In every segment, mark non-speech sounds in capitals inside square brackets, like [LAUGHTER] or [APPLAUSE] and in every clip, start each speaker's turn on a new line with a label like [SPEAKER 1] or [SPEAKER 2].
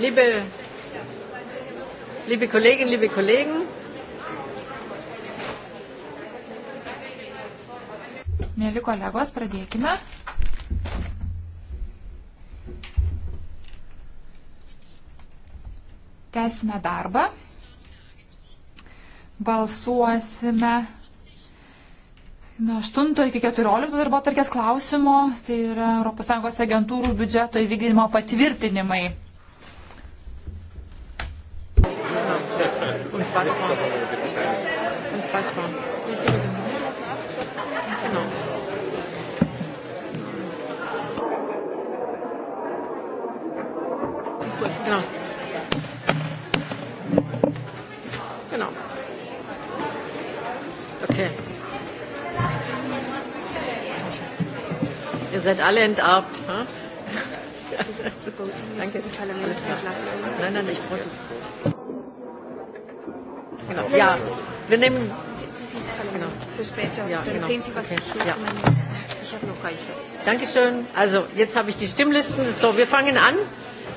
[SPEAKER 1] Liebe, liebe Kolleginnen, liebe Kollegen,
[SPEAKER 2] Mėly kolegos, pradėkime. Tęsime darbą. Balsuosime Nuo 8 iki 14 darbo tarkės klausimo, tai yra ES agentūrų biudžeto įvykdymo patvirtinimai.
[SPEAKER 1] unfassbar. Unfassbar. Genau. Genau. Genau. Okay. Ihr seid alle enterbt. Huh? Danke. Alles klar. Nein, nein, ich wollte genau. Ja, wir nehmen.
[SPEAKER 2] Genau. Für später. Ja, genau. Okay. Ja. Ich habe noch Reise.
[SPEAKER 1] Dankeschön. Also, jetzt habe ich die Stimmlisten. So, wir fangen an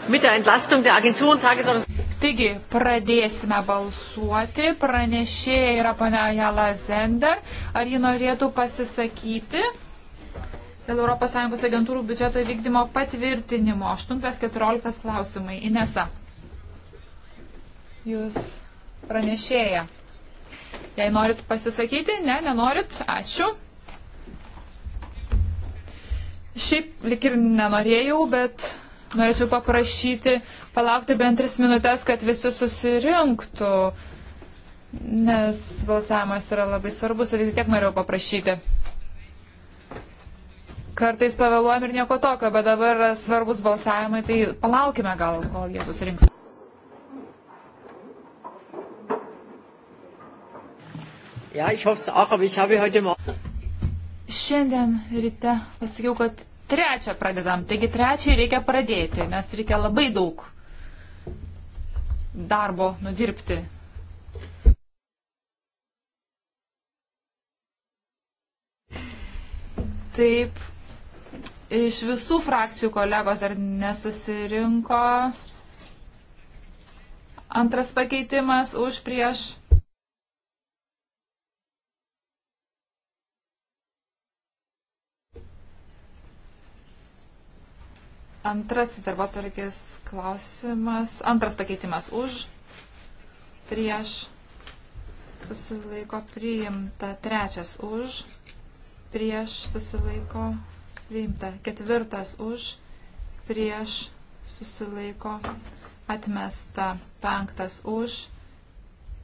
[SPEAKER 1] mit der Entlastung der Agenturen
[SPEAKER 2] Tagesordnung. Taigi, pradėsime balsuoti. Pranešėja yra ponia Jala Zender. Ar ji norėtų pasisakyti dėl ES agentūrų biudžeto įvykdymo patvirtinimo? 8.14 klausimai. Inesa. Jūs pranešėja. Jei norit pasisakyti, ne, nenorit, ačiū. Šiaip lik ir nenorėjau, bet norėčiau paprašyti palaukti bent tris minutės, kad visi susirinktų, nes balsavimas yra labai svarbus ir tiek norėjau paprašyti. Kartais pavėluojam ir nieko tokio, bet dabar svarbus balsavimai, tai palaukime gal, kol jie susirinks.
[SPEAKER 1] Ja, ich hoffe es auch, aber ich habe heute Morgen.
[SPEAKER 2] Šiandien ryte pasakiau, kad trečią pradedam. Taigi trečiai reikia pradėti, nes reikia labai daug darbo nudirbti. Taip, iš visų frakcijų kolegos dar nesusirinko. Antras pakeitimas už prieš Antrasis darbo tvarkės klausimas. Antras pakeitimas už, prieš, susilaiko priimta. Trečias už, prieš, susilaiko priimta. Ketvirtas už, prieš, susilaiko atmesta. Penktas už,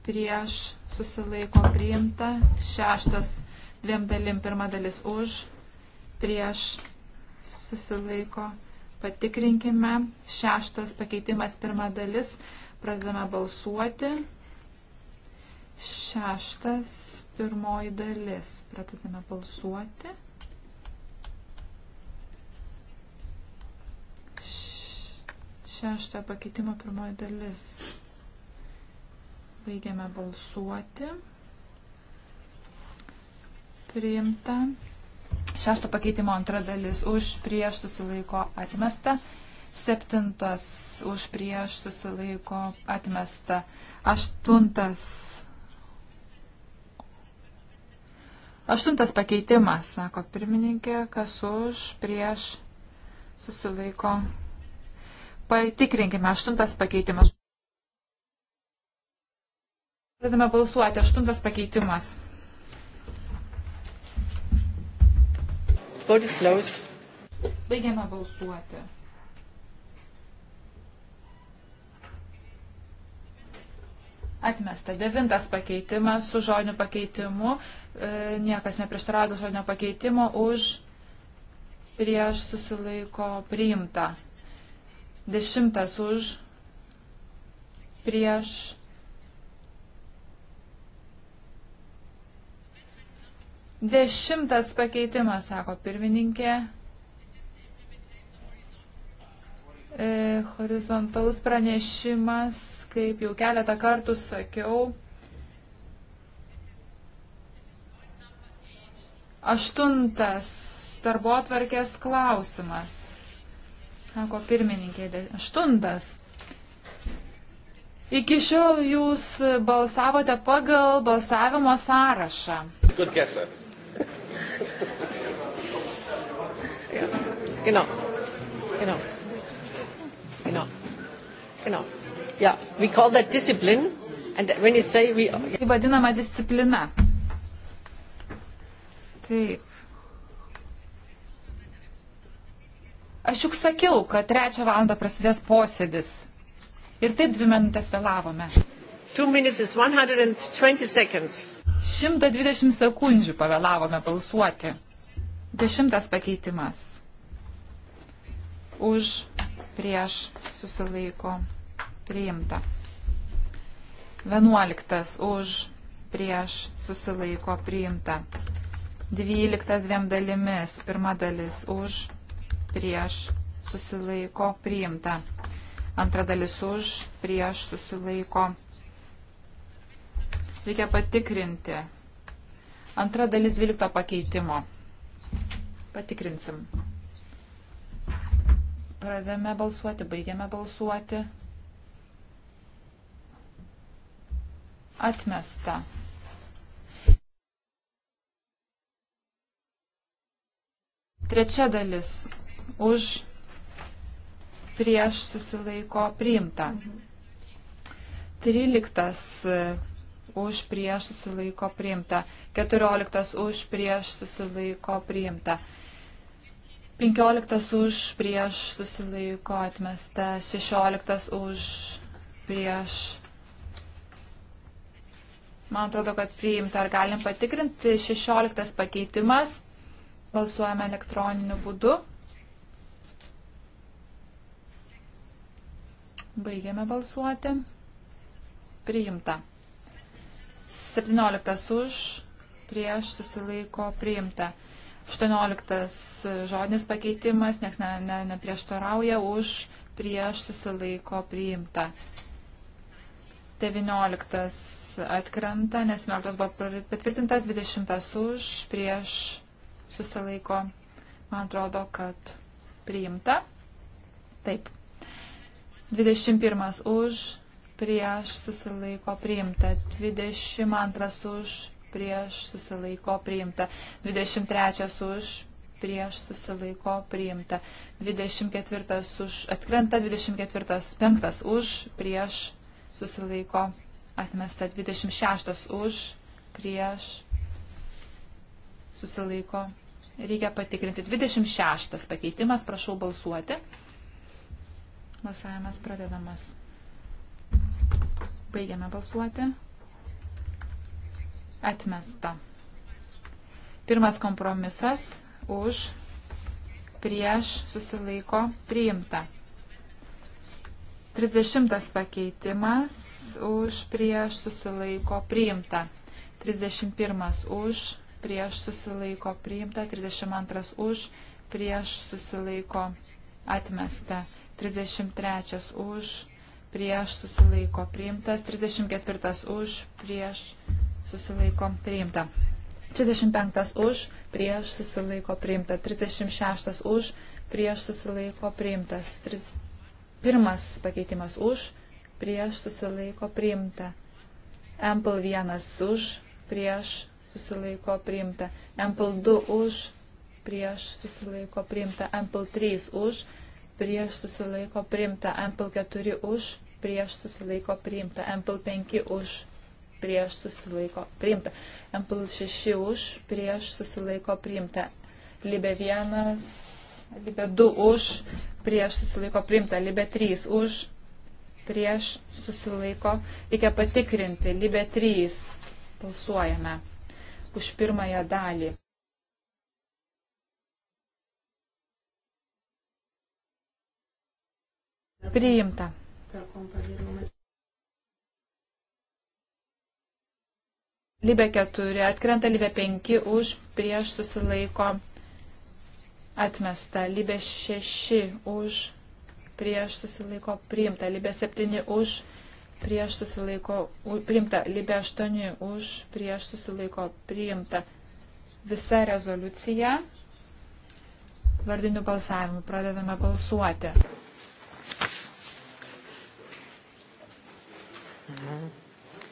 [SPEAKER 2] prieš, susilaiko priimta. Šeštas dviem dalim. Pirma dalis už, prieš, susilaiko priimta Patikrinkime. Šeštas pakeitimas pirma dalis. Pradedame balsuoti. Šeštas pirmoji dalis. Pradedame balsuoti. Šeštojo pakeitimo pirmoji dalis. Baigiame balsuoti. Priimta. Šešto pakeitimo antra dalis už prieš susilaiko atmesta. Septintas už prieš susilaiko atmesta. Aštuntas. Aštuntas pakeitimas, sako pirmininkė, kas už prieš susilaiko. Patikrinkime, aštuntas pakeitimas. Pradame balsuoti, aštuntas pakeitimas. Vote is closed. Baigiame balsuoti. Atmesta. Devintas pakeitimas su žodiniu pakeitimu. E, niekas neprieštaravo žodinio pakeitimo už prieš susilaiko priimta. Dešimtas už prieš Dešimtas pakeitimas, sako pirmininkė. E, horizontalus pranešimas, kaip jau keletą kartų sakiau. Aštuntas darbo atvarkės klausimas, sako pirmininkė. Aštuntas. Iki šiol jūs balsavote pagal balsavimo sąrašą.
[SPEAKER 3] Good guess, sir
[SPEAKER 1] ja. Genau. Genau. Genau. Genau.
[SPEAKER 2] Yeah, we call that discipline. And when you say we... Tai vadinama disciplina. Taip. Aš juk sakiau, kad trečią valandą prasidės posėdis. Ir taip dvi minutės vėlavome. Two minutes is 120 seconds. 120 sekundžių pavėlavome balsuoti. Dešimtas pakeitimas. Už, prieš, susilaiko, priimta. Vienuoliktas. Už, prieš, susilaiko, priimta. Dvyliktas dviem dalimis. Pirma dalis. Už, prieš, susilaiko, priimta. Antra dalis. Už, prieš, susilaiko, priimta Reikia patikrinti. Antra dalis 12 pakeitimo. Patikrinsim. Pradėme balsuoti, baigėme balsuoti. Atmesta. Trečia dalis. Už prieš susilaiko priimta. Tryliktas už prieš susilaiko priimta. 14 už prieš susilaiko priimta. 15 už prieš susilaiko atmesta. 16 už prieš. Man atrodo, kad priimta. Ar galim patikrinti 16 pakeitimas? Balsuojame elektroniniu būdu. Baigiame balsuoti. Priimta. 17 už, prieš susilaiko priimta. 18 žodinis pakeitimas, nieks ne, ne, neprieštarauja, už, prieš susilaiko priimta. 19 atkrenta, nes 19 buvo patvirtintas, 20 už, prieš susilaiko, man atrodo, kad priimta. Taip. 21 už, prieš susilaiko priimta, 22 už prieš susilaiko priimta, 23 už prieš susilaiko priimta, 24 už atkrenta, 24 5 už prieš susilaiko atmesta, 26 už prieš susilaiko. Reikia patikrinti. 26 pakeitimas, prašau balsuoti. Balsavimas pradedamas. Baigiame balsuoti. Atmesta. Pirmas kompromisas už prieš susilaiko priimta. 30 pakeitimas už prieš susilaiko priimta. 31 už prieš susilaiko priimta. 32 už prieš susilaiko atmesta. 33 už prieš susilaiko priimtas, 34 už, prieš susilaiko priimta. 35 už, prieš susilaiko priimta, 36 už, prieš susilaiko priimtas, pirmas pakeitimas už, prieš susilaiko priimta, Ample 1 už, prieš susilaiko priimta, Ample 2 už, prieš susilaiko priimta, Ample 3 už, prieš susilaiko priimta, MPL 4 už, prieš susilaiko priimta, MPL 5 už, prieš susilaiko priimta, MPL 6 už, prieš susilaiko priimta, Libė 1, Libė 2 už, prieš susilaiko priimta, Libė 3 už, prieš susilaiko, reikia patikrinti, Libė 3 balsuojame už pirmąją dalį. Priimta. Libė 4 atkrenta, Libė 5 už, prieš susilaiko atmesta, Libė 6 už, prieš susilaiko priimta, Libė 7 už, prieš susilaiko priimta, Libė 8 už, prieš susilaiko priimta. Visa rezoliucija vardinių balsavimų pradedame balsuoti.
[SPEAKER 1] Mm-hmm.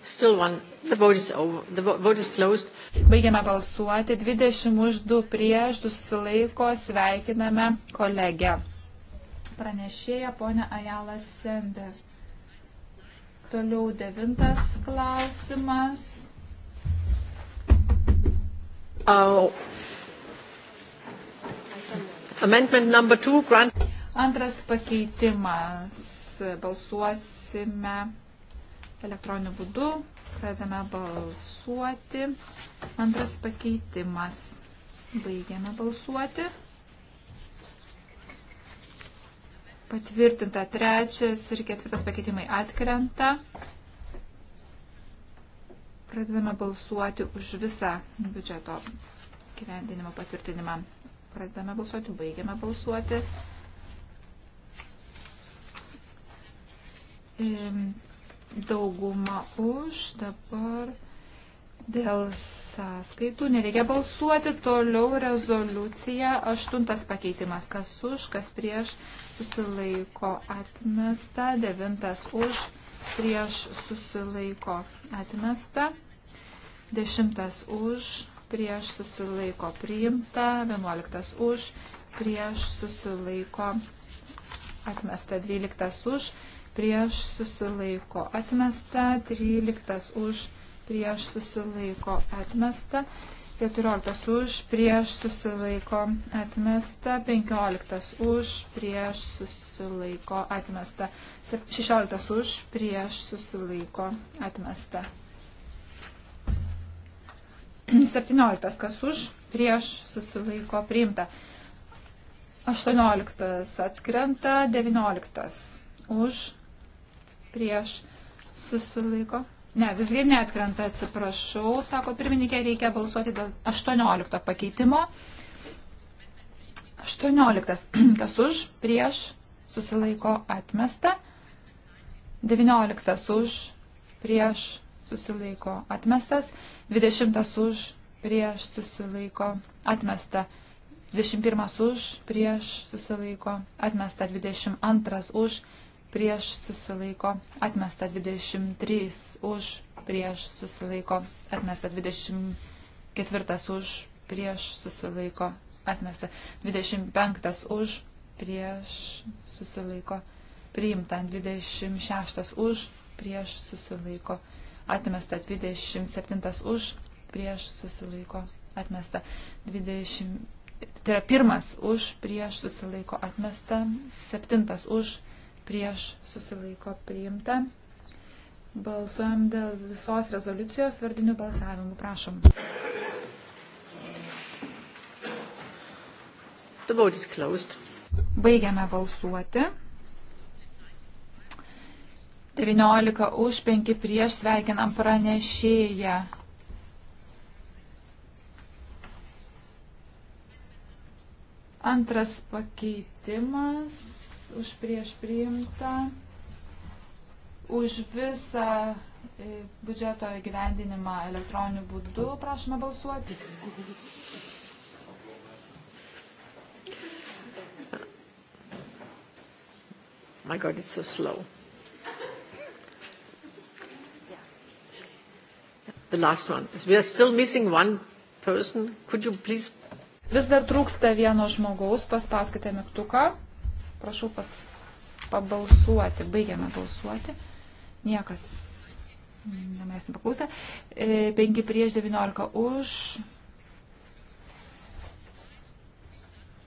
[SPEAKER 1] Still one. The vote is over. The vote is closed.
[SPEAKER 2] Baigiame balsuoti. 20 už 2 prieš 2 susilaiko. Sveikiname kolegę. Pranešėja ponia Ajala Sender. Toliau devintas klausimas.
[SPEAKER 1] Oh. Amendment number two, grant.
[SPEAKER 2] Antras pakeitimas. Balsuosime elektroniniu būdu. Pradame balsuoti. Antras pakeitimas. Baigiame balsuoti. Patvirtinta trečias ir ketvirtas pakeitimai atkrenta. Pradedame balsuoti už visą biudžeto gyvendinimo patvirtinimą. Pradedame balsuoti, baigiame balsuoti dauguma už, dabar dėl sąskaitų nereikia balsuoti, toliau rezoliucija, aštuntas pakeitimas, kas už, kas prieš, susilaiko atmesta, devintas už, prieš susilaiko atmesta, dešimtas už, prieš susilaiko priimta, vienuoliktas už, prieš susilaiko atmesta, dvyliktas už, prieš susilaiko atmesta prieš susilaiko atmesta, 13 už prieš susilaiko atmesta, 14 už prieš susilaiko atmesta, 15 už prieš susilaiko atmesta, 16 už prieš susilaiko atmesta. 17 [CLEARS THROAT] kas už prieš susilaiko priimta. 18 atkrenta, 19 už prieš susilaiko. Ne, visgi netkrenta, atsiprašau, sako pirmininkė, reikia balsuoti dėl 18 pakeitimo. 18. [CLEARS THROAT] Kas už, prieš, susilaiko atmesta. 19. Už, prieš, susilaiko atmestas. 20. Už, prieš, susilaiko atmesta. 21. Už, prieš, susilaiko atmesta. 22. Už, prieš, susilaiko atmesta prieš susilaiko atmesta 23 už prieš susilaiko atmesta 24 už prieš susilaiko atmesta 25 už prieš susilaiko priimta 26 už prieš susilaiko atmesta 27 už prieš susilaiko atmesta 20 tai yra pirmas už prieš susilaiko atmesta septintas už prieš susilaiko priimta. Balsuojam dėl visos rezoliucijos vardinių balsavimų. Prašom.
[SPEAKER 1] The vote is closed.
[SPEAKER 2] Baigiame balsuoti. 19 už 5 prieš sveikinam pranešėją. Antras pakeitimas už prieš priimtą, už visą e, biudžeto įgyvendinimą elektroniniu būdu. Prašome balsuoti.
[SPEAKER 1] My God, it's so slow. The last one. We are still missing one
[SPEAKER 2] person. Could you please Vis dar trūksta vieno žmogaus, paspauskite mygtuką. Prašau pas, pabalsuoti. Baigiame balsuoti. Niekas manęs nepaklausė. 5 e, prieš 19 už.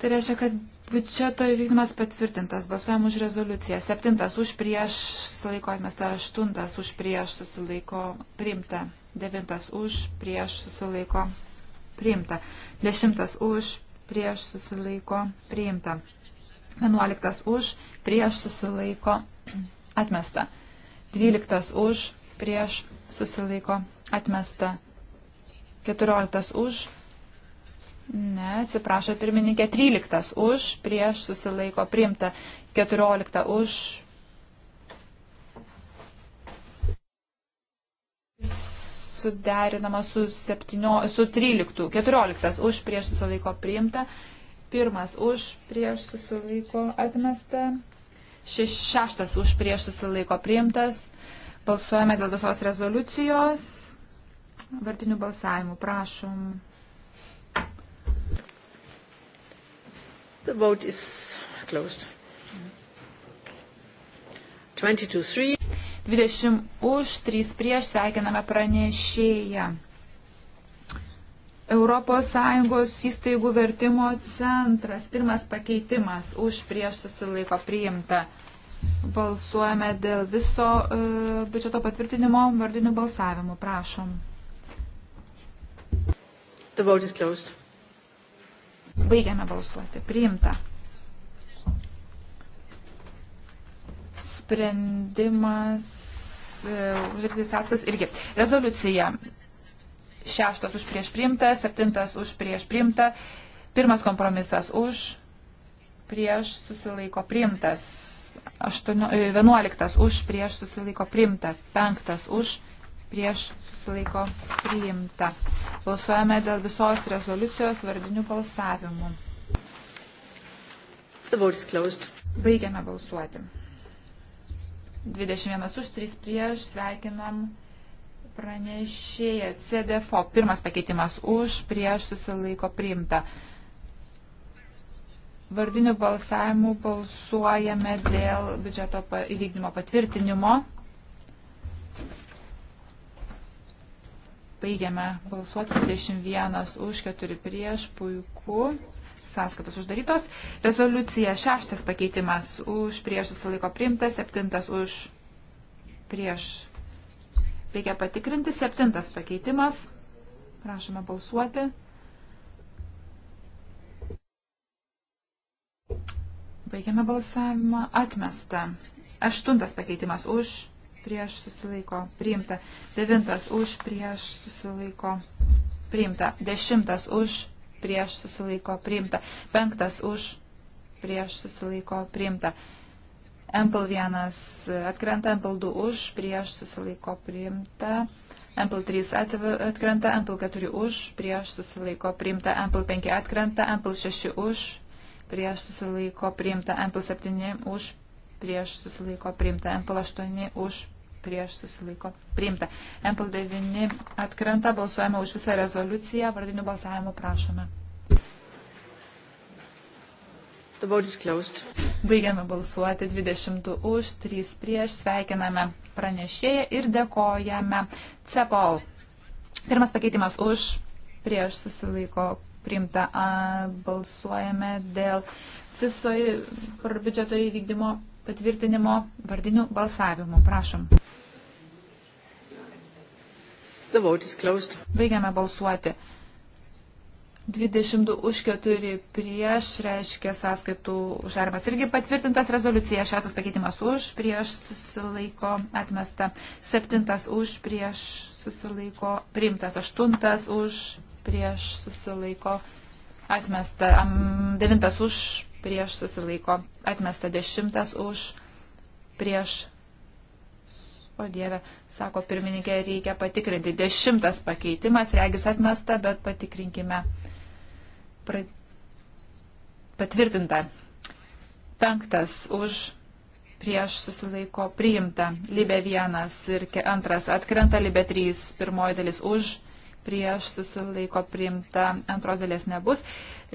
[SPEAKER 2] Tai reiškia, kad biudžeto įvykdymas patvirtintas. Balsuojam už rezoliuciją. 7 už prieš susilaiko atmesta. 8 už prieš susilaiko priimta. 9 už prieš susilaiko priimta. 10 už prieš susilaiko priimta. 11 už, prieš susilaiko atmesta. 12 už, prieš susilaiko atmesta. 14 už, ne, atsiprašo pirmininkė, 13 už, prieš susilaiko priimta. 14 už. Suderinama su, 7, su 13, 14 už prieš susilaiko priimta, Pirmas už prieš susilaiko atmesta. Šeš, šeštas už prieš susilaiko priimtas. Balsuojame dėl visos rezoliucijos. Vartinių balsavimų prašom. The vote is closed. 22 3. 20 už, 3 prieš, sveikiname pranešėją. ES įstaigų vertimo centras. Pirmas pakeitimas už prieš susilaiko priimta. Balsuojame dėl viso uh, biudžeto patvirtinimo vardinių balsavimų. Prašom. Baigiame balsuoti. Priimta. Sprendimas, e, užduotis uh, sąstas irgi. Rezoliucija šeštas už prieš primtą, septintas už prieš primtą, pirmas kompromisas už prieš susilaiko primtas, aštuonio, e, vienuoliktas už prieš susilaiko primta, penktas už prieš susilaiko priimta. Balsuojame dėl visos rezoliucijos vardinių balsavimų. Baigiame balsuoti. 21 už 3 prieš sveikinam Pranešėja CDFO. Pirmas pakeitimas už, prieš susilaiko priimta. Vardinių balsavimų balsuojame dėl biudžeto įvykdymo patvirtinimo. Baigiame balsuoti 21 už 4 prieš, puiku, sąskaitos uždarytos. Rezoliucija 6 pakeitimas už prieš susilaiko priimtas, 7 už prieš Reikia patikrinti. Septintas pakeitimas. Prašome balsuoti. Baigiame balsavimą. Atmesta. Aštuntas pakeitimas už, prieš susilaiko, priimta. Devintas už, prieš susilaiko, priimta. Dešimtas už, prieš susilaiko, priimta. Penktas už, prieš susilaiko, priimta. Ample 1 atkrenta, Ample 2 už, prieš susilaiko priimta. Ample 3 atkrenta, Ample 4 už, prieš susilaiko priimta. Ample 5 atkrenta, Ample 6 už, prieš susilaiko priimta. Ample 7 už, prieš susilaiko priimta. Ample 8 už, prieš susilaiko priimta. Ample 9 atkrenta, balsuojame už visą rezoliuciją, vardinių balsavimų prašome. The vote is closed. Baigiame balsuoti 22 už, 3 prieš, sveikiname pranešėją ir dėkojame CEPOL. Pirmas pakeitimas už, prieš susilaiko priimta, a, balsuojame dėl viso biudžeto įvykdymo patvirtinimo vardinių balsavimų. Prašom.
[SPEAKER 1] The vote is closed.
[SPEAKER 2] Baigiame balsuoti. 22 už 4 prieš reiškia sąskaitų uždarimas. Irgi patvirtintas rezoliucija. Šeštas pakeitimas už prieš susilaiko atmesta. Septintas už prieš susilaiko priimtas. Aštuntas už prieš susilaiko atmesta. Devintas už prieš susilaiko atmesta. Dešimtas už prieš. O Dieve, sako pirmininkė, reikia patikrinti. Dešimtas pakeitimas, regis atmesta, bet patikrinkime pra... patvirtinta. Penktas už prieš susilaiko priimta. Libė vienas ir antras atkrenta, libė trys. Pirmoji dalis už prieš susilaiko priimta, antros dalies nebus.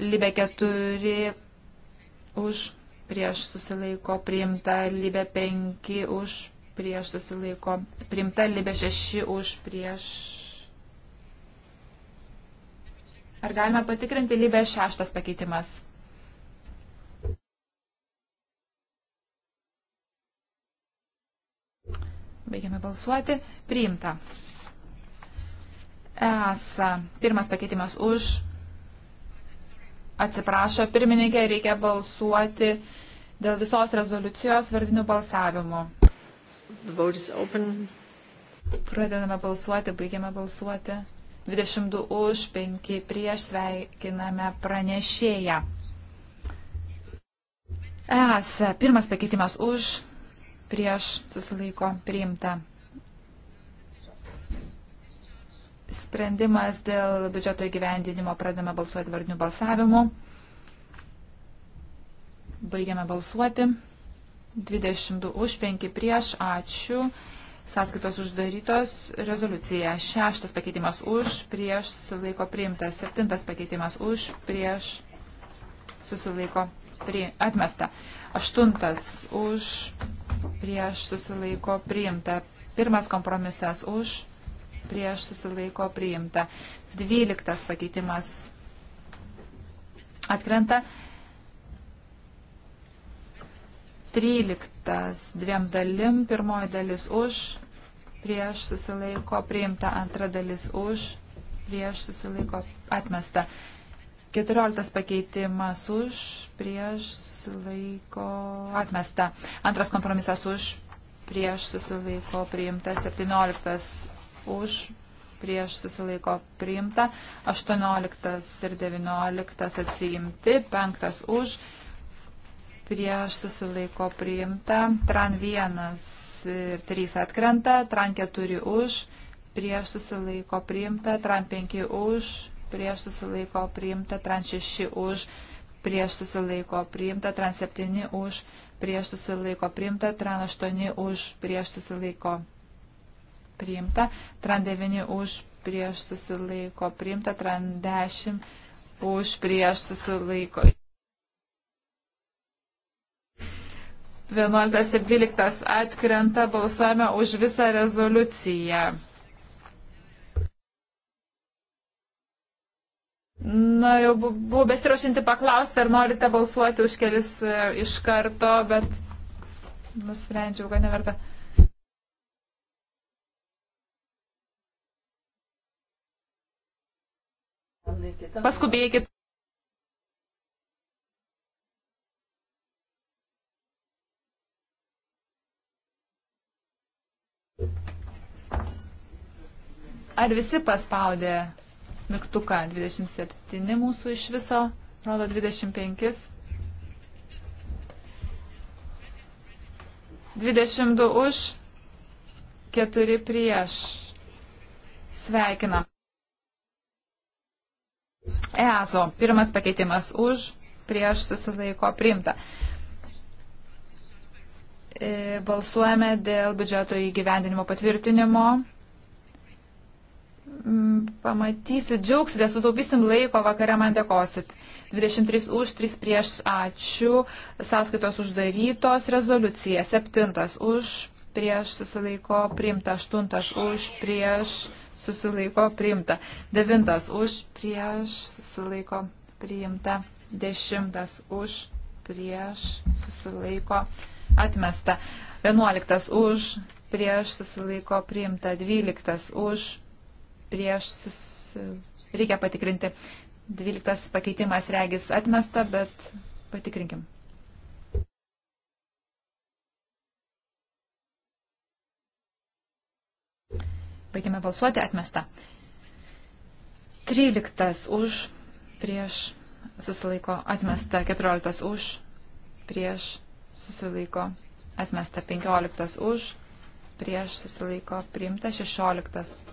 [SPEAKER 2] Libė keturi už prieš susilaiko priimta, libė penki už prieš susilaiko priimta, libė šeši už prieš Ar galime patikrinti lybės šeštas pakeitimas? Baigiame balsuoti. Priimta. ESA. Pirmas pakeitimas už. Atsiprašo, pirmininkė, reikia balsuoti dėl visos rezoliucijos vardinių balsavimų. Pradedame balsuoti, baigiame balsuoti. 22 už, 5 prieš sveikiname pranešėją. ES pirmas pakeitimas už, prieš susilaiko priimta. Sprendimas dėl biudžeto įgyvendinimo pradame balsuoti vardiniu balsavimu. Baigiame balsuoti. 22 už, 5 prieš, ačiū sąskaitos uždarytos, rezoliucija. Šeštas pakeitimas už, prieš, susilaiko priimtas. Septintas pakeitimas už, prieš, susilaiko pri, atmesta. Aštuntas už, prieš, susilaiko priimta. Pirmas kompromisas už, prieš, susilaiko priimta. Dvyliktas pakeitimas atkrenta. 13 dviem dalim, pirmoji dalis už, prieš susilaiko priimta, antra dalis už, prieš susilaiko atmesta. 14 pakeitimas už, prieš susilaiko atmesta. Antras kompromisas už, prieš susilaiko priimta. 17 už, prieš susilaiko priimta. 18 ir 19 atsiimti. 5 už, prieš susilaiko priimta, tran 1 ir 3 atkrenta, tran 4 už, prieš susilaiko priimta, tran 5 už, prieš susilaiko priimta, tran 6 už, prieš susilaiko priimta, tran 7 už, prieš susilaiko priimta, tran 8 už, prieš susilaiko priimta, tran 9 už, prieš susilaiko priimta, tran 10 už, prieš susilaiko priimta 11 ir 12 atkrenta, balsuojame už visą rezoliuciją. Na, jau buvau besiruošinti paklausti, ar norite balsuoti už kelis e, iš karto, bet nusprendžiau, kad neverta.
[SPEAKER 1] Paskubėkit.
[SPEAKER 2] Ar visi paspaudė mygtuką? 27 mūsų iš viso, rodo 25. 22 už, 4 prieš. Sveikinam. EASO. Pirmas pakeitimas už, prieš susilaiko priimta. E, balsuojame dėl biudžeto įgyvendinimo patvirtinimo. Mm, pamatysit, džiaugsit, sutaupysim laiko, vakare man dėkosit. 23 už, 3 prieš, ačiū. Sąskaitos uždarytos, rezoliucija 7 už, prieš susilaiko priimta, 8 už, prieš susilaiko priimta, 9 už, prieš susilaiko priimta, 10 už, prieš susilaiko atmesta, 11 už, prieš susilaiko priimta, 12 už, prieš sus... reikia patikrinti. 12 pakeitimas regis atmesta, bet patikrinkim. Baigėme balsuoti, atmesta. 13 už, prieš susilaiko, atmesta. 14 už, prieš susilaiko, atmesta. 15 už, prieš susilaiko, priimta. 16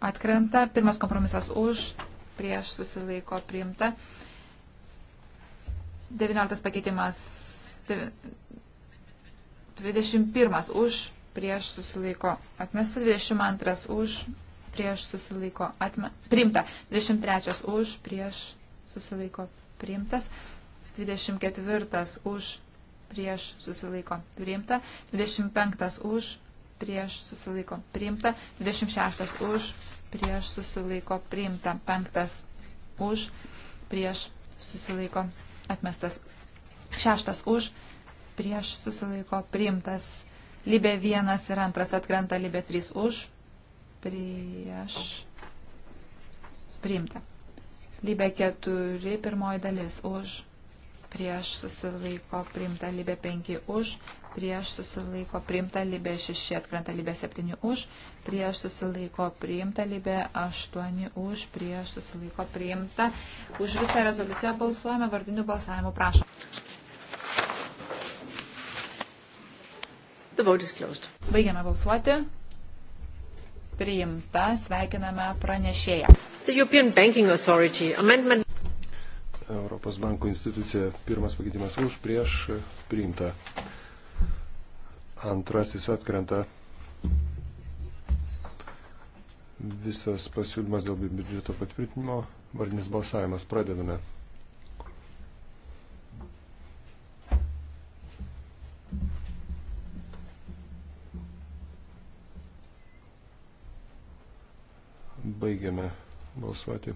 [SPEAKER 2] atkrenta. Pirmas kompromisas už, prieš susilaiko priimta. 19 pakeitimas. 21 už, prieš susilaiko atmesta. 22 už, prieš susilaiko atme, priimta. 23 už, prieš susilaiko priimtas. 24 už, prieš susilaiko priimta. 25 už, prieš susilaiko priimta, 26 už, prieš susilaiko priimta, 5 už, prieš susilaiko atmestas, 6 už, prieš susilaiko priimtas, libė 1 ir 2 atkrenta, libė 3 už, prieš priimta, libė 4 pirmoji dalis už, prieš susilaiko priimta libė 5 už, prieš susilaiko priimta libė 6, atkrenta libė 7 už, prieš susilaiko priimta libė 8 už, prieš susilaiko priimta. Už visą rezoliuciją balsuojame vardiniu balsavimu, prašom.
[SPEAKER 1] The vote is closed.
[SPEAKER 2] Baigiame balsuoti. Priimta, sveikiname pranešėją. The
[SPEAKER 1] European Banking Authority amendment
[SPEAKER 4] Europos banko institucija. Pirmas pakeitimas už, prieš, priimta. Antrasis atkrenta. Visas pasiūlymas dėl biudžeto patvirtinimo. Vardinis balsavimas. Pradedame. Baigiame balsuoti.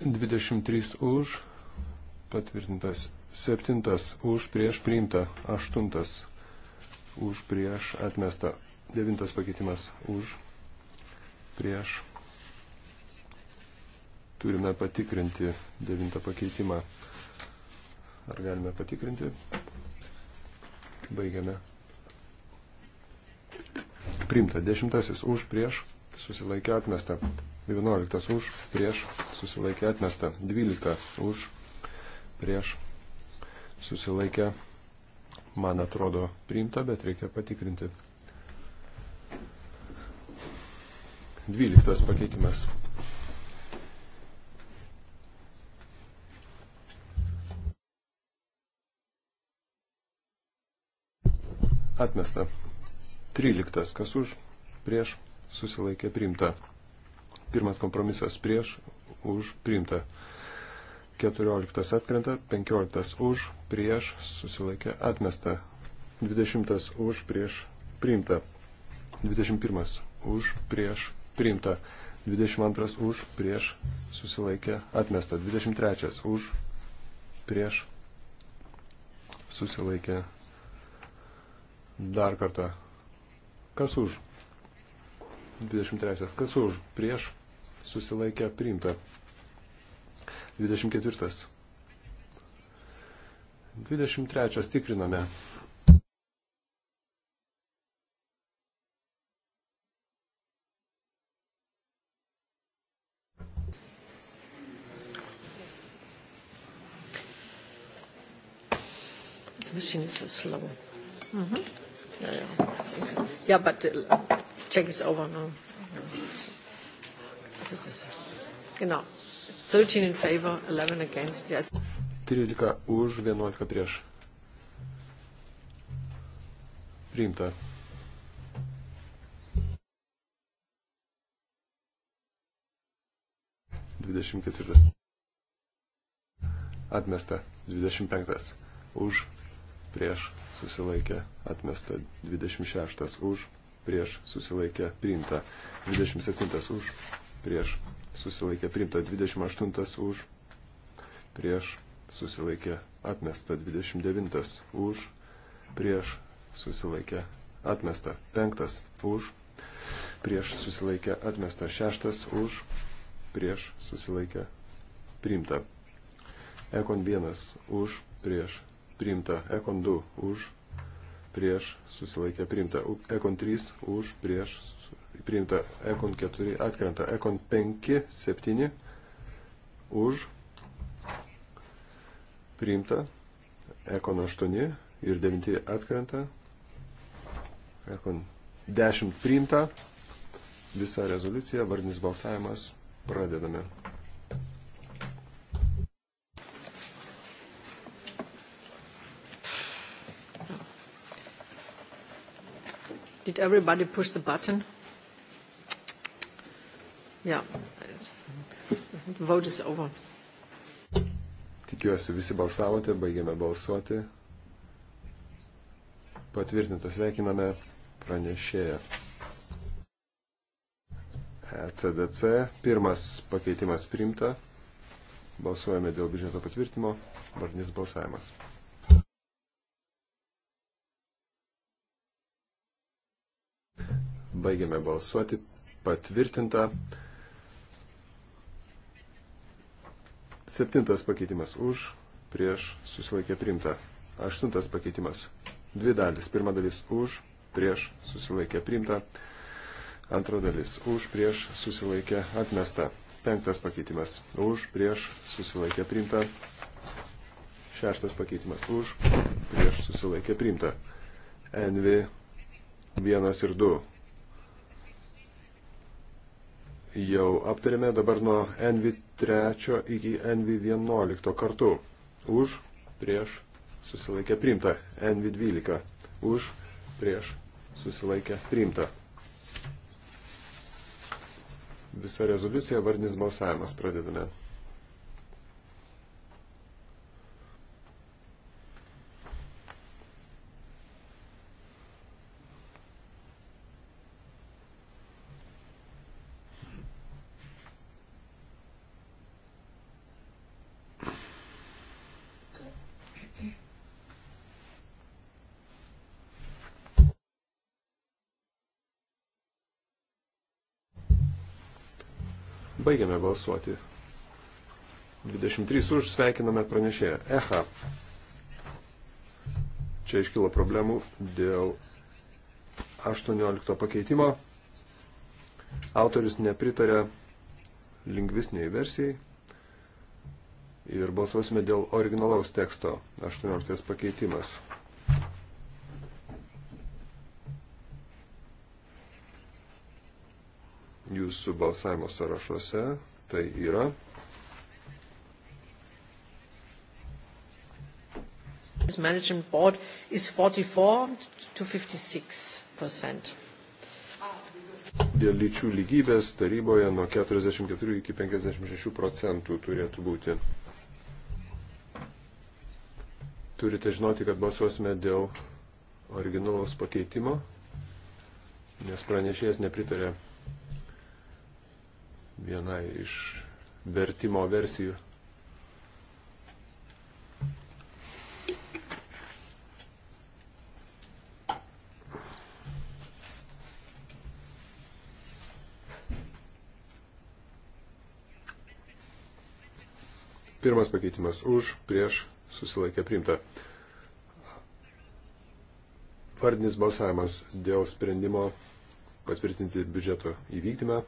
[SPEAKER 4] 23 už, patvirtintas. 7 už prieš priimta. 8 už prieš atmesta. 9 pakeitimas už prieš. Turime patikrinti 9 pakeitimą. Ar galime patikrinti? Baigiame. Priimta. Dešimtasis už prieš. Susilaikė atmesta. 11 už prieš susilaikė atmesta. 12 už, prieš susilaikė, man atrodo, priimta, bet reikia patikrinti. 12 pakeitimas. Atmesta. 13. Kas už? Prieš. Susilaikė priimta. Pirmas kompromisas prieš už priimta. 14 atkrenta, 15 už, prieš susilaikė atmesta. 20 už, prieš priimta. 21 už, prieš priimta. 22 už, prieš susilaikė atmesta. 23 už, prieš susilaikė dar kartą. Kas už? 23. Kas už? Prieš susilaikę priimta. 24. 23. Tikriname.
[SPEAKER 1] machine is so slow. Mm-hmm. Yeah, yeah. yeah, but the uh, check is over now. Yeah. Das ist es. Genau. 13 in favor, 11 against. Yes.
[SPEAKER 4] 13 už, 11 prieš. Priimta. Dvidešimt ketvirtas. Atmesta. Dvidešimt penktas. Už. Prieš. Susilaikė. Atmesta. Dvidešimt šeštas. Už. Prieš. Susilaikė. Priimta. Dvidešimt septintas. Už prieš susilaikė priimta 28 už, prieš susilaikė atmesta 29 už, prieš susilaikė atmesta 5 už, prieš susilaikė atmesta 6 už, prieš susilaikė priimta. Ekon 1 už, prieš priimta. Ekon 2 už, prieš susilaikė priimta. Ekon 3 už, prieš priimta Ekon 4, atkrenta Ekon 5, 7, už, priimta Ekon 8 ir 9 atkrenta, Ekon 10 priimta, visa rezoliucija, vardinis balsavimas, pradedame.
[SPEAKER 1] Did everybody push the button? Yeah. The vote is over.
[SPEAKER 4] Tikiuosi, visi balsavote, baigėme balsuoti. Patvirtintas veikiname pranešėją. ECDC. Pirmas pakeitimas priimta. Balsuojame dėl biudžeto patvirtimo. Vardinis balsavimas. Baigėme balsuoti. Patvirtinta. Septintas pakeitimas už, prieš, susilaikė priimta. Aštuntas pakeitimas. Dvi dalis. Pirma dalis už, prieš, susilaikė priimta. Antra dalis už, prieš, susilaikė atmesta. Penktas pakeitimas. Už, prieš, susilaikė priimta. Šeštas pakeitimas. Už, prieš, susilaikė priimta. NV 1 ir 2 jau aptarėme, dabar nuo NV3 iki NV11 kartu. Už, prieš, susilaikė priimta. NV12. Už, prieš, susilaikė priimta. Visa rezoliucija vardinis balsavimas pradedame. Baigiame balsuoti. 23 už sveikiname pranešėją. Echa. Čia iškilo problemų dėl 18 pakeitimo. Autorius nepritarė lingvistiniai versijai ir balsuosime dėl originalaus teksto 18 pakeitimas. jūsų balsavimo sąrašuose. Tai yra.
[SPEAKER 1] Management board is 44 to 56 percent.
[SPEAKER 4] Dėl lyčių lygybės taryboje nuo 44 iki 56 procentų turėtų būti. Turite žinoti, kad balsuosime dėl originalaus pakeitimo, nes pranešėjas nepritarė viena iš vertimo versijų. Pirmas pakeitimas už, prieš, susilaikė priimta. Vardinis balsavimas dėl sprendimo patvirtinti biudžeto įvykdymą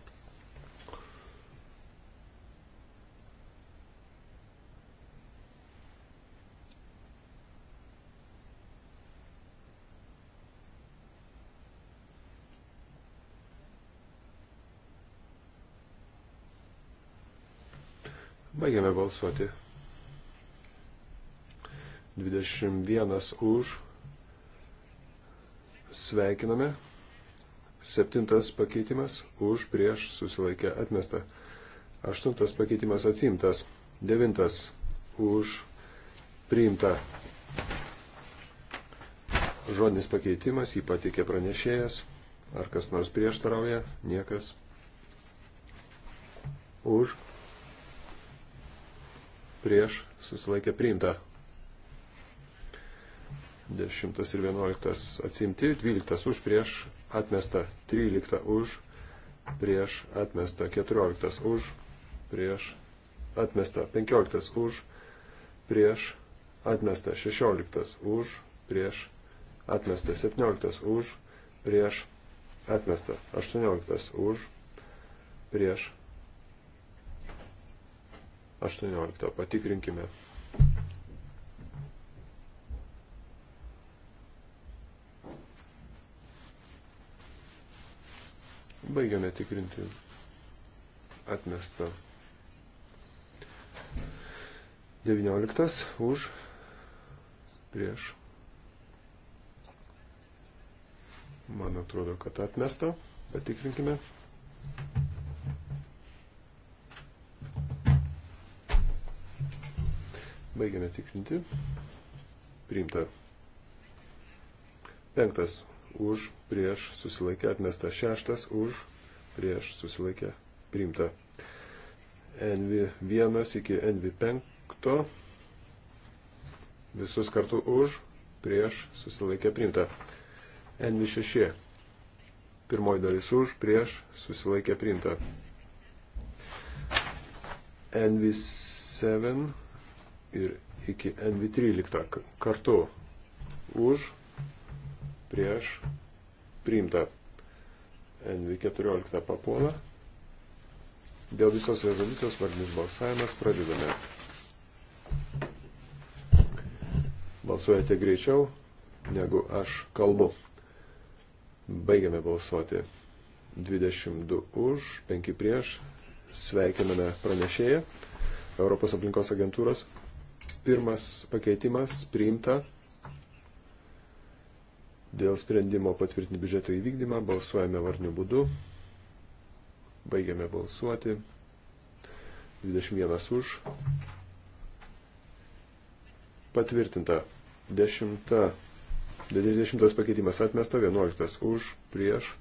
[SPEAKER 4] Baigiame balsuoti. 21 už. Sveikiname. Septintas pakeitimas už prieš susilaikę atmestą. Aštuntas pakeitimas atsimtas. Devintas už priimtą. Žodinis pakeitimas jį patikė pranešėjas. Ar kas nors prieštarauja? Niekas. Už prieš susilaikė priimta. 10 ir 11 atsimti, 12 už prieš atmesta, 13 už prieš atmesta, 14 už prieš atmesta, 15 už prieš atmesta, 16 už prieš atmesta, 17 už prieš atmesta, 18 už prieš 18. Patikrinkime. Baigiame tikrinti atmestą. 19 už prieš. Man atrodo, kad atmesta. Patikrinkime. Baigiame tikrinti. Priimta. Penktas už, prieš, susilaikė, atmesta. Šeštas už, prieš, susilaikė, priimta. NV1 iki NV5. Visus kartu už, prieš, susilaikė, priimta. NV6. Pirmoji dalis už, prieš, susilaikė, priimta. NV7 ir iki NV13 kartu už, prieš, priimta NV14 papuola. Dėl visos rezoliucijos vardinis balsavimas pradedame. Balsuojate greičiau, negu aš kalbu. Baigiame balsuoti. 22 už, 5 prieš. Sveikiname pranešėją Europos aplinkos agentūros Pirmas pakeitimas priimta. Dėl sprendimo patvirtinti biudžeto įvykdymą balsuojame varnių būdu. Baigiame balsuoti. 21 už. Patvirtinta. 10. 90 pakeitimas atmesta. 11 už. Prieš.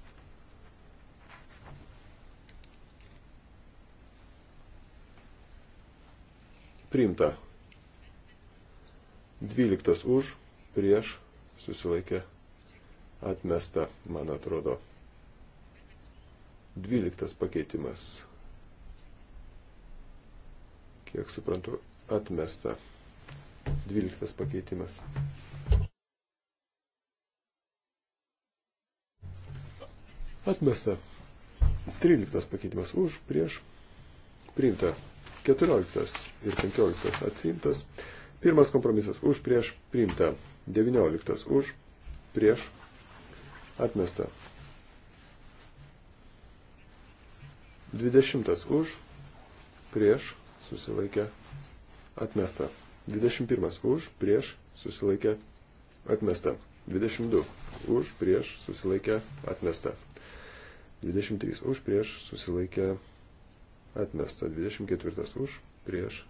[SPEAKER 4] Priimta. 12 už, prieš, susilaikė, atmesta, man atrodo. 12 pakeitimas. Kiek suprantu, atmesta. 12 pakeitimas. Atmesta. 13 pakeitimas už, prieš, priimta. 14 ir 15 atsiimtas. Pirmas kompromisas už prieš priimta. 19 už prieš atmesta. 20 už prieš susilaikę atmesta. 21 už prieš susilaikę atmesta. 22 už prieš susilaikę atmesta. 23 už prieš susilaikę atmesta. 24 už prieš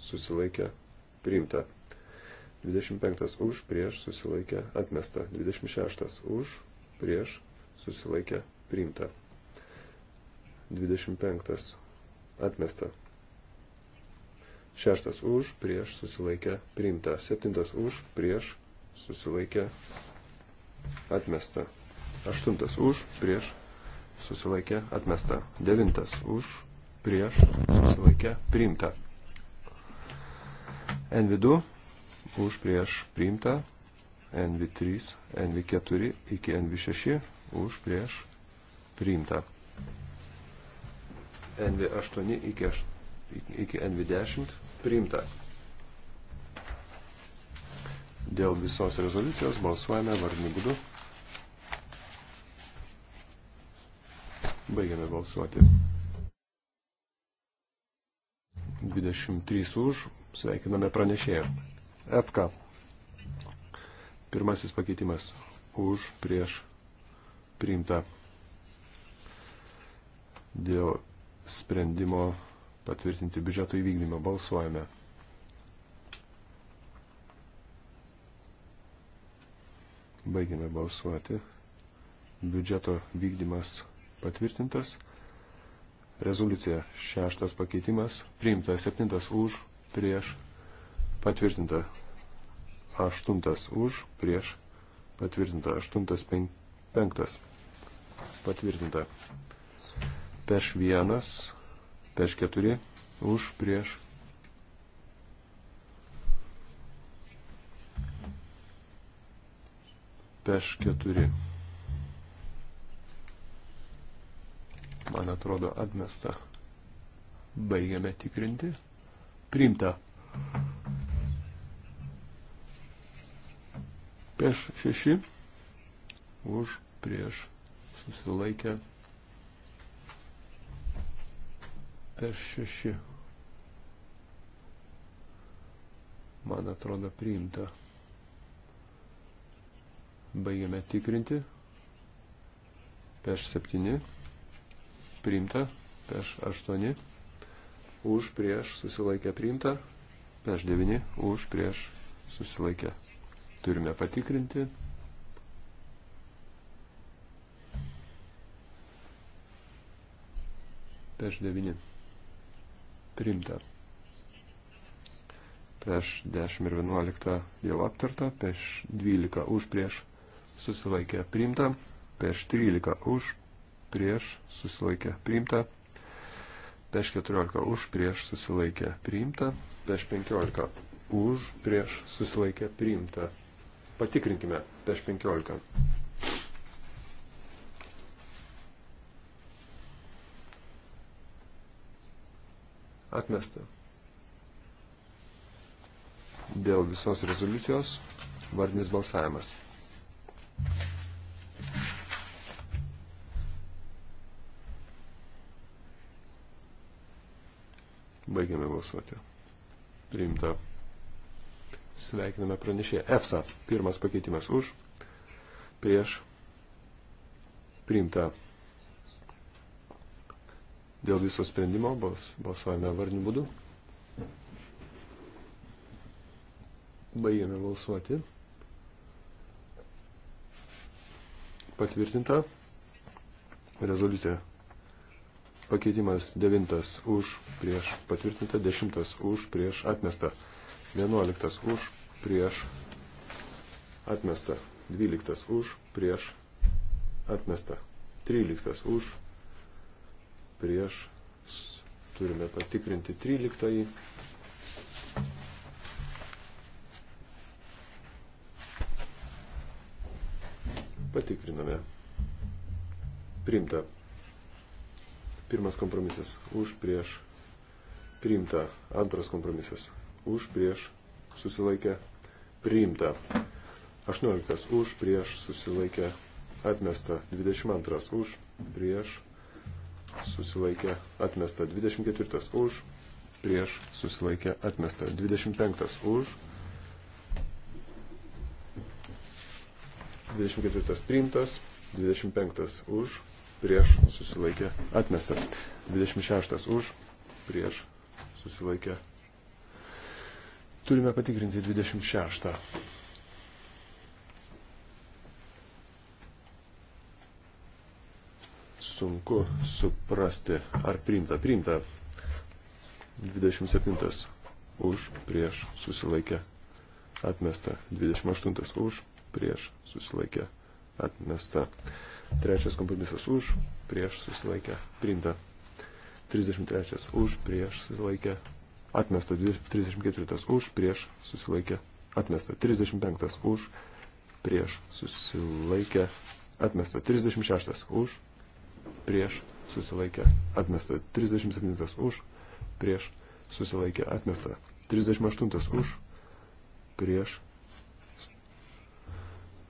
[SPEAKER 4] susilaikę priimta. 25 už, prieš, susilaikė, atmesta. 26 už, prieš, susilaikė, priimta. 25 atmesta. 6 už, prieš, susilaikė, priimta. 7 už, prieš, susilaikė, atmesta. 8 už, prieš, susilaikė, atmesta. 9 už, prieš, susilaikė, priimta. NV2 už prieš priimta, NV3, NV4 iki NV6 už prieš priimta. NV8 iki, iki NV10 priimta. Dėl visos rezoliucijos balsuojame vardiniu būdu. Baigiame balsuoti. 23 už, Sveikiname pranešėją. FK. Pirmasis pakeitimas. Už, prieš, priimta. Dėl sprendimo patvirtinti biudžeto įvykdymą balsuojame. Baigime balsuoti. Biudžeto vykdymas patvirtintas. Rezoliucija šeštas pakeitimas. Priimta septintas už, prieš patvirtinta. Aštuntas už, prieš patvirtinta. Aštuntas penk, penktas patvirtinta. Peš vienas, peš keturi, už, prieš. Peš keturi. Man atrodo atmesta. Baigiame tikrinti priimta. Prieš šeši, už, prieš, susilaikę. Prieš šeši. Man atrodo priimta. Baigiame tikrinti. Prieš septyni. Priimta. Prieš aštuoni už prieš susilaikę priimta, peš 9 už prieš susilaikę. Turime patikrinti. Peš 9 priimta. Peš 10 ir 11 jau aptarta, peš 12 už prieš susilaikę priimta, peš 13 už prieš susilaikę priimta. Peš 14 už prieš susilaikė priimta. Peš 15 už prieš susilaikė priimta. Patikrinkime. Peš 15. Atmesta. Dėl visos rezoliucijos vardinis balsavimas. Baigiame balsuoti. Priimta. Sveikiname pranešėją. EFSA. Pirmas pakeitimas už. Prieš. Priimta. Dėl viso sprendimo bals, balsuojame varnių būdu. Baigiame balsuoti. Patvirtinta. Rezoliucija Pakeitimas 9 už prieš patvirtinta, 10 už prieš atmesta, 11 už prieš atmesta, 12 už prieš atmesta, 13 už prieš turime patikrinti 13. Patikriname. Primta. Pirmas kompromisas už prieš priimta. Antras kompromisas už prieš susilaikę priimta. 18 už prieš susilaikę atmesta. 22 už prieš susilaikė atmesta 24 už, prieš susilaikė atmesta 25 už, 24 priimtas, 25 už, prieš susilaikė atmesta. 26 už, prieš susilaikė. Turime patikrinti 26. Sunku suprasti, ar priimta, priimta. 27 už, prieš susilaikė atmesta. 28 už, prieš susilaikė atmesta. Trečias kompromisas už, prieš susilaikę priimta. 33 už, prieš susilaikę atmesta. 34 už, prieš susilaikę atmesta. 35 už, prieš susilaikę atmesta. 36 už, prieš susilaikę atmesta. 37 už, prieš susilaikę atmesta. 38 už, prieš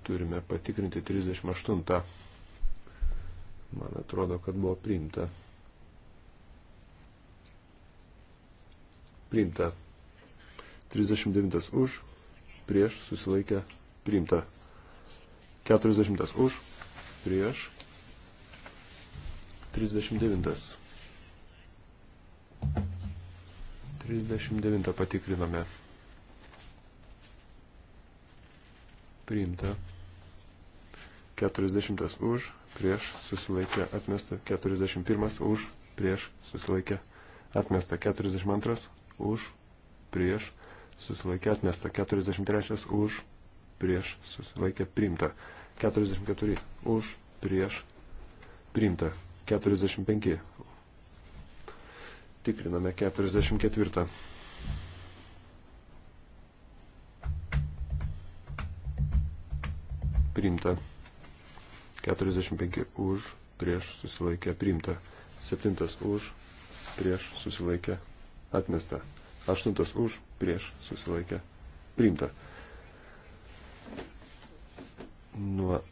[SPEAKER 4] turime patikrinti 38. Man atrodo, kad buvo priimta. Priimta. 39 už, prieš susilaikę priimta. 40 už, prieš. 39. 39 patikriname. Priimta. 40 už, prieš susilaikė atmesta 41 už, prieš susilaikė atmesta 42 už, prieš susilaikė atmesta 43 už, prieš susilaikė priimta 44 už, prieš priimta 45. Tikriname 44. Priimta. 45 už, prieš susilaikę priimta. 7 už, prieš susilaikę atmesta. 8 už, prieš susilaikę priimta. Nuo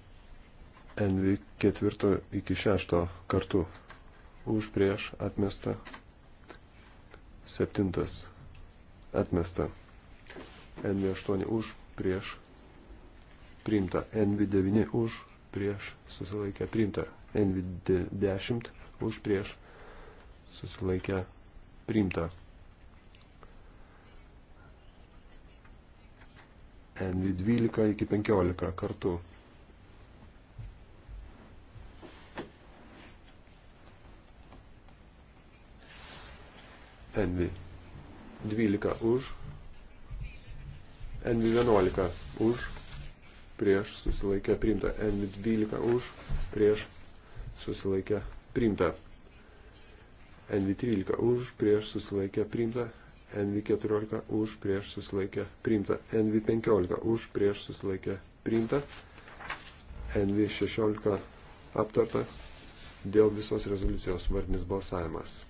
[SPEAKER 4] NV 4 iki 6 kartu už, prieš atmesta. 7 atmesta. NV8 už, prieš priimta. NV9 už, prieš susilaikę priimta. NV10 už prieš susilaikę priimta. NV12 iki 15 kartų. NV 12 už, NV 11 už, prieš susilaikę priimta. N12 už, prieš susilaikę priimta. N13 už, prieš susilaikę priimta. NV14 už, prieš susilaikę priimta. NV15 už, prieš susilaikę priimta. NV16 aptarta dėl visos rezoliucijos vardinis balsavimas.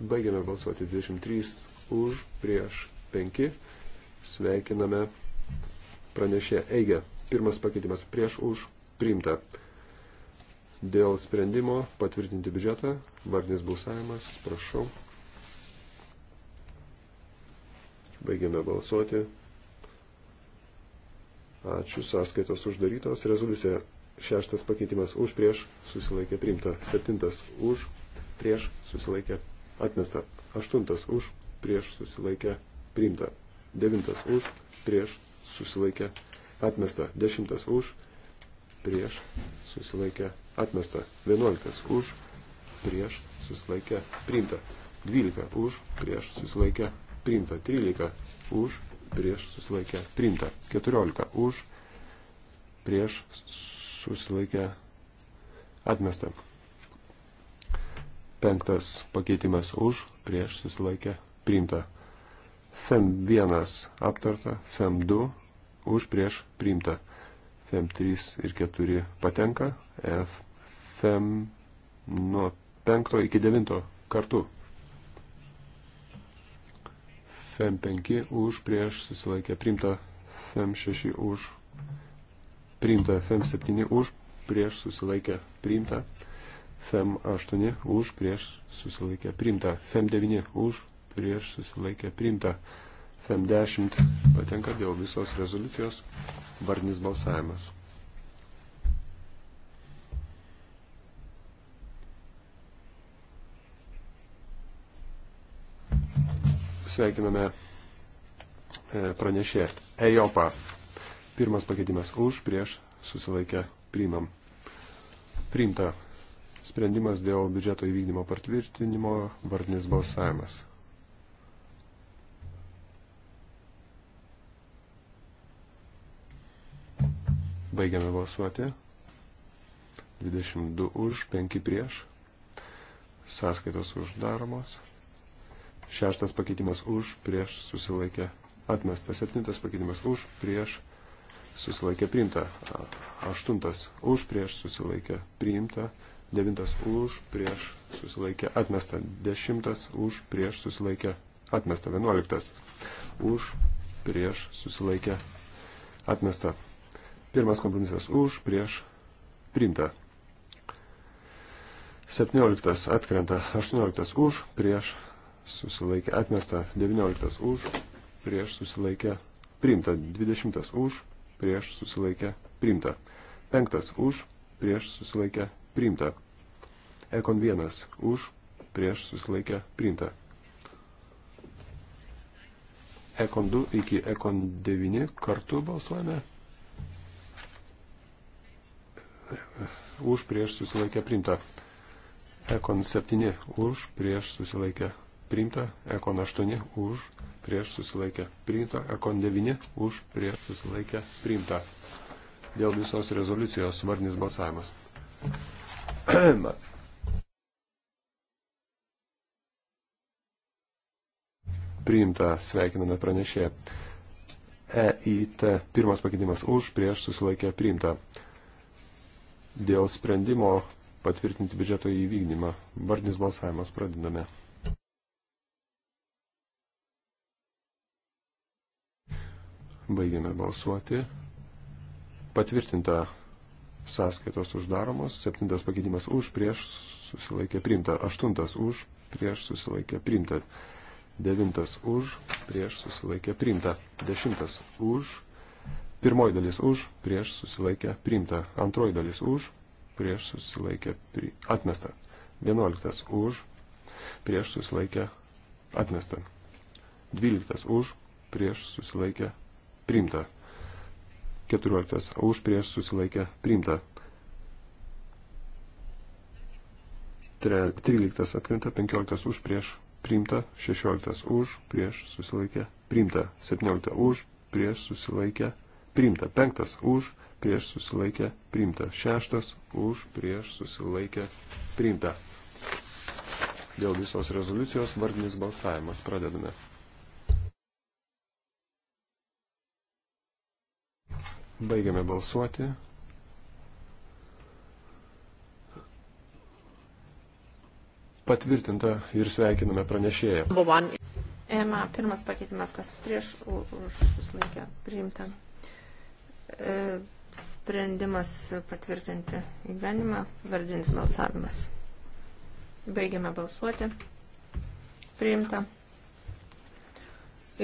[SPEAKER 4] Baigiame balsuoti 23 už, prieš 5. Sveikiname pranešė Eigė. Pirmas pakeitimas prieš už priimta. Dėl sprendimo patvirtinti biudžetą, vardinis balsavimas, prašau. Baigiame balsuoti. Ačiū, sąskaitos uždarytos. Rezoliucija šeštas pakeitimas už prieš susilaikė priimta. Septintas už prieš susilaikė atmesta. Aštuntas už, prieš susilaikę priimta. Devintas už, prieš susilaikę atmesta. Dešimtas už, prieš susilaikę atmesta. Vienuoliktas už, prieš susilaikę priimta. Dvylika už, prieš susilaikę priimta. Trylika už, prieš susilaikę priimta. Keturiolika už, prieš susilaikę atmesta. Penktas pakeitimas už, prieš susilaikė priimta. FEM 1 aptarta, FEM 2 už, prieš priimta. FEM 3 ir 4 patenka, F, FEM nuo 5 iki 9 kartu. FEM 5 už, prieš susilaikė priimta, FEM 6 už, priimta, FEM 7 už, prieš susilaikė priimta. FEM 8 už prieš susilaikę primta. FEM 9 už prieš susilaikę primta. FEM 10 patenka dėl visos rezoliucijos varnis balsavimas. Sveikiname e, pranešė EJOPA. Pirmas pakeitimas už prieš susilaikę priimam. Priimta Sprendimas dėl biudžeto įvykdymo patvirtinimo vardinis balsavimas. Baigiame balsuoti. 22 už, 5 prieš. Sąskaitos uždaromos. Šeštas pakeitimas už, prieš susilaikė atmestas. Septintas pakeitimas už, prieš susilaikė priimta. Aštuntas už, prieš susilaikė priimta. Devintas už, prieš susilaikė atmesta. Dešimtas už, prieš susilaikė atmesta. Vienuoliktas už, prieš susilaikė atmesta. Pirmas kompromisas už, prieš priimta. 17 atkrenta, 18 už, prieš susilaikė, atmesta, 19 už, prieš susilaikė, priimta, 20 už, prieš susilaikė, priimta, 5 už, prieš susilaikė, priimta. Ekon 1 už, prieš susilaikę priimta. Ekon 2 iki Ekon 9 kartu balsuojame. Už, prieš susilaikę priimta. Ekon 7 už, prieš susilaikę priimta. Ekon 8 už, prieš susilaikę priimta. Ekon 9 už, prieš susilaikę priimta. Dėl visos rezoliucijos vardinis balsavimas. Priimta, sveikiname pranešėją. EIT pirmas pakeitimas už, prieš susilaikė priimta. Dėl sprendimo patvirtinti biudžeto įvykdymą. Vardinis balsavimas pradedame. Baigiame balsuoti. Patvirtinta sąskaitos uždaromos, septintas pakeitimas už, prieš susilaikė priimta, aštuntas už, prieš susilaikė priimta, devintas už, prieš susilaikė priimta, dešimtas už, pirmoji dalis už, prieš susilaikė priimta, antroji dalis už, prieš susilaikė pri... atmesta, vienuoliktas už, prieš susilaikė atmesta, dvyliktas už, prieš susilaikė priimta. 14. Už prieš susilaikę priimta. 13 atkrenta, 15 už prieš priimta, 16 už prieš susilaikę priimta, 17 už prieš susilaikę priimta, 5 už prieš susilaikę priimta, 6 už prieš susilaikę priimta. Dėl visos rezoliucijos vardinis balsavimas pradedame. Baigiame balsuoti. Patvirtinta ir sveikiname pranešėją.
[SPEAKER 3] Ema, pirmas pakeitimas, kas prieš už susilaikę priimta. E, sprendimas patvirtinti įgyvenimą, vardinis balsavimas. Baigiame balsuoti. Priimta.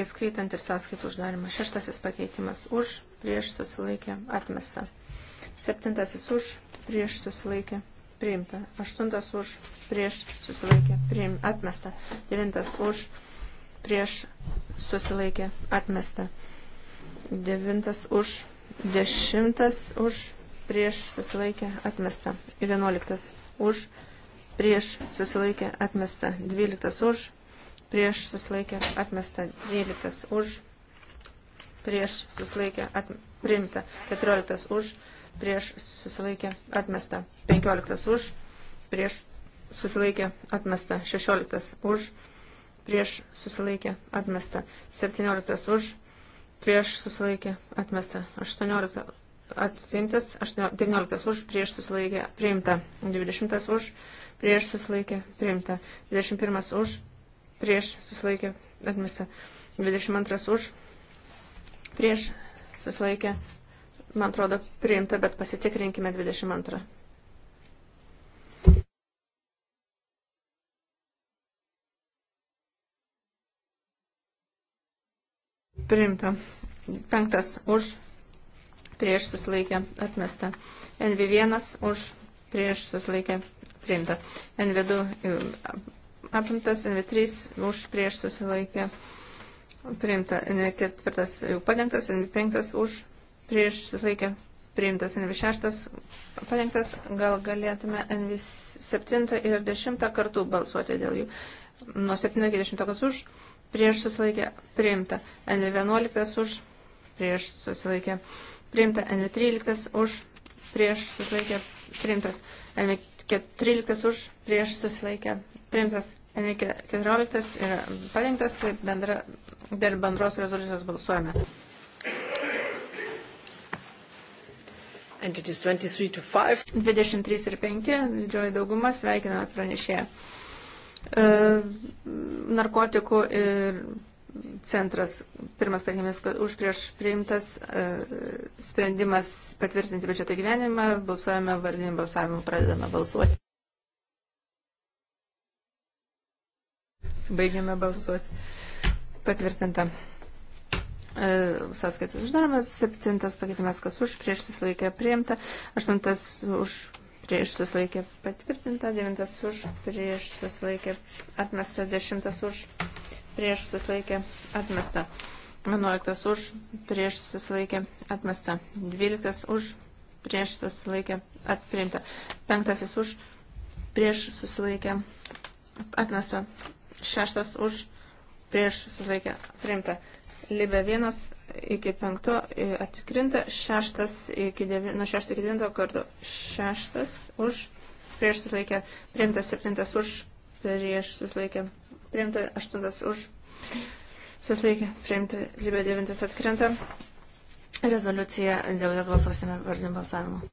[SPEAKER 3] Įskaitant ir sąskaitų uždarimą. Šeštasis pakeitimas už prieš susilaikė atmesta. Septintasis už, prieš susilaikė priimta. Aštuntas už, prieš susilaikė priim, atmesta. Devintas už, prieš susilaikė atmesta. Devintas už, dešimtas už, prieš susilaikė atmesta. Vienuoliktas už, prieš susilaikė atmesta. Dvyliktas už, prieš susilaikė atmesta. Tryliktas už, prieš susilaikę priimta, 14 už, prieš susilaikę atmesta, 15 už, prieš susilaikę atmesta, 16 už, prieš susilaikę atmesta, 17 už, prieš susilaikę atmesta, 18 atsimtas, 19 už, prieš susilaikę priimta, 20 už, prieš susilaikę priimta, 21 už, prieš susilaikę atmesta, 22 už, prieš susilaikė, man atrodo, priimta, bet pasitikrinkime 22. Priimta. Penktas už, prieš susilaikė, atmesta. NV1 už, prieš susilaikė, priimta. NV2 apimtas, NV3 už, prieš susilaikė, atmesta priimta, ne ketvirtas jau padengtas, ne penktas už, prieš susilaikė priimtas NV6, padengtas, gal galėtume NV7 ir 10 kartų balsuoti dėl jų. Nuo 7 iki 10 kas už, prieš susilaikė priimta, NV11 už, prieš susilaikė priimta, NV13 už, prieš susilaikė priimtas, NV14 už, prieš susilaikė priimtas, NV14 yra padengtas, tai bendra Dėl bendros rezoliucijos balsuojame. And it is 23 to 5. 23 ir 5, didžioji dauguma sveikiname pranešėją. E, narkotikų ir centras, pirmas sprendimas už prieš priimtas e, sprendimas patvirtinti biudžeto gyvenimą, balsuojame vardinį balsavimą, pradedame balsuoti. Baigiame balsuoti. Patvirtinta. E, sąskaitos uždaromas, septintas pakeitimas, kas už, prieš susilaikė priimta, aštuntas už, prieš susilaikė patvirtinta, devintas už, prieš susilaikė atmesta, dešimtas už, prieš susilaikė atmesta, vienuoliktas už, prieš susilaikė atmesta, dvyliktas už, prieš susilaikė atprimta, penktasis už, prieš susilaikė atmesta, šeštas už, prieš susilaikė atmesta prieš susilaikę priimta. Libė 1 iki 5 e, atkrinta, 6 iki 9, nuo 6 iki 9 kartų 6 už, prieš susilaikę priimta, 7 už, prieš susilaikę priimta, 8 už, susilaikę priimta, Libė 9 atkrinta. Rezoliucija dėl Lietuvos valstybės vardinio balsavimo.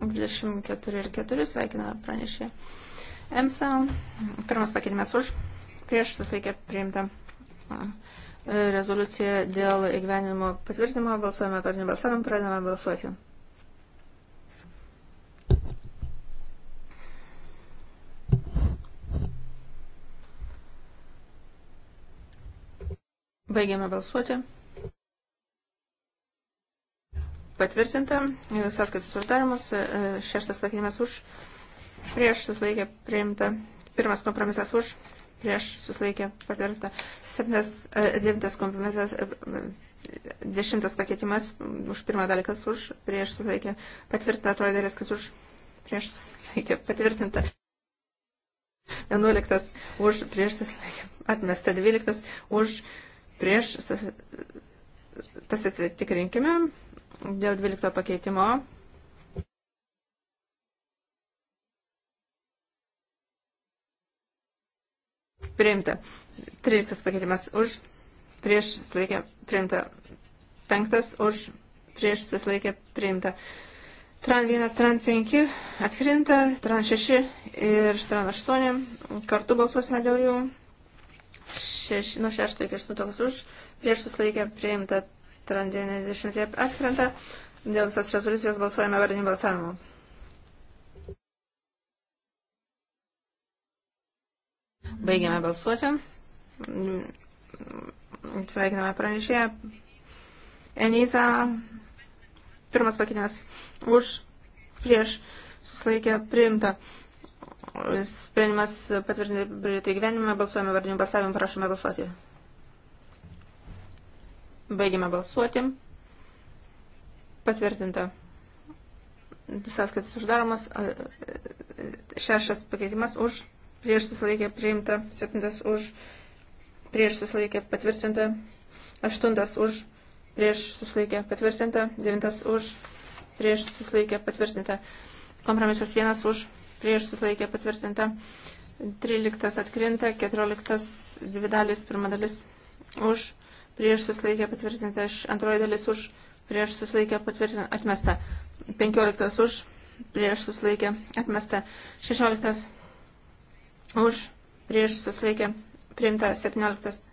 [SPEAKER 3] 24 ir 4 sveikina pranešė. EMSA, pirmas pakeitimas už, prieš susilaikė priimta rezoliucija dėl įgyvenimo patvirtinimo, balsuojame per nebalsavimą, pradedame balsuoti. Baigiame balsuoti patvirtinta, sąskaitos uždarimas, e, šeštas sakymas už, prieš susilaikė priimta, pirmas kompromisas už, prieš susilaikė patvirtinta, septintas, e, devintas kompromisas, e, dešimtas pakeitimas už pirmą dalį, kas už, prieš susilaikė patvirtinta, antroji dalis, kas už, prieš susilaikė patvirtinta. 11 už prieš susilaikė, atmesta 12 už prieš susilaikė pasitikrinkime dėl 12 pakeitimo. Priimta. 13 pakeitimas už, prieš susilaikė priimta. 5 už, prieš susilaikė priimta. Tran 1, tran 5 atkrinta, tran 6 ir tran 8 kartu balsuosime dėl jų. Šeš, nuo 6 iki 8 už, prieš susilaikė priimta Tran 90 atkrenta. Dėl visos rezoliucijos balsuojame vardiniu balsavimu. Baigiame balsuoti. Sveikiname pranešėją. Enisa, pirmas pakeitimas už, prieš, susilaikė, priimta. Sprendimas patvirtinti biudžeto įgyvenimą, balsuojame vardiniu balsavimu, prašome balsuoti. Baigime balsuoti. Patvirtinta. Sąskaitas uždaromas. Šešas pakeitimas už. Prieš susilaikė priimta. Septintas už. Prieš susilaikė patvirtinta. Aštuntas už. Prieš susilaikė patvirtinta. Devintas už. Prieš susilaikė patvirtinta. Kompromisas vienas už. Prieš susilaikė patvirtinta. 13 atkrinta, 14 dvi dalis, pirma dalis už, prieš susilaikė patvirtinta, antroji dalis už, prieš susilaikė patvirtinta, atmesta, 15 už, prieš susilaikė atmesta, 16 už, prieš susilaikė priimta, 17.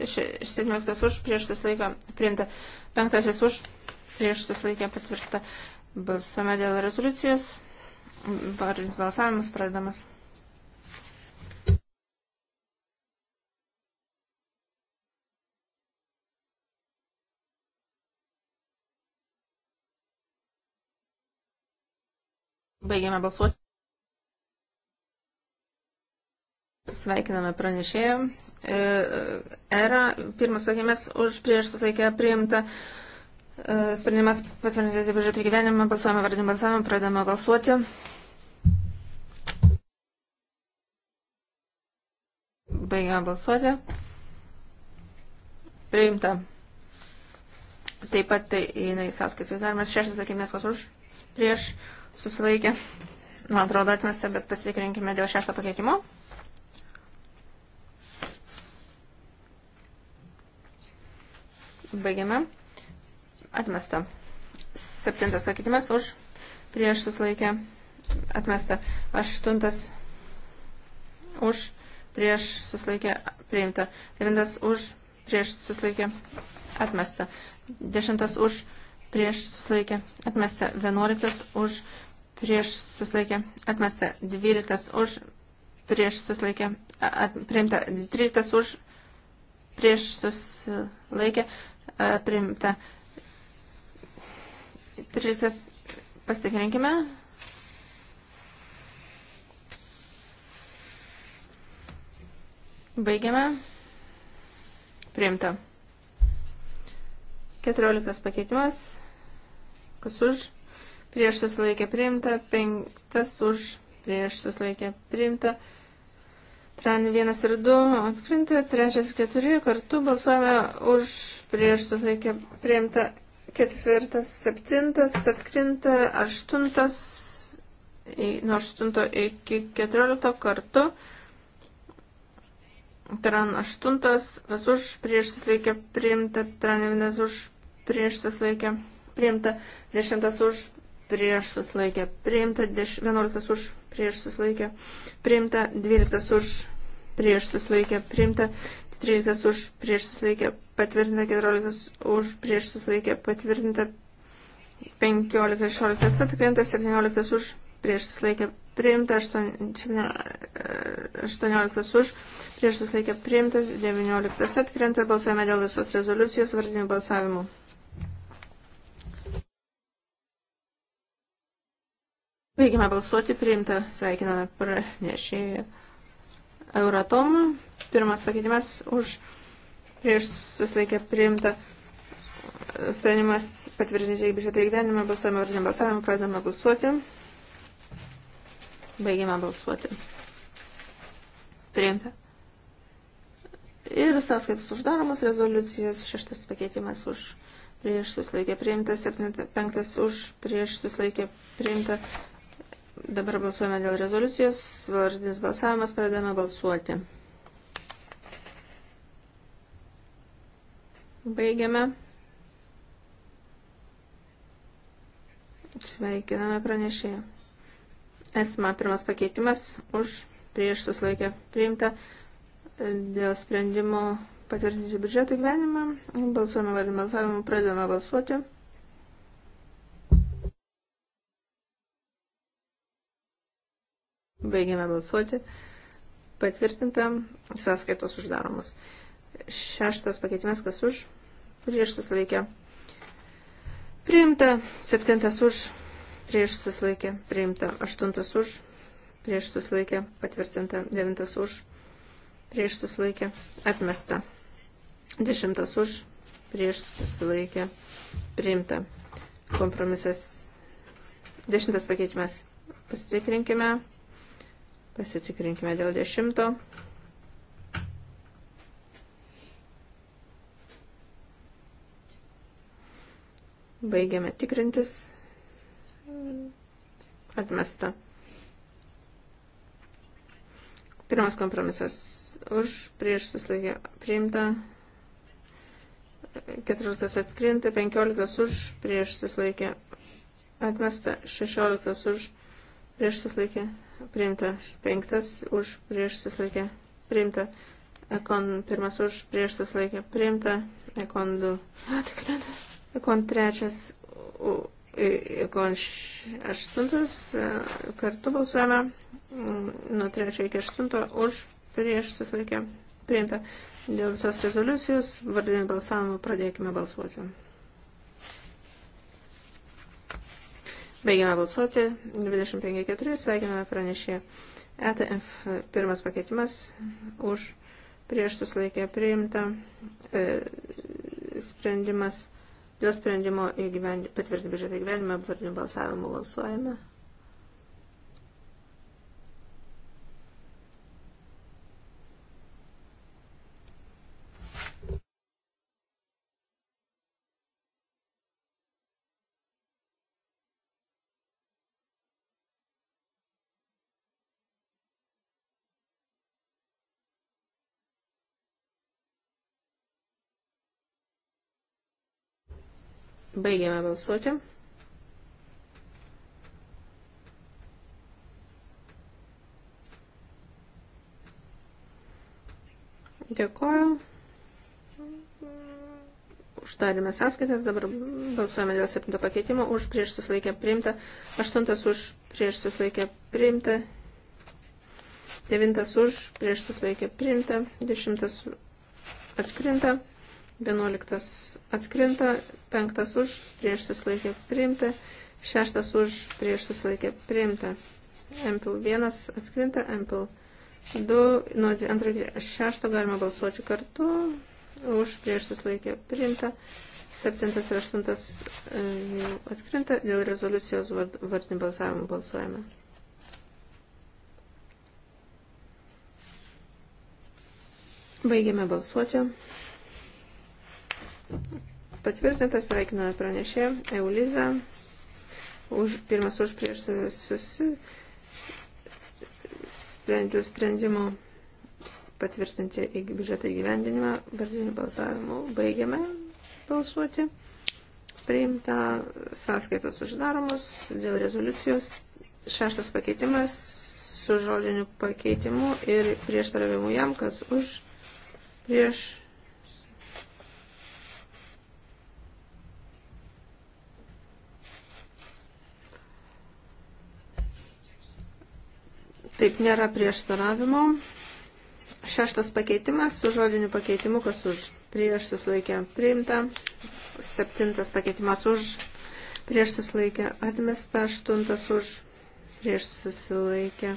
[SPEAKER 3] Septynioliktas už, prieš susilaikę priimta. Penktasis už, prieš susilaikę patvirtinta. Balsuome dėl rezoliucijos. Vardinis balsavimas pradedamas. Baigiame balsuoti. Sveikiname pranešėją. E, e, era, pirmas pakeimės už prieš susilaikę priimta. E, sprendimas patvirtinti biudžeto gyvenimą, balsuojame vardinį balsavimą, pradame balsuoti. Baigiame balsuoti. Priimta. Taip pat tai įeina į sąskaitų darbas. Šeštas pakėmės, kas už, prieš, susilaikė. Man atrodo atmesta, bet pasitikrinkime dėl šešto pakeitimo. Baigiame. Atmesta. Septintas pakeitimas už prieš susilaikę. Atmesta. Aštuntas už prieš susilaikę priimta. Devintas už prieš susilaikę atmesta. Dešimtas už prieš susilaikę atmesta. Vienuoliktas už prieš susilaikę atmesta. Dvyliktas už prieš susilaikę at, priimta. Tryliktas už prieš susilaikę priimta. Tryliktas pasitikrinkime. Baigiame. Priimta. Keturioliktas pakeitimas. Kas už? Prieš susilaikė priimta. Penktas už. Prieš susilaikė priimta. Tran 1 ir 2 atkrinta. Trečias keturi. Kartu balsuojame už. Prieš susilaikė priimta ketvirtas, septintas, atkrinta, aštuntas, nuo aštunto iki keturiolikto kartu. Tran aštuntas, kas už prieš susilaikė priimta, tran vienas už prieš susilaikė priimta, dešimtas už prieš susilaikė priimta, deš, vienuoliktas už prieš susilaikė priimta, dvyliktas už prieš susilaikė priimta, 13 už prieš susilaikė patvirtinta, 14 už prieš susilaikė patvirtinta, 15, 16 atkrinta, 17 už prieš susilaikė priimta, 18 e, už prieš susilaikė priimtas, 19 atkrinta, balsuojame dėl visos rezoliucijos vardinių balsavimų. Baigime balsuoti, priimta, sveikiname pranešėją. Euratom. Pirmas pakeitimas už prieš susilaikė priimta sprendimas patvirtinti biudžeto tai įgyvenimą, balsuojame vardinį balsavimą, pradedame balsuoti. Baigiame balsuoti. Priimta. Ir sąskaitos uždaromos, rezoliucijos šeštas pakeitimas už prieš susilaikė priimta, septintas, penktas už prieš susilaikė priimta, Dabar balsuojame dėl rezoliucijos. Vardinis balsavimas, pradedame balsuoti. Baigiame. Sveikiname pranešėją. Esma, pirmas pakeitimas už prieš susilaikę priimta dėl sprendimo patvirtinti biudžeto gyvenimą. Balsuojame vardinį balsavimą, pradedame balsuoti. Baigėme balsuoti. Patvirtinta. Sąskaitos uždaromos. Šeštas pakeitimas, kas už. Prieš susilaikė. Priimta. Septintas už. Prieš susilaikė. Priimta. Aštuntas už. Prieš susilaikė. Patvirtinta. Devintas už. Prieš susilaikė. Atmesta. Dešimtas už. Prieš susilaikė. Priimta. Kompromisas. Dešimtas pakeitimas. Pasitikrinkime. Pasitikrinkime dėl dešimto. Baigiame tikrintis. Atmesta. Pirmas kompromisas už, prieš susilaikė priimta. 14 atskrinta, 15 už, prieš susilaikė atmesta, 16 už, prieš susilaikė atmesta priimta, penktas už prieš susilaikę priimta, ekon pirmas už prieš susilaikę priimta, ekon du, tai ekon trečias, ekon aštuntas, e, kartu balsuojame nuo trečio iki aštunto už prieš susilaikę priimta. Dėl visos rezoliucijos vardinį balsavimą pradėkime balsuoti. Baigiame balsuoti. 25.4. Sveikiname pranešė. ETF pirmas pakeitimas už prieš susilaikę priimta e, sprendimas dėl sprendimo patvirtinti biudžetą įgyvenimą, apvardinių balsavimų balsuojame. Baigėme balsuoti. Dėkoju. Uždarėme sąskaitas, dabar balsuojame dėl 7 pakeitimo, už prieš susilaikę priimta, 8 už prieš susilaikę priimta, 9 už prieš susilaikę priimta, 10 atskrinta, 11 atkrinta, 5 už, prieš susilaikė priimta, 6 už, prieš susilaikė priimta, MPL 1 atkrinta, MPL 2, nuo 2 iki 6 galima balsuoti kartu, už, prieš susilaikė priimta, 7 ir 8 e, atkrinta, dėl rezoliucijos vardinį balsavimą balsuojame. Baigiame balsuoti. Patvirtintas sveikiname pranešė Euliza. Už, pirmas už prieš susisprendžių sprendimų patvirtinti į biudžetą įgyvendinimą. Vardinių balsavimų baigiame balsuoti. Priimta sąskaitos uždaromos dėl rezoliucijos. Šeštas pakeitimas su žodiniu pakeitimu ir prieštaravimu jam, kas už prieš Taip nėra prieštaravimo. Šeštas pakeitimas su žodiniu pakeitimu, kas už prieš susilaikę priimta. Septintas pakeitimas už prieš susilaikę atmesta. Aštuntas už prieš susilaikę.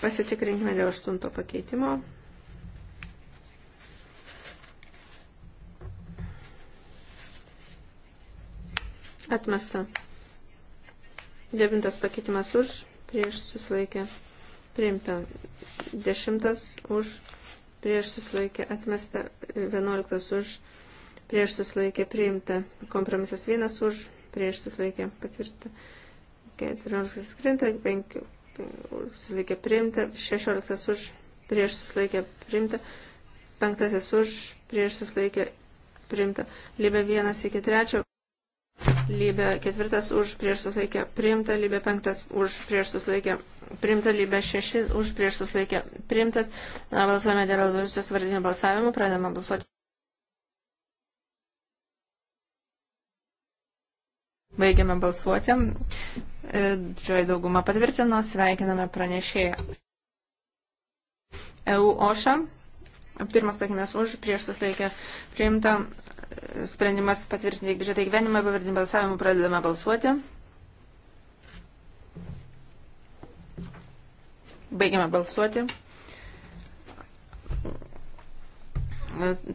[SPEAKER 3] Pasitikrinkime dėl aštunto pakeitimo. Atmesta. Devintas pakeitimas už prieš susilaikė priimta. Dešimtas už prieš susilaikė atmesta. Vienuoliktas už prieš susilaikė priimta. Kompromisas vienas už prieš susilaikė patvirtinta. Keturioliktas krinta. Penkių susilaikė priimta. Šešioliktas už prieš susilaikė priimta. Penktasis už prieš susilaikė priimta. Libė vienas iki trečio lybė ketvirtas už prieš susilaikę priimta, lybė penktas už prieš susilaikę priimta, lybė šeši už prieš susilaikę priimtas. Na, balsuojame dėl rezoliucijos vardinių balsavimų, pradedame balsuoti. Baigiame balsuoti. E, didžioji dauguma patvirtino, sveikiname pranešėją. EU OŠA. Pirmas pakinės už prieš susilaikę priimta sprendimas patvirtinti biudžetą įgyvenimą, pavardinį balsavimą pradedame balsuoti. Baigiame balsuoti.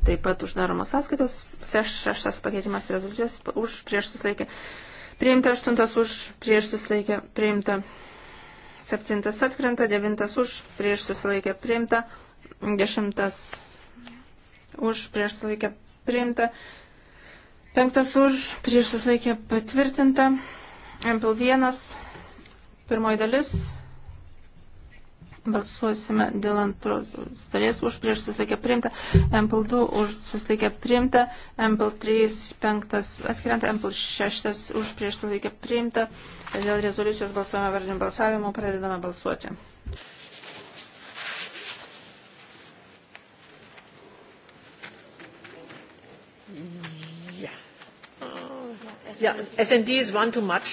[SPEAKER 3] Taip pat uždaromos sąskaitos. Šeštas pakeitimas rezoliucijos už prieš susilaikę. Priimta aštuntas už prieš susilaikę. Priimta septintas atkrenta. Devintas už prieš susilaikę. Priimta dešimtas už prieš susilaikę priimta. Penktas už, prieš susilaikė patvirtinta. MPL1, pirmoji dalis. Balsuosime dėl antros dalies už, prieš susilaikė priimta. MPL2 už susilaikė priimta. MPL3, penktas atkrenta. MPL6 už, prieš susilaikė priimta. Dėl rezoliucijos balsuojame vardiniu balsavimu, pradedame balsuoti.
[SPEAKER 1] Yeah, SND is one too much.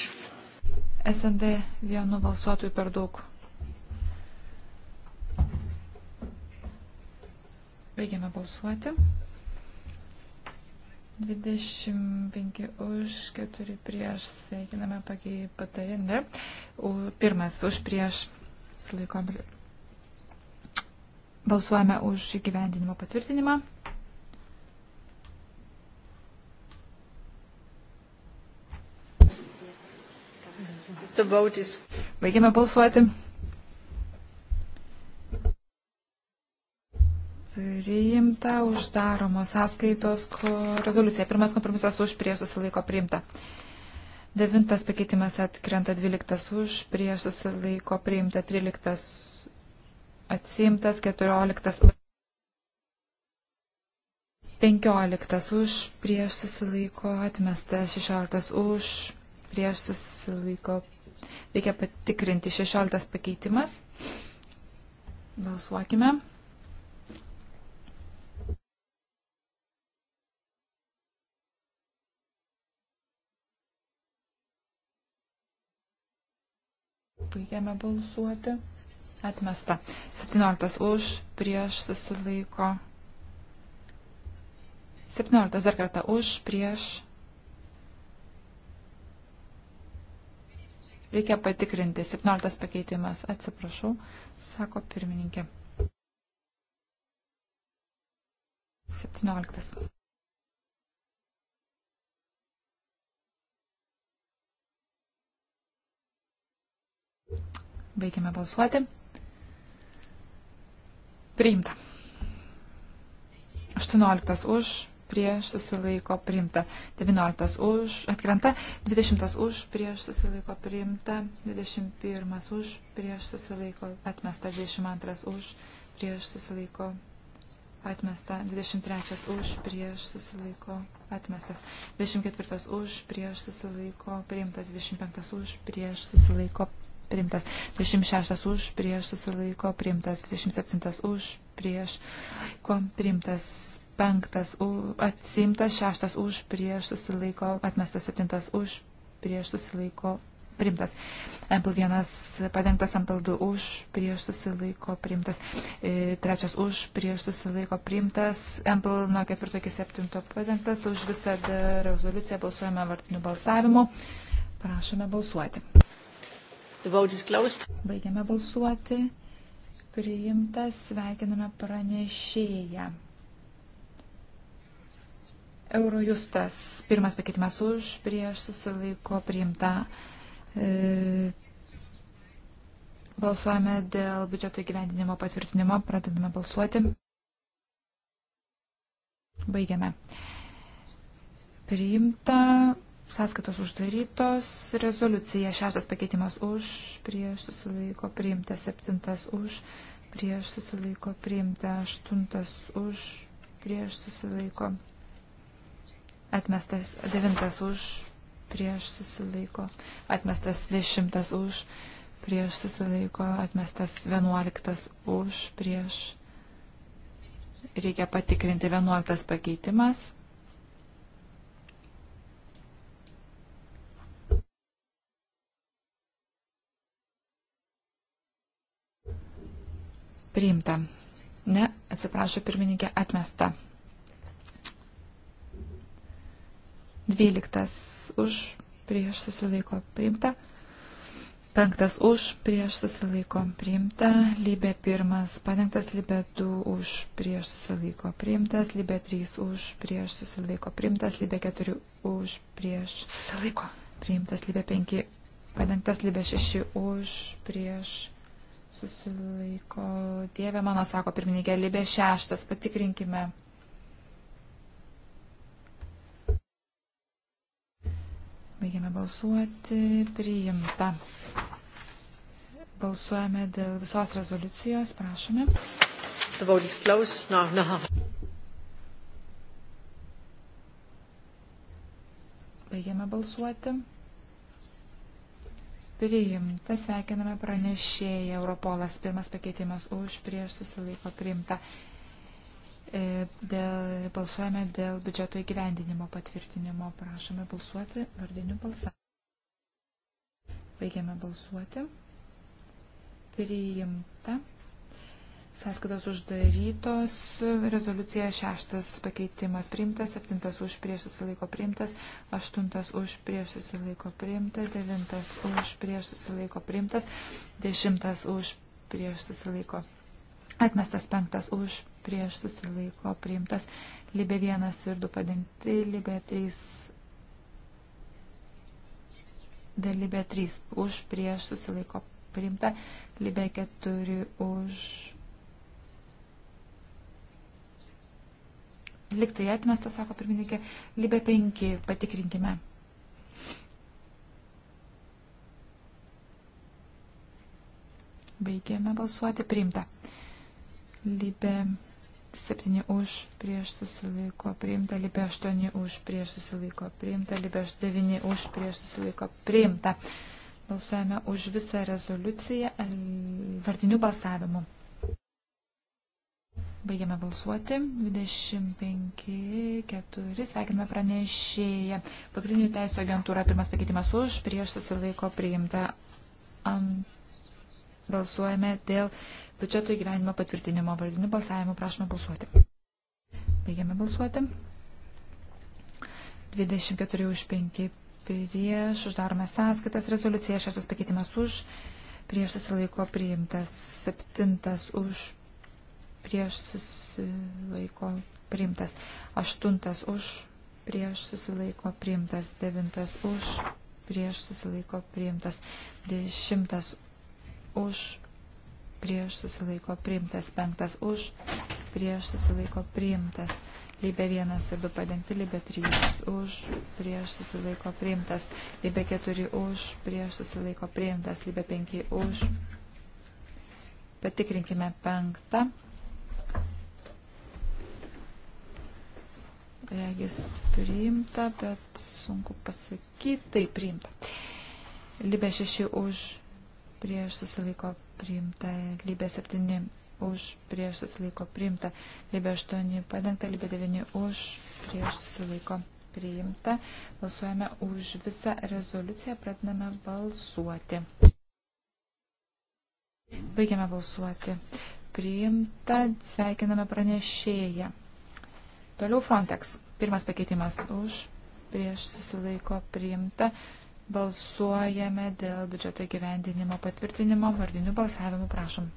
[SPEAKER 2] SND vienu balsuotojų per daug. Baigiame balsuoti. 25 už, 4 prieš, sveikiname patarimą. Pirmas už prieš, laikom. Balsuojame už įgyvendinimo patvirtinimą. Is... Baigėme balsuoti. Priimta uždaromos sąskaitos rezoliucija. Pirmas kompromisas už prieš susilaiko priimta. Devintas pakeitimas atkrenta 12 už prieš susilaiko priimta 13 atsimtas 14. 15 už prieš susilaiko atmestas 16 už prieš susilaiko Reikia patikrinti 16 pakeitimas. Balsuokime. Baigėme balsuoti. Atmesta. 17 už, prieš susilaiko. 17 dar kartą už, prieš Reikia patikrinti. 17 pakeitimas. Atsiprašau, sako pirmininkė. 17. Baigiame balsuoti. Priimta. 18 už, prieš susilaiko priimta. 19 už, atkrenta, 20 už, prieš susilaiko priimta, 21 už, prieš susilaiko atmesta, 22 už, prieš susilaiko atmesta, 23 už, prieš susilaiko atmestas, 24 už, prieš susilaiko priimtas, 25 už, prieš susilaiko priimtas, 26 už, prieš susilaiko priimtas, 27 už, prieš susilaiko priimtas penktas atsimtas, šeštas už prieš susilaiko, atmestas septintas už prieš susilaiko primtas. MP1 padengtas MP2 už prieš susilaiko primtas. E, trečias už prieš susilaiko primtas. MP nuo ketvirto iki septinto padengtas. Už visą rezoliuciją balsuojame vartiniu balsavimu. Prašome balsuoti. Baigiame balsuoti. Priimtas. Sveikiname pranešėją. Eurojustas. Pirmas pakeitimas už, prieš susilaiko priimta. E, balsuojame dėl biudžeto įgyvendinimo patvirtinimo. Pradedame balsuoti. Baigiame. Priimta. Sąskaitos uždarytos. Rezoliucija. Šeštas pakeitimas už, prieš susilaiko priimta. Septintas už, prieš susilaiko priimta. Aštuntas už, prieš susilaiko priimta Atmestas devintas už, prieš susilaiko. Atmestas dešimtas už, prieš susilaiko. Atmestas vienuoliktas už, prieš. Reikia patikrinti vienuoliktas pakeitimas. Priimta. Ne, atsiprašau, pirmininkė atmesta. 12 už prieš susilaiko priimta. Penktas už prieš susilaiko priimta, lybė pirmas padengtas, lybė du už prieš susilaiko priimtas, lybė trys už prieš susilaiko priimtas, lybė keturi už prieš susilaiko priimtas, lybė penki padengtas, lybė šeši už prieš susilaiko. Dieve mano, sako pirmininkė, lybė šeštas, patikrinkime. Baigėme balsuoti. Priimta. Balsuojame dėl visos rezoliucijos. Prašome. The vote is
[SPEAKER 1] closed. No, no.
[SPEAKER 2] Baigėme balsuoti. Priimta, sveikiname pranešėją Europolas. Pirmas pakeitimas už, prieš susilaiko priimta. E, dėl, balsuojame dėl biudžeto įgyvendinimo patvirtinimo. Prašome balsuoti vardiniu balsą. Baigiame balsuoti. Priimta. Sąskaitos uždarytos, rezoliucija šeštas pakeitimas priimtas, septintas už prieš susilaiko priimtas, aštuntas už prieš susilaiko priimtas, devintas už prieš susilaiko priimtas, dešimtas už prieš susilaiko atmestas, penktas už prieš susilaiko priimtas, libė 1 ir 2 padengti, libė 3, dėl libė 3 už prieš susilaiko priimta, libė 4 už. Liktai atmestas, sako pirmininkė, libė 5, patikrinkime. Baigėme balsuoti, priimta. Libė 7 už prieš susilaiko priimta, libė 8 už prieš susilaiko priimta, libė 9 už prieš susilaiko priimta. Balsuojame už visą rezoliuciją vardinių balsavimų. Baigiame balsuoti. 25, 4. Sveikiname pranešėją. Pagrindinių teisų agentūra pirmas pakeitimas už, prieš susilaiko priimta. Ant balsuojame dėl biudžeto įgyvenimo patvirtinimo vardiniu balsavimu. Prašome balsuoti. Baigiame balsuoti. 24 už 5 prieš, uždarome sąskaitas, rezoliucija šeštas pakeitimas už, prieš susilaiko priimtas, septintas už, prieš susilaiko priimtas, aštuntas už, prieš susilaiko priimtas, devintas už, prieš susilaiko priimtas, dešimtas už, prieš susilaiko priimtas, penktas už, prieš susilaiko priimtas, lybė vienas ir du padengti, lybė trys už, prieš susilaiko priimtas, lybė keturi už, prieš susilaiko priimtas, lybė penki už. Patikrinkime penktą. Regis priimta, bet sunku pasakyti, tai priimta. Libė šeši už prieš susilaiko priimta, lybė 7 už, prieš susilaiko priimta, lybė 8 padengta, lybė 9 už, prieš susilaiko priimta. Balsuojame už visą rezoliuciją, pradedame balsuoti. Baigiame balsuoti. Priimta, sveikiname pranešėją. Toliau Frontex. Pirmas pakeitimas už, prieš susilaiko priimta. Balsuojame dėl biudžeto įgyvendinimo patvirtinimo vardinių balsavimų. Prašom.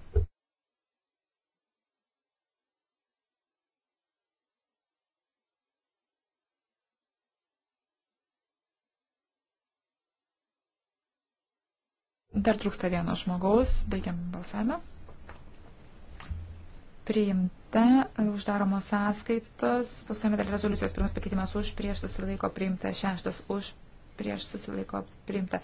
[SPEAKER 2] Dar trūksta vieno žmogaus. Baigiam balsavimą. Priimta, uždaromos sąskaitos, pasuojame dėl rezoliucijos, pirmas pakeitimas už, prieš susilaiko priimta, šeštas už, prieš susilaiko priimta.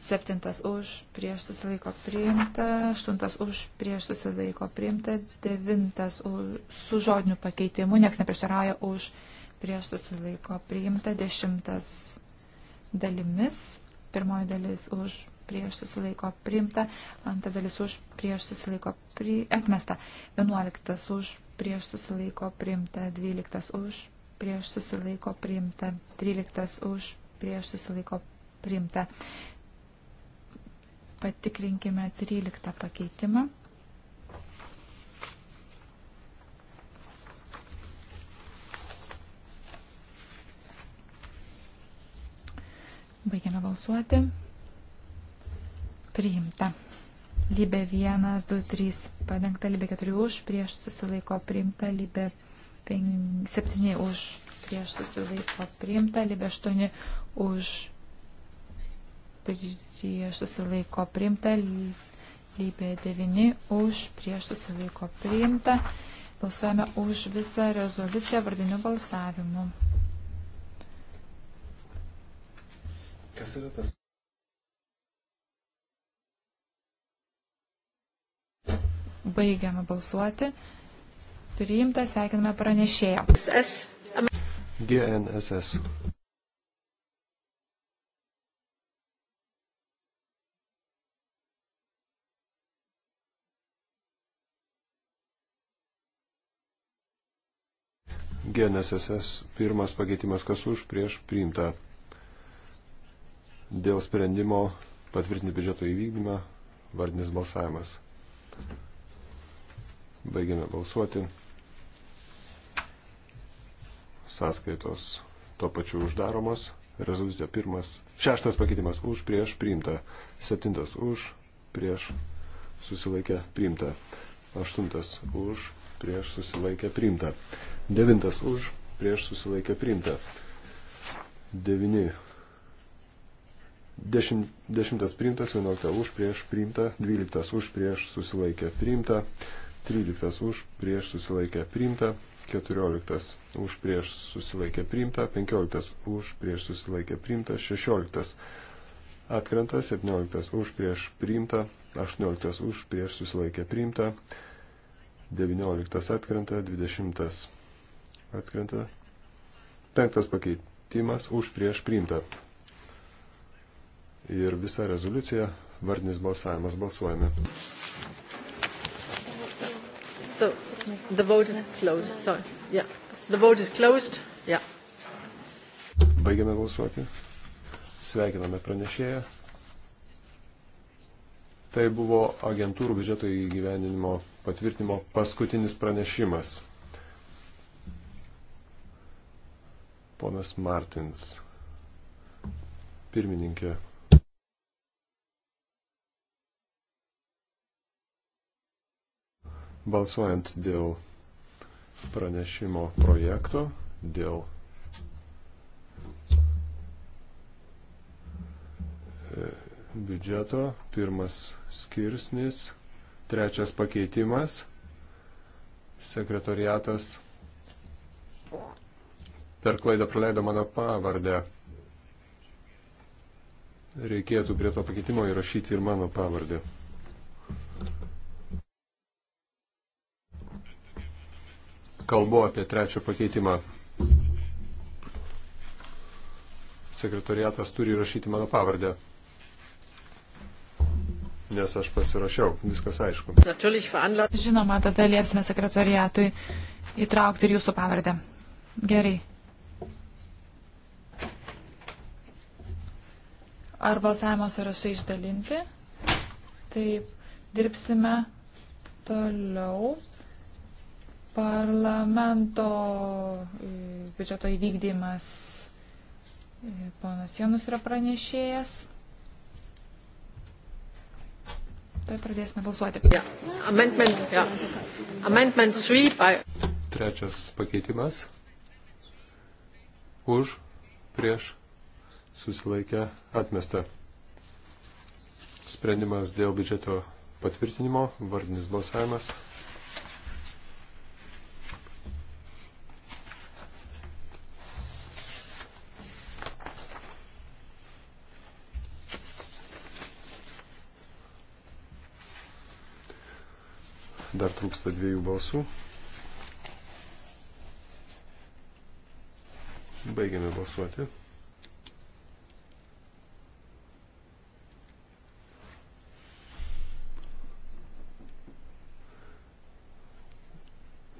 [SPEAKER 2] Septintas už, prieš susilaiko priimta. Aštuntas už, prieš susilaiko priimta. Devintas už, su žodiniu pakeitimu, nieks neprieštarauja už, prieš susilaiko priimta. Dešimtas dalimis, pirmoji dalis už, prieš susilaiko priimta, antra dalis už prieš susilaiko pri, atmesta, vienuoliktas už prieš susilaiko priimta, dvyliktas už prieš susilaiko priimta, tryliktas už prieš susilaiko priimta. Patikrinkime 13 pakeitimą. Baigiame balsuoti. Priimta. Lybė 1, 2, 3. Padengta lybė 4 už, prieš susilaiko priimta, lybė 5, 7 už, prieš susilaiko priimta, lybė 8 už prieš susilaiko priimta, lybė 9 už prieš susilaiko priimta. Balsuojame už visą rezoliuciją vardiniu balsavimu. Kas yra tas? Baigiame balsuoti. Priimta, sveikiname pranešėją.
[SPEAKER 4] GNSS. GNSS pirmas pakeitimas kas už prieš priimta. Dėl sprendimo patvirtinti biudžeto įvykdymą vardinis balsavimas. Baigiame balsuoti. Sąskaitos tuo pačiu uždaromos. Rezoliucija pirmas. Šeštas pakeitimas už prieš priimta. Septintas už prieš susilaikę priimta. Aštuntas už prieš susilaikę priimta. Devintas už, prieš susilaikę priimta. Devini. Dešimt, dešimtas priimtas, vienuolikta už, prieš priimta, dvyliktas už, prieš susilaikę priimta, tryliktas už, prieš susilaikę priimta, keturioliktas už, prieš susilaikę priimta, penkioliktas už, prieš susilaikę priimta, šešioliktas atkrenta, 17 už prieš priimta, 18 už prieš susilaikę priimta, 19 atkrenta, 20 atkrenta. Penktas pakeitimas už prieš priimtą. Ir visa rezoliucija, vardinis balsavimas, balsuojame.
[SPEAKER 1] The, the vote is closed. Sorry. Yeah. The vote is closed. Yeah.
[SPEAKER 4] Baigiame balsuoti. Sveikiname pranešėją. Tai buvo agentūrų biudžeto įgyvendinimo patvirtimo paskutinis pranešimas. Ponas Martins, pirmininkė. Balsuojant dėl pranešimo projekto, dėl biudžeto, pirmas skirsnis Trečias pakeitimas. Sekretoriatas per klaidą praleido mano pavardę. Reikėtų prie to pakeitimo įrašyti ir mano pavardę. Kalbu apie trečią pakeitimą. Sekretoriatas turi įrašyti mano pavardę nes aš pasirašiau, viskas
[SPEAKER 2] aišku. Žinoma, tada liepsime sekretoriatui įtraukti ir jūsų pavardę. Gerai. Ar balsavimo sąrašai išdalinti? Taip, dirbsime toliau. Parlamento e, biudžeto įvykdymas. E, ponas Jonus yra pranešėjas. Tuoj pradėsime balsuoti. Yeah. Amendment, yeah. Amendment 3
[SPEAKER 1] by...
[SPEAKER 4] Trečias pakeitimas. Už, prieš, susilaikę, atmesta. Sprendimas dėl biudžeto patvirtinimo, vardinis balsavimas. Dar trūksta dviejų balsų. Baigiame balsuoti.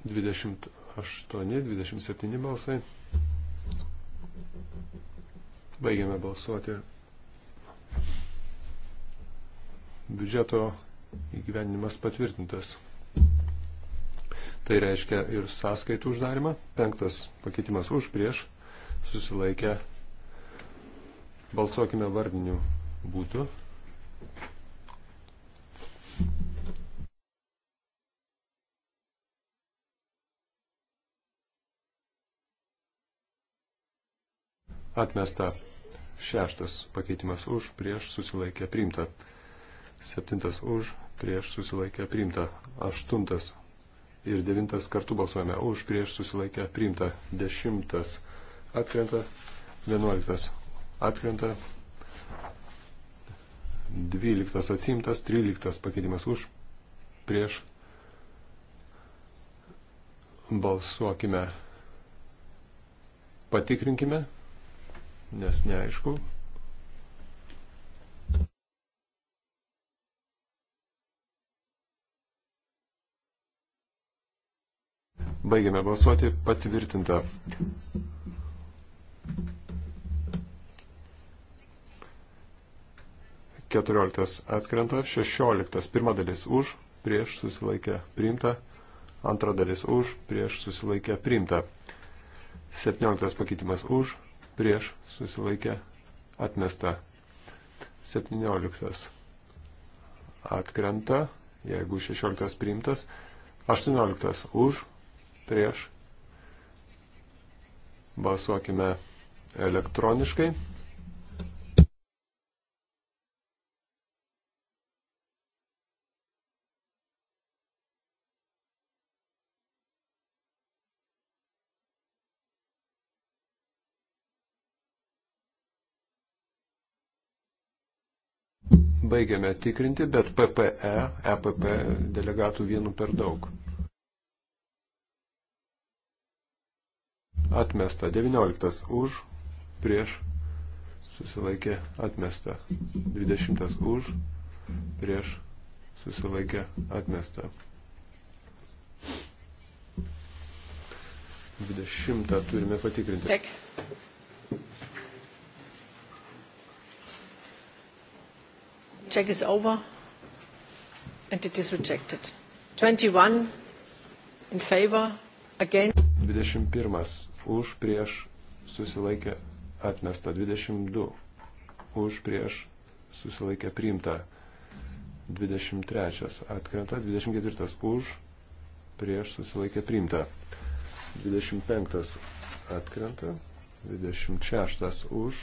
[SPEAKER 4] Dvidešimt aštuoni, dvidešimt septyni balsai. Baigiame balsuoti. Biudžeto įgyvenimas patvirtintas. Tai reiškia ir sąskaitų uždarimą. Penktas pakeitimas už prieš susilaikę. Balsuokime vardiniu būdu. Atmesta. Šeštas pakeitimas už, prieš susilaikę priimta. Septintas už, prieš susilaikę priimta. Aštuntas ir 9 kartu balsuojame už, prieš susilaikę priimta 10 atkrenta, 11 atkrenta, 12 atsimtas, 13 pakeitimas už, prieš balsuokime, patikrinkime, nes neaišku, Baigiame balsuoti. Patvirtinta. 14 atkrenta, 16 pirma dalis už, prieš susilaikę priimta, antra dalis už, prieš susilaikę priimta, 17 pakeitimas už, prieš susilaikę atmesta, 17 atkrenta, jeigu 16 priimtas, 18 už, prieš. Balsuokime elektroniškai. Baigiame tikrinti, bet PPE, EPP delegatų vienu per daug. atmesta. 19 už, prieš, susilaikė, atmesta. 20 už, prieš, susilaikė, atmesta. 20 turime patikrinti. Tek.
[SPEAKER 1] Check is over and it is rejected. 21 in favor, against.
[SPEAKER 4] 21 už prieš susilaikė atmesta 22, už prieš susilaikė priimta 23, atkrenta 24, už prieš susilaikė priimta 25, atkrenta 26, už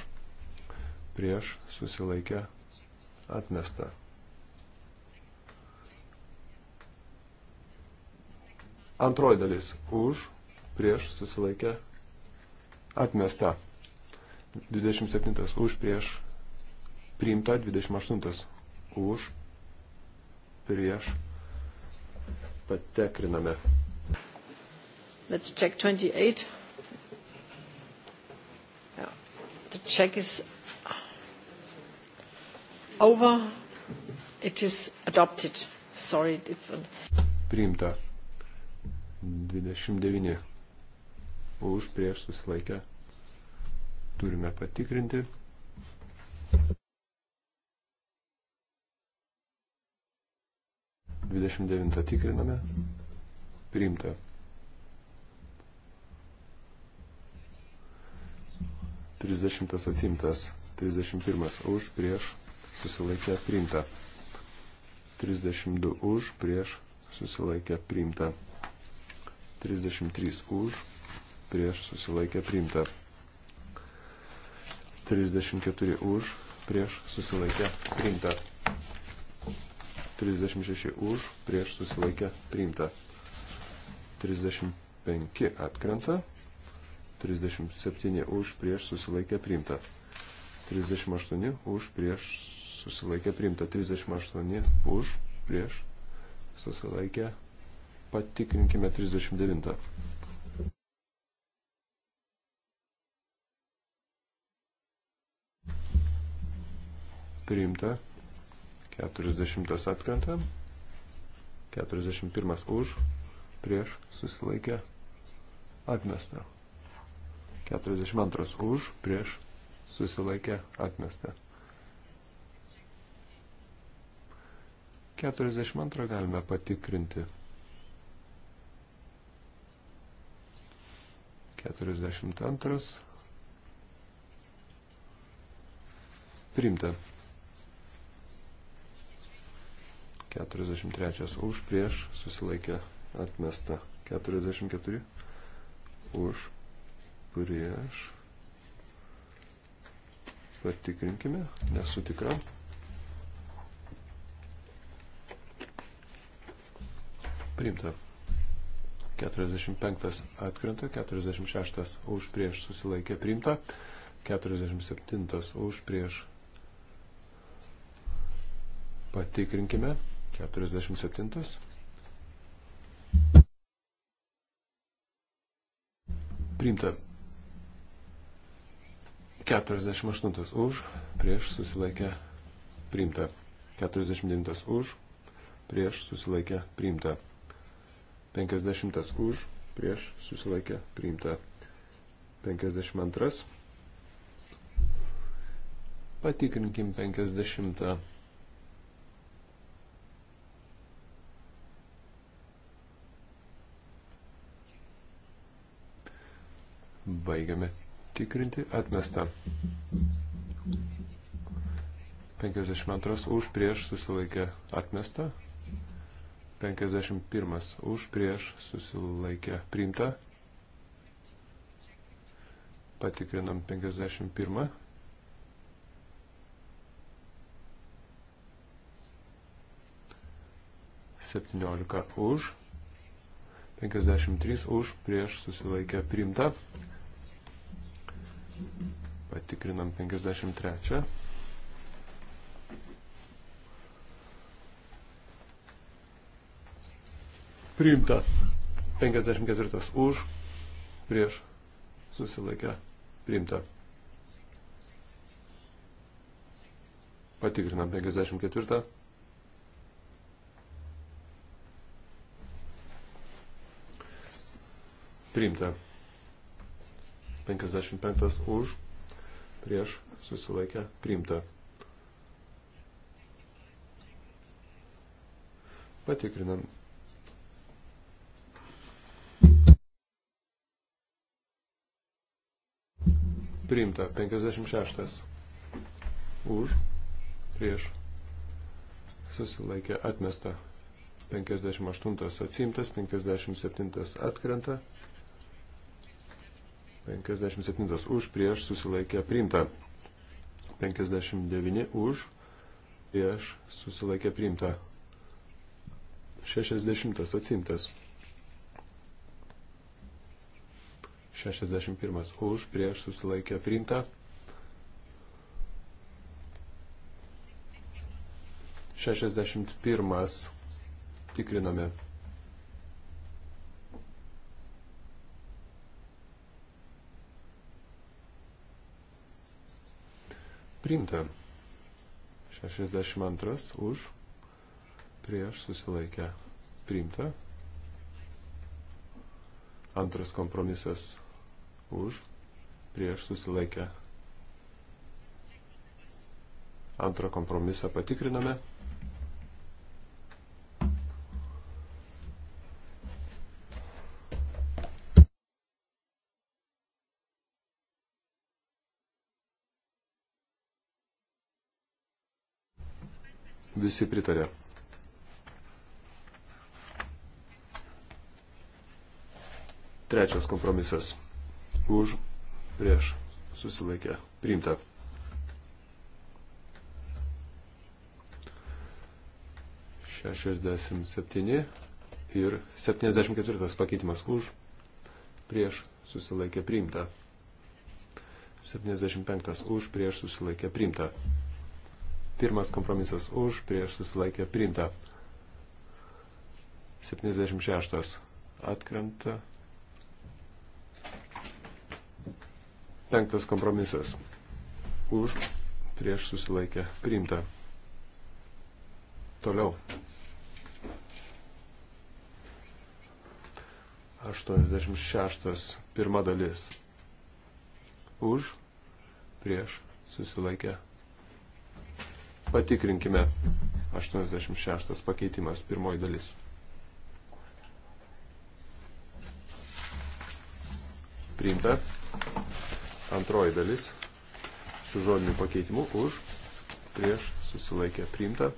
[SPEAKER 4] prieš susilaikė atmesta. Antroji dalis už prieš susilaikę Atmesta. 27 už prieš. Priimta 28 už prieš. Patekriname.
[SPEAKER 1] Let's check 28. Yeah. The check is over. It is adopted. Sorry. It...
[SPEAKER 4] Priimta. 29 už prieš susilaikę turime patikrinti. Dvidešimt devintą tikriname. Priimta. Trisdešimtas atsimtas. Trisdešimt pirmas už prieš susilaikę priimta. 32 už, prieš susilaikę priimta. 33 už, prieš susilaikę priimta. 34 už, prieš susilaikę priimta. 36 už, prieš susilaikę priimta. 35 atkrenta. 37 už, prieš susilaikę priimta. 38 už, prieš susilaikę priimta. 38 už, prieš susilaikę priimta patikrinkime 39. priimta, 40 atkrenta, 41 už, prieš susilaikė atmesta, 42 už, prieš susilaikė atmesta. 42 galime patikrinti. 42. Priimta. 43 už, prieš, susilaikė, atmesta. 44 už, prieš. Patikrinkime, nesu tikra. Priimta. 45 atkrenta, 46 už prieš susilaikė priimta, 47 už prieš patikrinkime. 47. Priimta. 48 už, prieš susilaikę priimta. 49 už, prieš susilaikę priimta. 50 už, prieš susilaikę priimta. 52. Patikrinkim 50. Baigiame tikrinti atmestą. 52 už prieš susilaikė atmestą. 51 už prieš susilaikė priimta. Patikrinam 51. Septyniolika už, 53 už, prieš susilaikę primta, Patikrinam 53. Priimta 54 už, prieš susilaikę priimta. Patikrinam 54. Priimta. 55 už prieš susilaikę priimta. Patikrinam. Priimta 56. Už, prieš, susilaikė atmesta 58 atsimtas, 57 atkrenta, 57 už, prieš susilaikė priimta. 59 už, prieš susilaikė priimta. 60 atsimtas. 61 už, prieš susilaikė priimta. 61 tikriname. priimta. 62 už, prieš susilaikę priimta. Antras kompromisas už, prieš susilaikę. Antrą kompromisą patikriname. visi pritarė. Trečias kompromisas. Už, prieš, susilaikė, priimta. Šešiasdešimt septyni ir septyniasdešimt ketvirtas pakeitimas už, prieš, susilaikė, priimta. 75 už prieš susilaikė primta. Pirmas kompromisas už, prieš susilaikė priimta. 76 atkrenta. Penktas kompromisas už, prieš susilaikė priimta. Toliau. 86 pirma dalis už, prieš susilaikė priimta Patikrinkime 86 pakeitimas, pirmoji dalis. Priimta. Antroji dalis. Su žodiniu pakeitimu už, prieš, susilaikė. Priimta.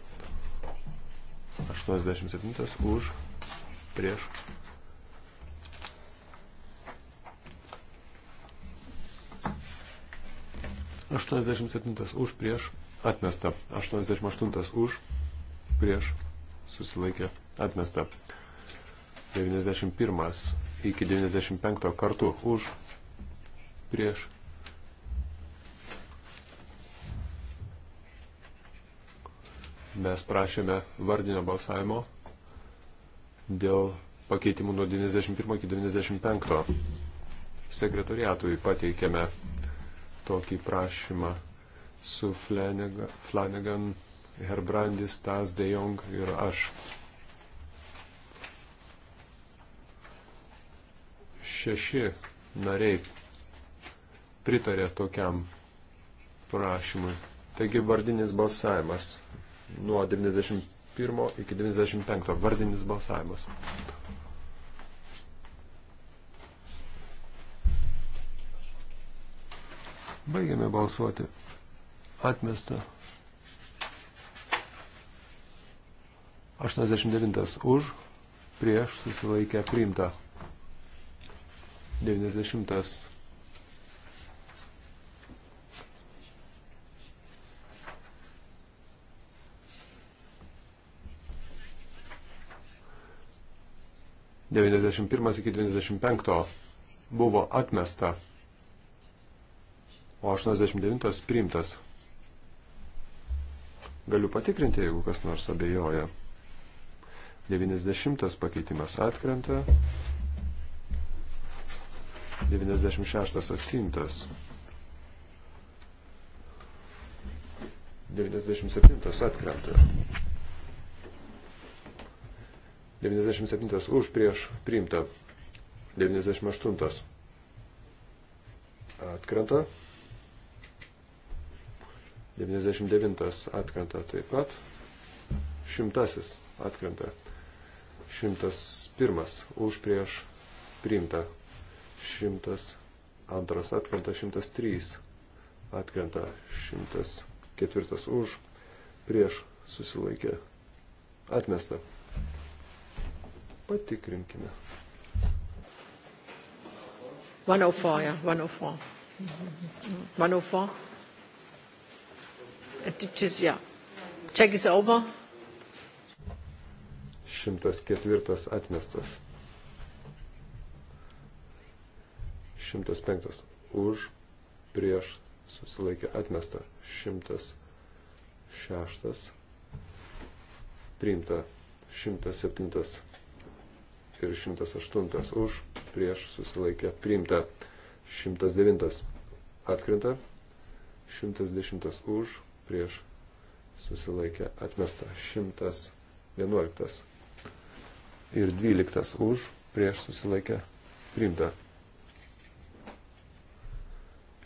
[SPEAKER 4] 87 už, prieš. Aštuoniasdešimt septintas už prieš atmesta. 88 už, prieš, susilaikė, atmesta. 91 iki 95 kartų už, prieš. Mes prašėme vardinio balsavimo dėl pakeitimų nuo 91 iki 95. Sekretoriatui pateikėme tokį prašymą su Flanagan, Flanagan Herbrandis, Tas De Jong ir aš. Šeši nariai pritarė tokiam prašymui. Taigi vardinis balsavimas nuo 91 iki 95. Vardinis balsavimas. Baigiame balsuoti. Atmesta. 89 už, prieš susilaikę priimta. 90. Devyniasdešimt pirmas iki devyniasdešimt penkto buvo atmesta, o aštuoniasdešimt devintas priimtas. Galiu patikrinti, jeigu kas nors abejoja. 90 pakeitimas atkrenta. 96 atsimtas. 97 atkrenta. 97 už prieš priimta. 98 atkrenta. 99 atkrenta taip pat. Šimtasis atkrenta. Šimtas pirmas už prieš priimta. Šimtas antras atkrenta. Šimtas trys atkrenta. Šimtas ketvirtas už prieš susilaikė. Atmesta. Patikrinkime.
[SPEAKER 1] 104, yeah, 104. 104. It is, yeah. Check is over.
[SPEAKER 4] 104 atmestas. 105 už, prieš, susilaikė atmesta. 106 priimta. 107 ir 108 už, prieš, susilaikė priimta. 109 atkrinta. 110 už, prieš susilaikė atmesta 111 ir 12 už prieš susilaikė priimta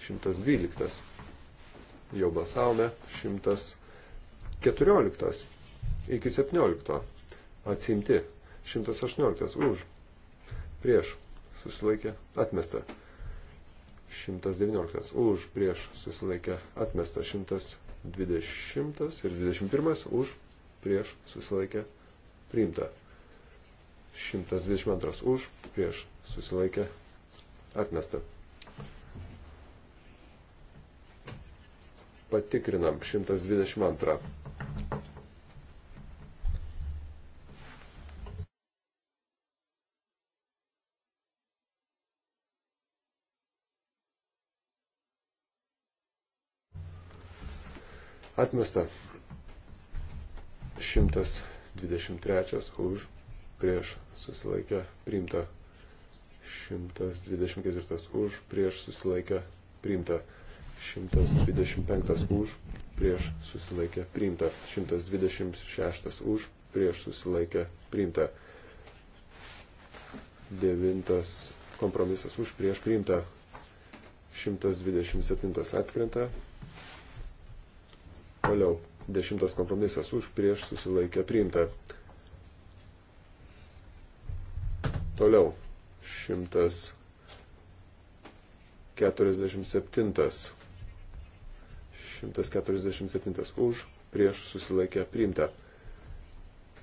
[SPEAKER 4] 112 jau balsavome 114 iki 17 atsimti 118 už prieš susilaikė atmesta 119 už prieš susilaikė atmesta 100 20 ir 21 už prieš susilaikę priimta. 122 už prieš susilaikę atmesta. Patikrinam 122. Atmesta 123 už prieš susilaikę priimta. 124 už prieš susilaikę priimta. 125 už prieš susilaikę priimta. 126 už prieš susilaikę priimta. 9 kompromisas už prieš priimta. 127 atkrenta. Toliau, dešimtas kompromisas už prieš susilaikę priimta. Toliau, šimtas keturiasdešimt septintas. Šimtas keturiasdešimt septintas už prieš susilaikę priimta.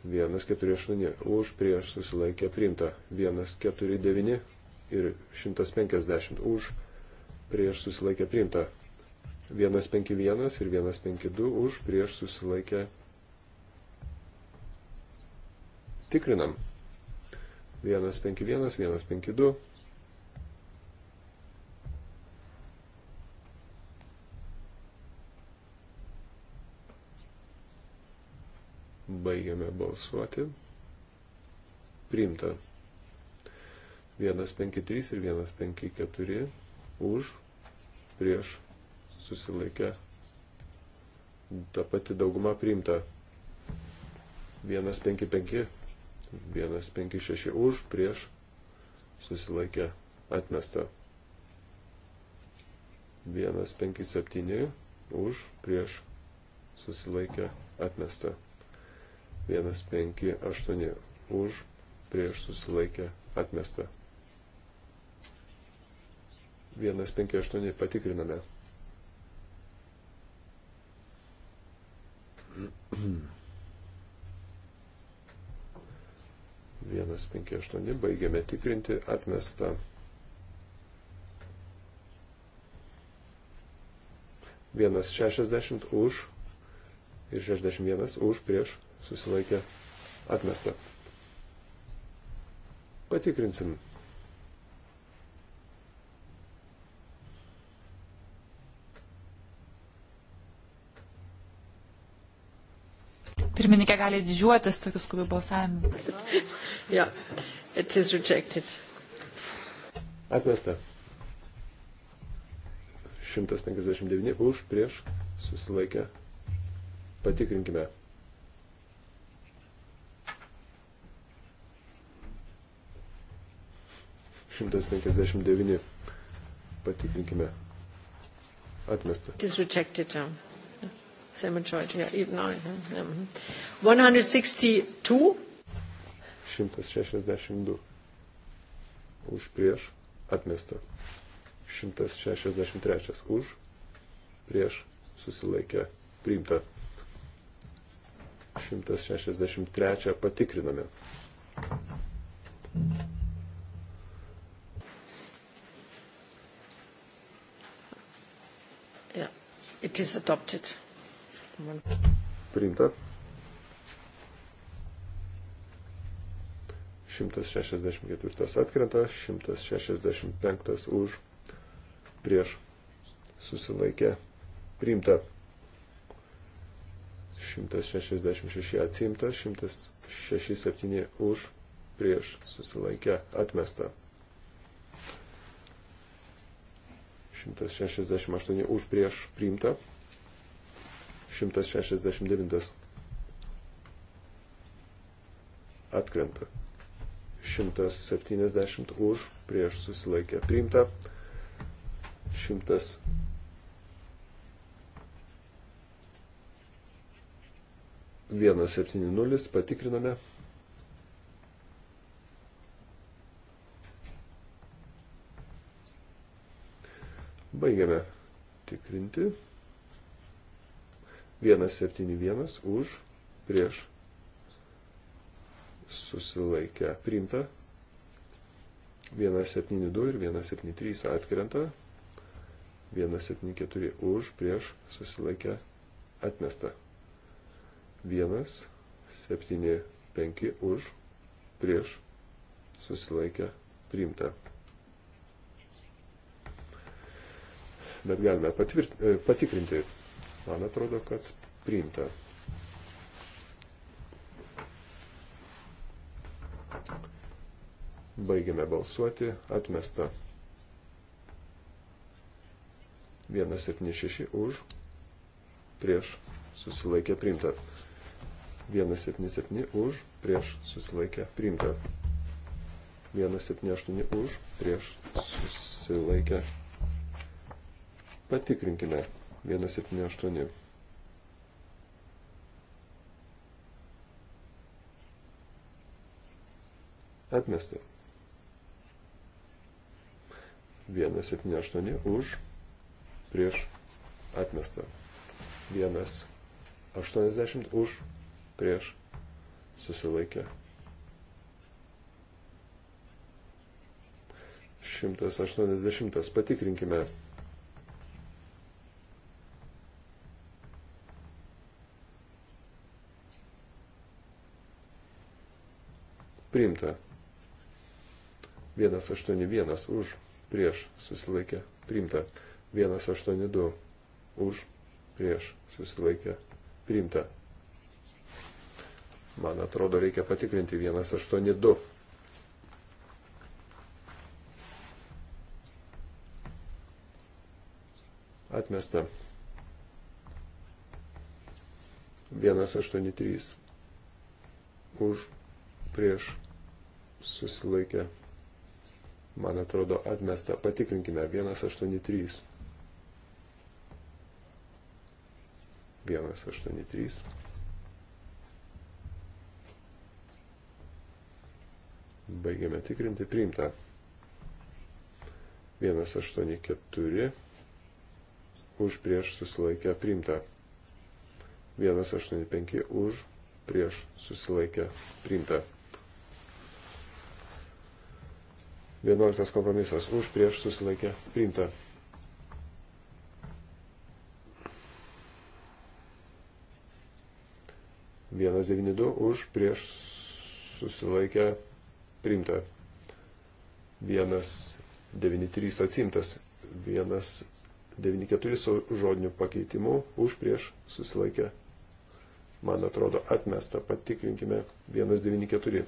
[SPEAKER 4] 148 už prieš susilaikę priimta, 149 ir 150 už prieš susilaikę priimta, 151 ir 152 už prieš susilaikę. Tikrinam. 151, 152. Baigiame balsuoti. Priimta. 153 ir 154 už prieš susilaikė, ta pati dauguma priimta. 155, 156 už, prieš, susilaikė, atmesta. 157 už, prieš, susilaikė, atmesta. 158 už, prieš, susilaikė, atmesta. 158 patikriname. Vienas, penki, aštuoni, baigiame tikrinti, atmesta. Vienas, šešiasdešimt už ir šešiasdešimt vienas už prieš susilaikė atmesta. Patikrinsim.
[SPEAKER 2] pirmininkė gali didžiuotis tokius skubių balsavimų. [LAUGHS]
[SPEAKER 1] yeah. It is rejected.
[SPEAKER 4] Atmesta. 159 už, prieš, susilaikę. Patikrinkime. Šimtas penkiasdešimt devyni. Patikrinkime. Atmesta.
[SPEAKER 1] It is rejected. Now. Same majority, yeah, even nine. Yeah. 162. Hmm.
[SPEAKER 4] 162. Už prieš atmesta. 163. Už prieš susilaikę priimta. 163 patikriname.
[SPEAKER 1] Yeah, it is adopted.
[SPEAKER 4] Priimta. 164 atkrenta, 165 už, prieš, susilaikė, priimta. 166 atsimta, 167 už, prieš, susilaikė, atmesta. 168 už, prieš, priimta. 169 atkrenta. 170 už prieš susilaikę priimta. 100 170 patikriname. Baigiame tikrinti. 171 už prieš susilaikę priimta. 172 ir 173 atkrenta. 174 už prieš susilaikę atmesta. 175 už prieš susilaikę priimta. Bet galime e, patikrinti. Man atrodo, kad priimta. Baigiame balsuoti. Atmesta. 176 už. Prieš. Susilaikė priimta. 177 už. Prieš. Susilaikė priimta. 178 už. Prieš. Susilaikė. Patikrinkime. 178. Atmesta. 178 už prieš atmestą. 180 už prieš susilaikę. 180 patikrinkime. priimta. 181 už, prieš susilaikė, priimta. 182 už, prieš susilaikė, priimta. Man atrodo, reikia patikrinti 182. Atmesta. 183 už prieš susilaikė, man atrodo, atmesta. Patikrinkime, 183. 183. Baigiame tikrinti, priimta. 184 už prieš susilaikę priimta. 185 už prieš susilaikę priimta. 11 kompromisas už prieš susilaikę priimta. Vienas devyni du už prieš susilaikę priimta. Vienas devyni trys atsimtas. Vienas devyni keturi su žodiniu pakeitimu už prieš susilaikę. Man atrodo atmesta. Patikrinkime. Vienas devyni keturi.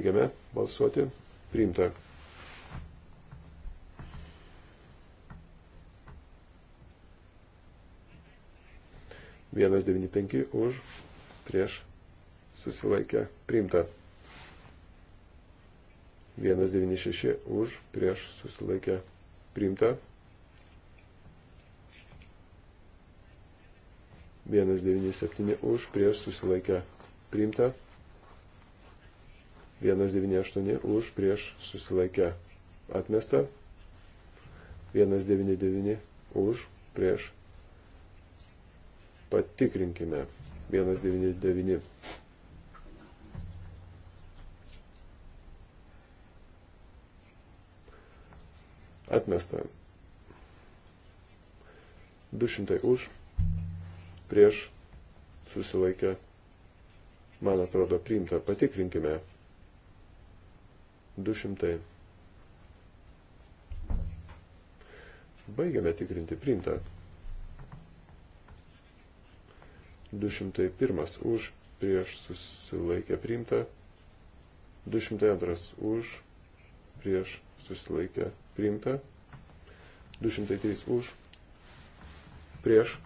[SPEAKER 4] Baigiame balsuoti. Priimta. Vienas devyni penki už prieš susilaikę priimta. 196 už prieš susilaikę priimta. 197 už prieš susilaikę priimta. 198 už prieš susilaikę atmesta. 199 už prieš. Patikrinkime. 199. Atmesta. 200 už prieš susilaikę. Man atrodo, priimta. Patikrinkime. 200. Baigiame tikrinti printą. 201 už prieš susilaikę priimta, 202 už prieš susilaikę priimta, 203 už prieš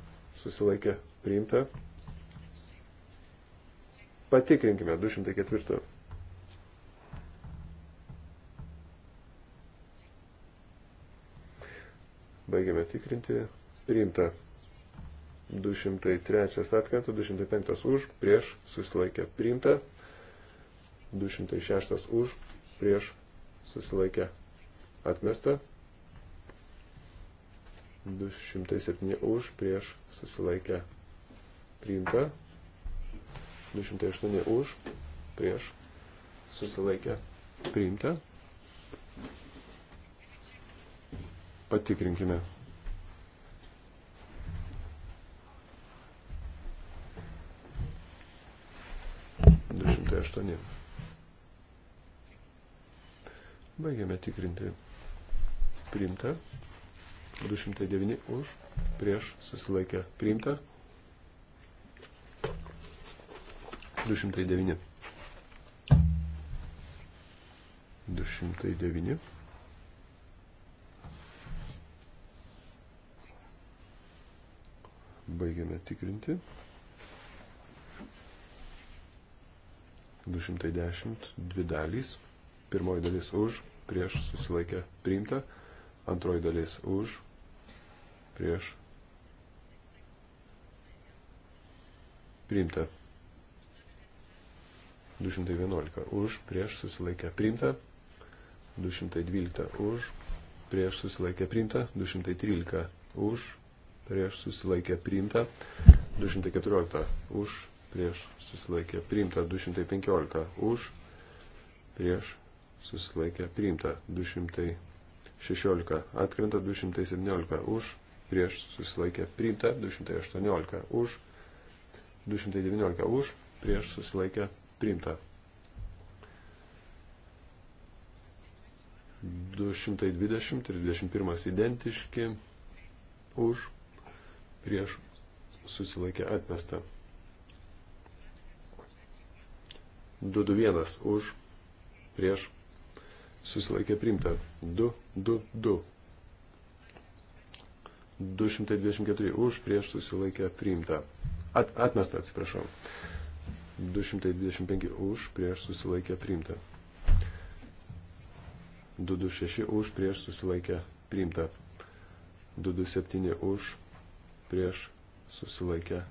[SPEAKER 4] susilaikę priimta. Patikrinkime 204. Baigiame tikrinti. Priimta 203 atkrenta, 205 už, prieš, susilaikė. Priimta 206 už, prieš, susilaikė. Atmesta 207 už, prieš, susilaikė. Priimta 208 už, prieš, susilaikė. Priimta Patikrinkime. Du šimtai aštuoni. Baigiame tikrinti. Priimta. 209 už. Prieš susilaikę. Priimta. 209. 209. Baigiame tikrinti. 210, dvi dalys. Pirmoji dalis už, prieš susilaikę priimta. Antroji dalis už, prieš priimta. 211 už, prieš susilaikę priimta. 212 už, prieš susilaikę priimta. 213 už, prieš susilaikė priimta, 214 už, prieš susilaikė priimta, 215 už, prieš susilaikė priimta, 216 atkrenta, 217 už, prieš susilaikė priimta, 218 už, 219 už, prieš susilaikė priimta. 220 ir 21 identiški už prieš susilaikė atmesta. 221 už prieš susilaikė priimta. 222. 224 už prieš susilaikė priimta. At, atmesta, atsiprašau. 225 už prieš susilaikė priimta. 226 už prieš susilaikė priimta. 227 už prieš susilaikę,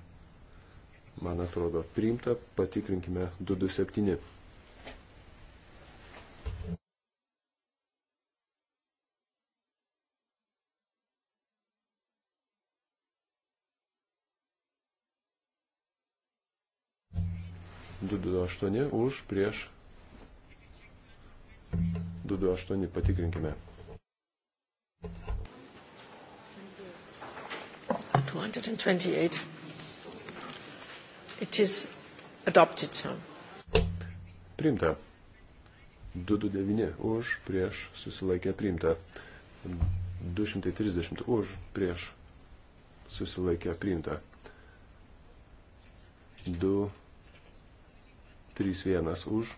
[SPEAKER 4] man atrodo, priimta, patikrinkime 227. Du du aštuoni už prieš du du aštuoni patikrinkime.
[SPEAKER 1] 228. It is adopted.
[SPEAKER 4] Priimta. 229 už, prieš, susilaikė priimta. 230 už, prieš, susilaikė priimta. 2, 3, 1 už,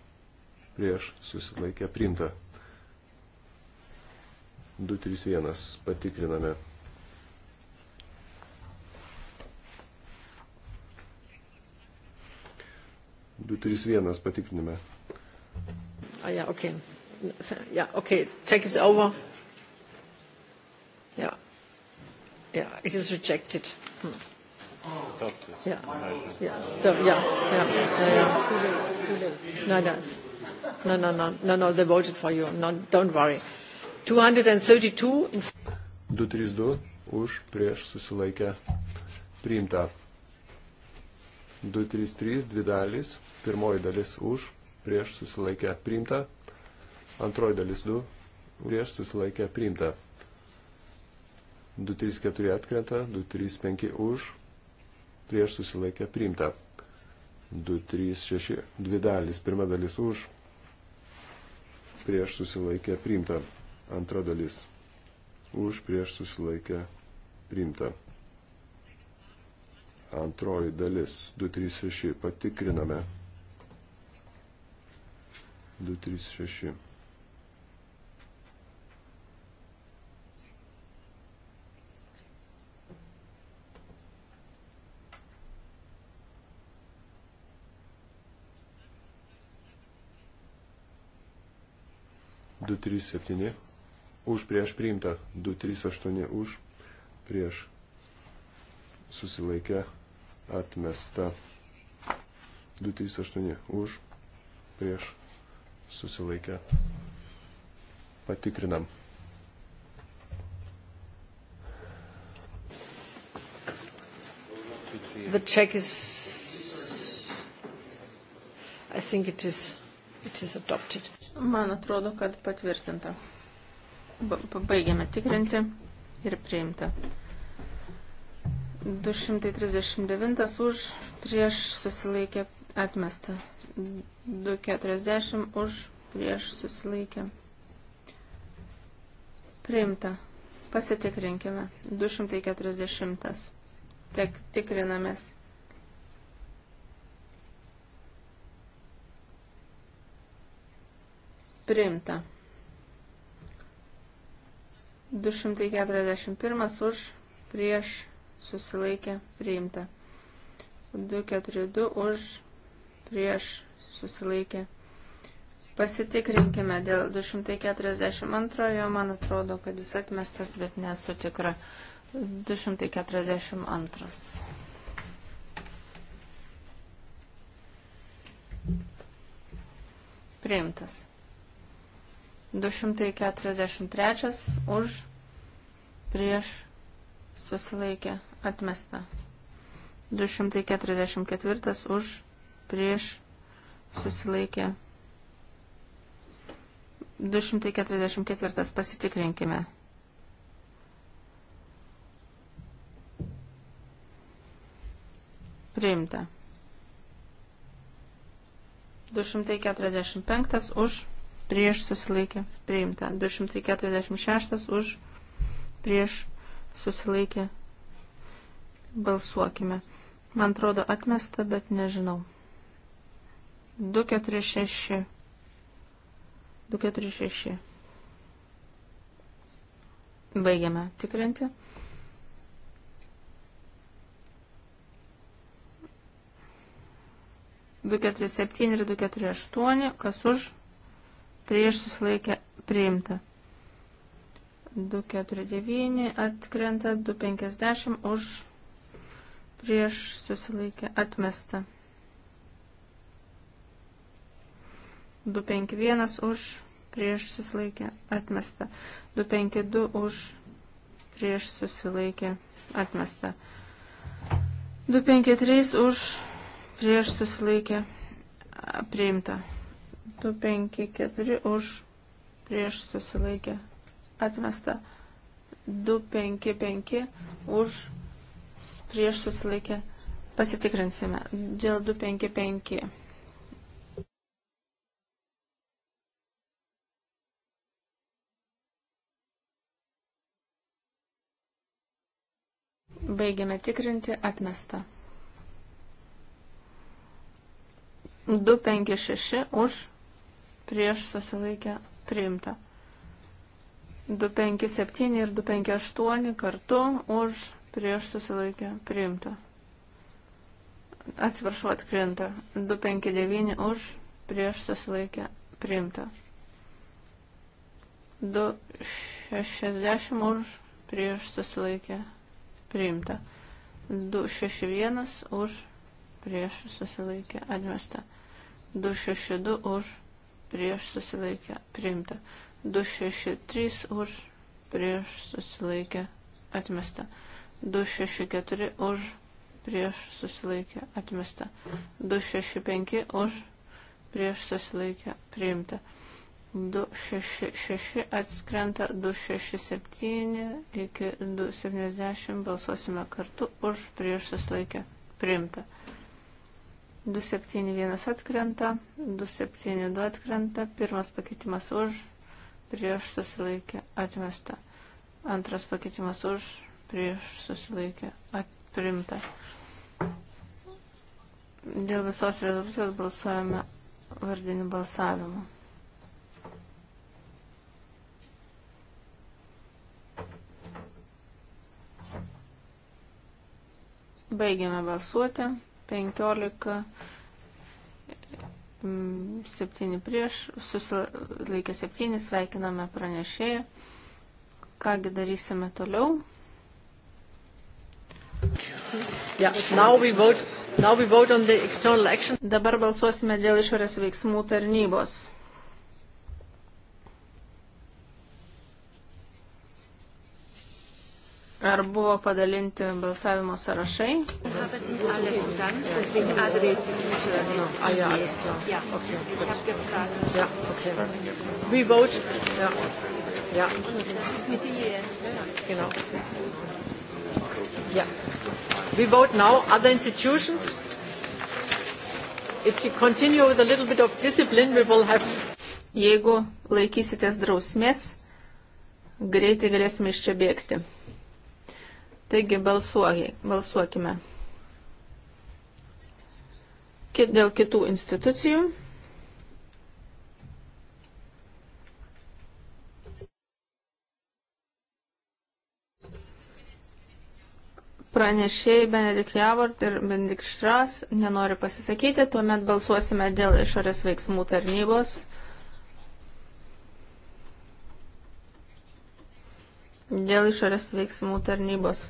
[SPEAKER 4] prieš, susilaikė priimta. 2, 3, 1 patikriname. 231 patikrinime.
[SPEAKER 1] Ah, ja, okay. Ja, okay. Check is over. Ja. Ja, it is rejected. Hm.
[SPEAKER 3] Adopted. Ja. Ja. So, ja.
[SPEAKER 1] Ja. Ja, ja. Nein, nein. No, no, no, no, no, they voted for you. No, don't worry. 232 in...
[SPEAKER 4] 232 už prieš susilaikę priimta. 233, dvi dalys. Pirmoji dalis už, prieš susilaikę priimta. Antroji dalis 2, prieš susilaikę priimta. 234 atkrenta, 235 už, prieš susilaikę priimta. 236, dvi dalys. Pirma dalis už, prieš susilaikę priimta. Antra dalis už, prieš susilaikę priimta. Antroji dalis. 236. Patikriname. 236. Du trys septyni už prieš priimta, du trys aštuoni už prieš susilaikė atmesta 238 už prieš susilaikė patikrinam.
[SPEAKER 3] The
[SPEAKER 1] check is I think it is it is adopted.
[SPEAKER 3] Man atrodo, kad patvirtinta. Baigėme tikrinti ir priimta. 239 už, prieš susilaikė atmesta. 240 už, prieš susilaikė. Priimta. Pasitikrinkime. 240. Tek tikrinamės. Priimta. 241 už, prieš susilaikė susilaikė priimta. 242 už prieš susilaikė. Pasitikrinkime dėl 242, man atrodo, kad jis atmestas, bet nesu tikra. 242. Priimtas. 243 už prieš susilaikė, atmesta. 244 už, prieš, susilaikė. 244 pasitikrinkime. Priimta. 245 už, prieš susilaikė, priimta. 246 už, prieš susilaikė. Balsuokime. Man atrodo atmesta, bet nežinau. 246. 246. Baigiame tikrinti. Du keturi septyni ir du keturi aštuoni, kas už, prieš susilaikę priimta. 249 atkrenta, 250 už prieš susilaikę atmesta. 251 už prieš susilaikę atmesta. 252 už prieš susilaikę atmesta. 253 už prieš susilaikę priimta. 254 už prieš susilaikę atmesta. 255 už prieš susilaikę pasitikrinsime. Dėl 255. Baigiame tikrinti atmestą. 256 už prieš susilaikę priimta. 257 ir 258 kartu už prieš susilaikę priimta. Atsiprašau, atkrinta. 259 už prieš susilaikę priimta. 260 už prieš susilaikę priimta. 261 už prieš susilaikę atmesta. 262 už prieš susilaikę priimta. 263 263 už prieš susilaikė atmesta. 264 už prieš susilaikė atmesta. 265 už prieš susilaikė priimta. 266 atskrenta 267 iki 270 balsuosime kartu už prieš susilaikė priimta. 271 atkrenta, 272 atkrenta, pirmas pakeitimas už, prieš susilaikė atmesta. Antras pakeitimas už, prieš susilaikė atprimta. Dėl visos rezoliucijos balsuojame vardinį balsavimą. Baigiame balsuoti. 15 7 mm, prieš, susilaikė 7, sveikiname pranešėją. Kągi darysime toliau? Yeah, now we vote, now we vote on the external action. Dabar balsuosime dėl išorės veiksmų tarnybos. Ar buvo padalinti balsavimo sąrašai?
[SPEAKER 1] We vote now other institutions. If you continue with a little bit of discipline, we will have.
[SPEAKER 3] Jeigu laikysitės drausmės, greitai galėsime iš čia bėgti. Taigi balsuokime. Dėl kitų institucijų. Pranešėjai Benedik Javort ir Benedik Štras nenori pasisakyti, tuomet balsuosime dėl išorės veiksmų tarnybos Dėl išorės veiksmų tarnybos.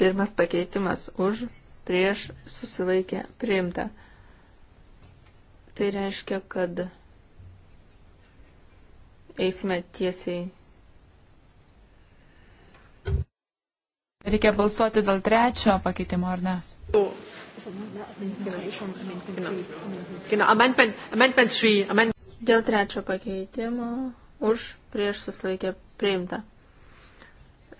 [SPEAKER 3] Pirmas pakeitimas už, prieš, susilaikė, priimta. Tai reiškia, kad
[SPEAKER 2] eisime tiesiai. Reikia balsuoti dėl trečio pakeitimo, ar ne?
[SPEAKER 3] Dėl trečio pakeitimo už prieš susilaikė priimta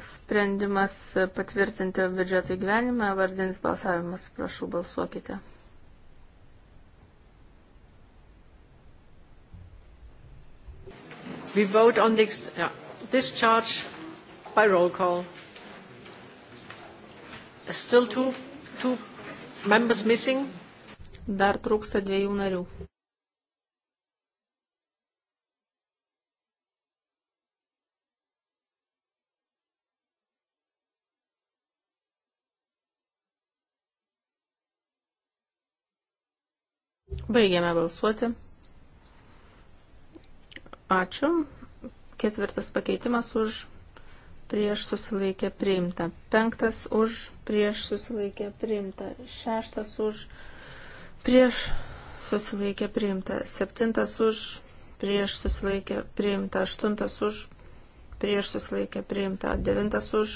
[SPEAKER 3] sprendimas patvirtinti biudžeto įgyvenimą, vardinis balsavimas, prašau balsuokite. We
[SPEAKER 1] vote on this, yeah, discharge by roll call. Still two, two members missing. Dar
[SPEAKER 3] trūksta dviejų narių. Baigiame balsuoti. Ačiū. Ketvirtas pakeitimas už prieš susilaikė priimta. Penktas už prieš susilaikė priimta. Šeštas už prieš susilaikė priimta. Septintas už prieš susilaikė priimta. Aštuntas už prieš susilaikė priimta. Devintas už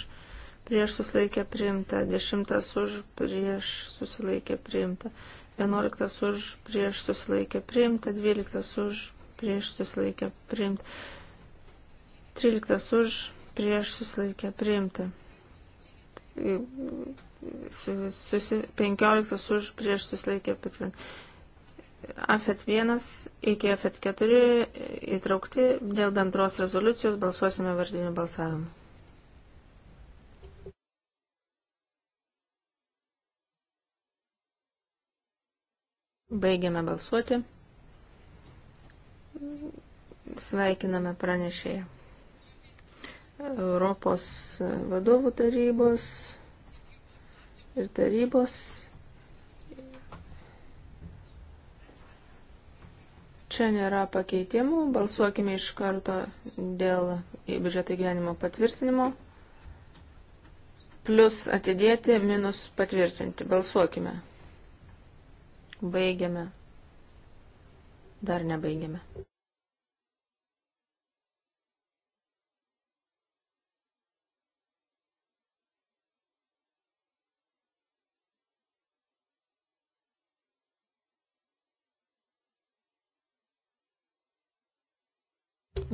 [SPEAKER 3] prieš susilaikė priimta. Dešimtas už prieš susilaikė priimta. 11 už prieš susilaikė priimta, 12 už prieš susilaikė priimta, 13 už prieš susilaikė priimta, 15 už prieš susilaikė patvirtinta. AFET 1 iki AFET 4 įtraukti dėl bendros rezoliucijos balsuosime vardiniu balsavimu. Baigiame balsuoti. Sveikiname pranešėją. Europos vadovų tarybos ir tarybos. Čia nėra pakeitimų. Balsuokime iš karto dėl biudžeto gyvenimo patvirtinimo. Plus atidėti, minus patvirtinti. Balsuokime. Baigiame. Dar nebaigiame.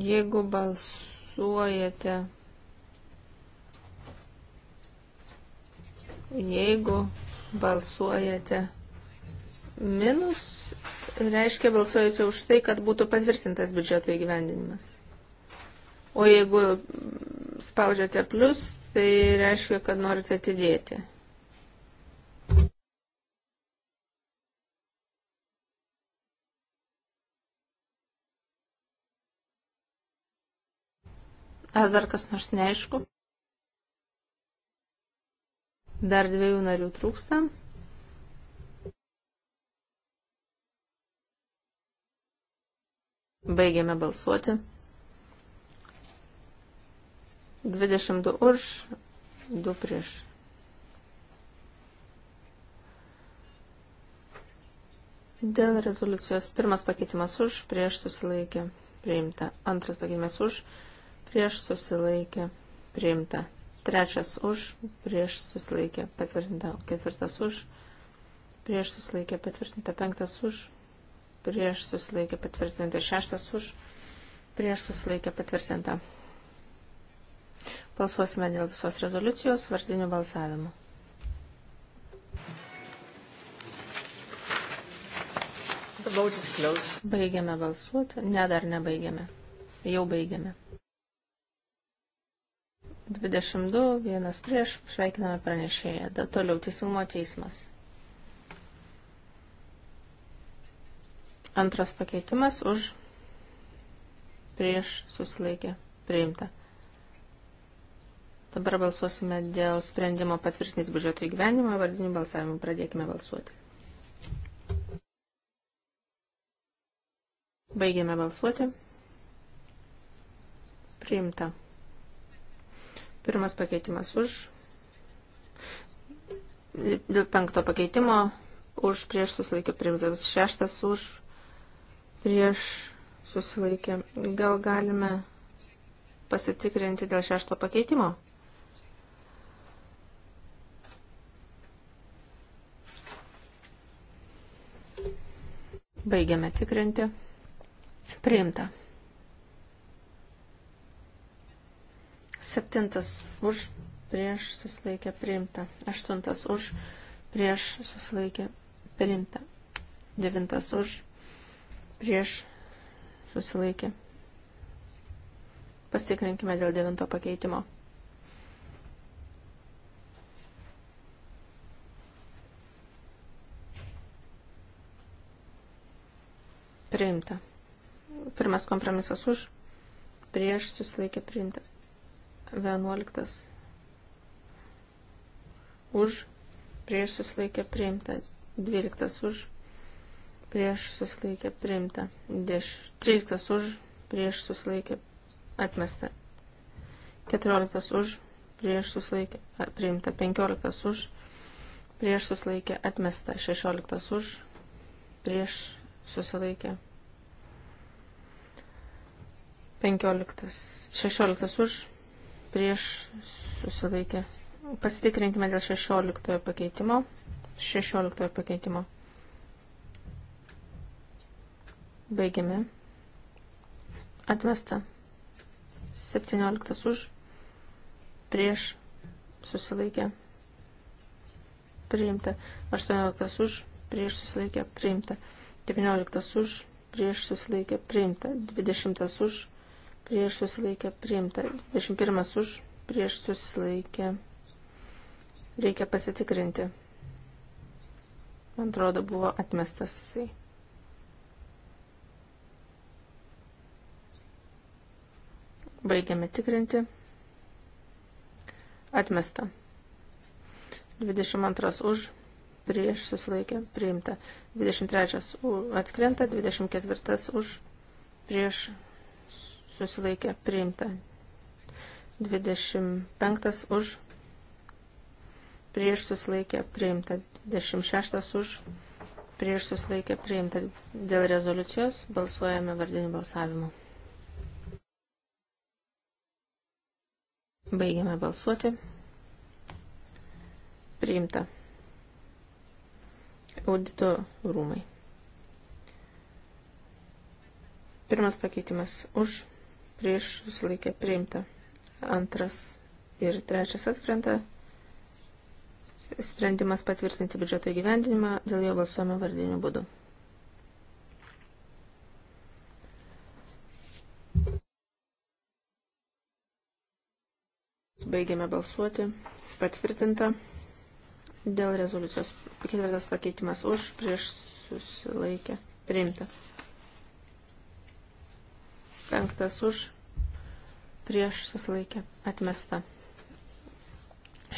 [SPEAKER 3] Jeigu balsuojate, jeigu balsuojate Minus reiškia balsuojate už tai, kad būtų patvirtintas biudžeto įgyvendinimas. O jeigu spaudžiate plus, tai reiškia, kad norite atidėti. Ar dar kas nors neaišku? Dar dviejų narių trūkstam. Baigiame balsuoti. 22 už, 2 prieš. Dėl rezoliucijos pirmas pakeitimas už, prieš susilaikė, priimta. Antras pakeitimas už, prieš susilaikė, priimta. Trečias už, prieš susilaikė, patvirtinta. Ketvirtas už, prieš susilaikė, patvirtinta. Penktas už, prieš susilaikė patvirtinta, šeštas už, prieš susilaikė patvirtinta. Balsuosime dėl visos rezoliucijos vardinių balsavimų. Baigiame balsuoti. Ne, dar nebaigiame. Jau baigiame. 22, vienas prieš, sveikiname pranešėją. Da, toliau teisingumo teismas. Antras pakeitimas už prieš susilaikė priimta. Dabar balsuosime dėl sprendimo patvirtinti biudžeto įgyvenimą vardinių balsavimų. Pradėkime balsuoti. Baigėme balsuoti. Priimta. Pirmas pakeitimas už. Dėl penkto pakeitimo už prieš susilaikė priimtas. Šeštas už prieš susilaikė. Gal galime pasitikrinti dėl šešto pakeitimo? Baigiame tikrinti. Priimta. Septintas už, prieš susilaikė priimta. Aštuntas už, prieš susilaikė priimta. Devintas už, prieš susilaikė. Pastikrinkime dėl devinto pakeitimo. Priimta. Pirmas kompromisas už, prieš susilaikė priimta. Vienuoliktas. Už, prieš susilaikė priimta. Dvyliktas už, prieš prieš susilaikė priimta. 13 už, prieš susilaikė atmesta. 14 už, prieš susilaikė priimta. 15 už, prieš susilaikė atmesta. 16 už, prieš susilaikė. 15, 16 už, prieš susilaikė. Pasitikrinkime dėl 16 pakeitimo. 16 pakeitimo. Baigiame. Atmesta. 17 už. Prieš. Susilaikė. Priimta. 18 už. Prieš susilaikė. Priimta. 19 už. Prieš susilaikė. Priimta. 20 už. Prieš susilaikė. Priimta. 21 už. Prieš susilaikė. Reikia pasitikrinti. Man atrodo, buvo atmestas jisai. Baigiame tikrinti. Atmesta. 22 už, prieš susilaikė, priimta. 23 atkrenta, 24 už, prieš susilaikė, priimta. 25 už, prieš susilaikė, priimta. 26 už, prieš susilaikė, priimta. Dėl rezoliucijos balsuojame vardinį balsavimą. Baigiame balsuoti. Priimta. Audito rūmai. Pirmas pakeitimas už, prieš susilaikę priimta. Antras ir trečias atkrenta. Sprendimas patvirtinti biudžeto įgyvendinimą dėl jo balsuojame vardiniu būdu. Baigiame balsuoti. Patvirtinta. Dėl rezoliucijos ketvirtas pakeitimas už, prieš susilaikę. Priimta. Penktas už, prieš susilaikę. Atmesta.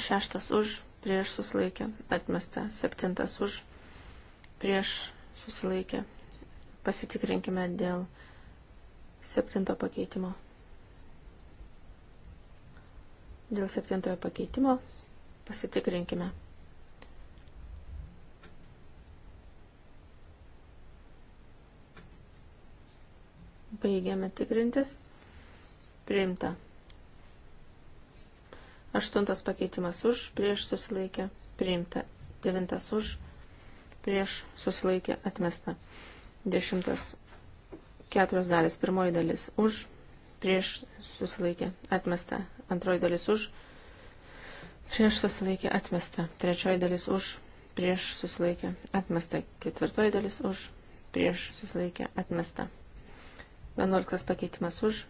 [SPEAKER 3] Šeštas už, prieš susilaikę. Atmesta. Septintas už, prieš susilaikę. Pasitikrinkime dėl septinto pakeitimo. Dėl septintojo pakeitimo pasitikrinkime. Baigiame tikrintis. Priimta. Aštuntas pakeitimas už, prieš susilaikė, priimta. Devintas už, prieš susilaikė, atmesta. Dešimtas keturios dalis, pirmoji dalis už, prieš susilaikė atmesta, antroji dalis už, prieš susilaikė atmesta, trečioji dalis už, prieš susilaikė atmesta, ketvirtoji dalis už, prieš susilaikė atmesta. Vienuoliktas pakeitimas už,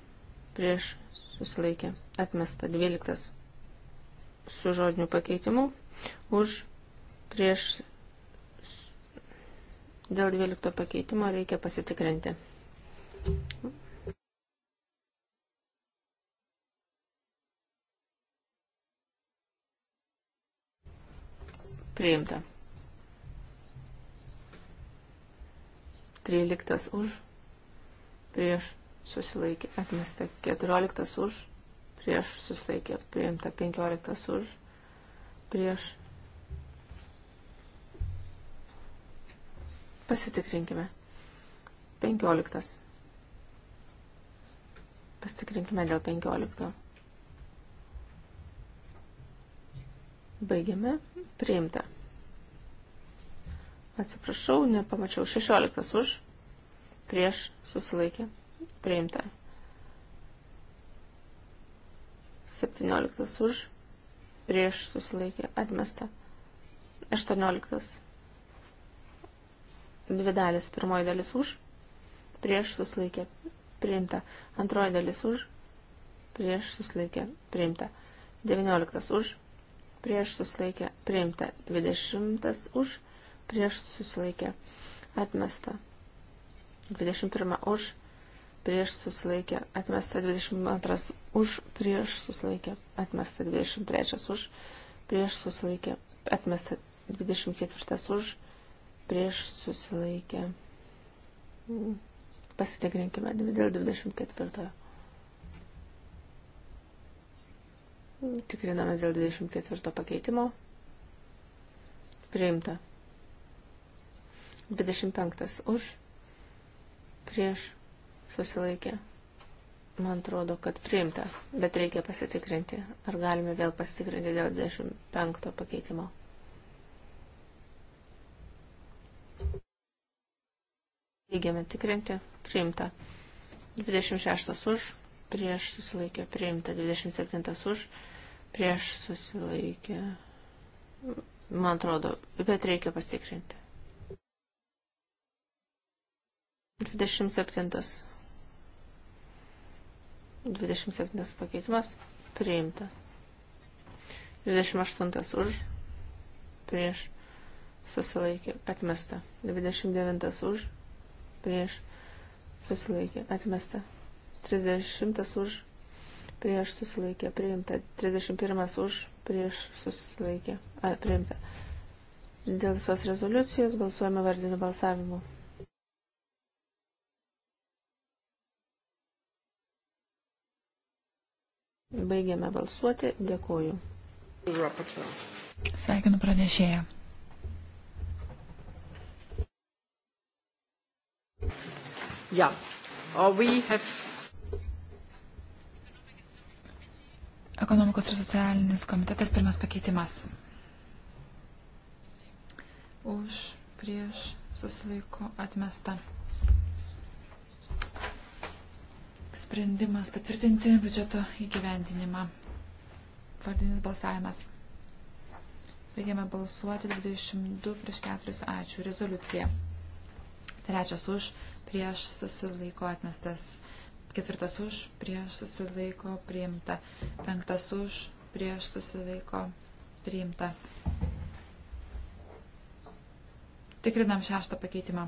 [SPEAKER 3] prieš susilaikė atmesta, dvyliktas su žodiniu pakeitimu, už, prieš Dėl 12 pakeitimo reikia pasitikrinti. Priimta. 13 už, prieš susilaikė atmesta, 14 už, prieš susilaikė priimta, 15 už, prieš. Pasitikrinkime. 15. Pasitikrinkime dėl 15. Baigiame. Priimta. Atsiprašau, nepamačiau. 16 už. Prieš susilaikė. Priimta. 17 už. Prieš susilaikė. Atmesta. 18. Dvi dalis. Pirmoji dalis už. Prieš susilaikė. Priimta. Antroji dalis už. Prieš susilaikė. Priimta. 19 už prieš susilaikė priimta, 20 už, prieš susilaikė atmesta, 21 už, prieš susilaikė atmesta, 22 už, prieš susilaikė atmesta, 23 už, prieš susilaikė atmesta, 24 už, prieš susilaikė. Pasitikrinkime dėl 24. Tikrinamės dėl 24 pakeitimo. Priimta. 25 už. Prieš susilaikė. Man atrodo, kad priimta, bet reikia pasitikrinti. Ar galime vėl pasitikrinti dėl 25 pakeitimo? Teigiame tikrinti. Priimta. 26 už. Prieš susilaikė. Priimta. 27 už prieš susilaikė. Man atrodo, bet reikia pastikrinti. 27. 27 pakeitimas priimta. 28 už prieš susilaikė atmesta. 29 už prieš susilaikė atmesta. 30 už prieš susilaikė priimta, 31 už prieš susilaikė a, priimta. Dėl visos rezoliucijos balsuojame vardiniu balsavimu. Baigiame balsuoti. Dėkuoju.
[SPEAKER 2] Sveikinu pranešėją. Ja, yeah.
[SPEAKER 1] Uh, we have
[SPEAKER 2] Ekonomikos ir socialinis komitetas, pirmas pakeitimas. Už, prieš, susilaiko, atmesta. Sprendimas patvirtinti biudžeto įgyvendinimą. Vardinis balsavimas. Baigėme balsuoti 22 prieš 4 ačiū. Rezoliucija. Trečias už, prieš, susilaiko, atmestas. Ketvirtas už, prieš susilaiko priimta. Penktas už, prieš susilaiko priimta. Tikrinam šeštą pakeitimą.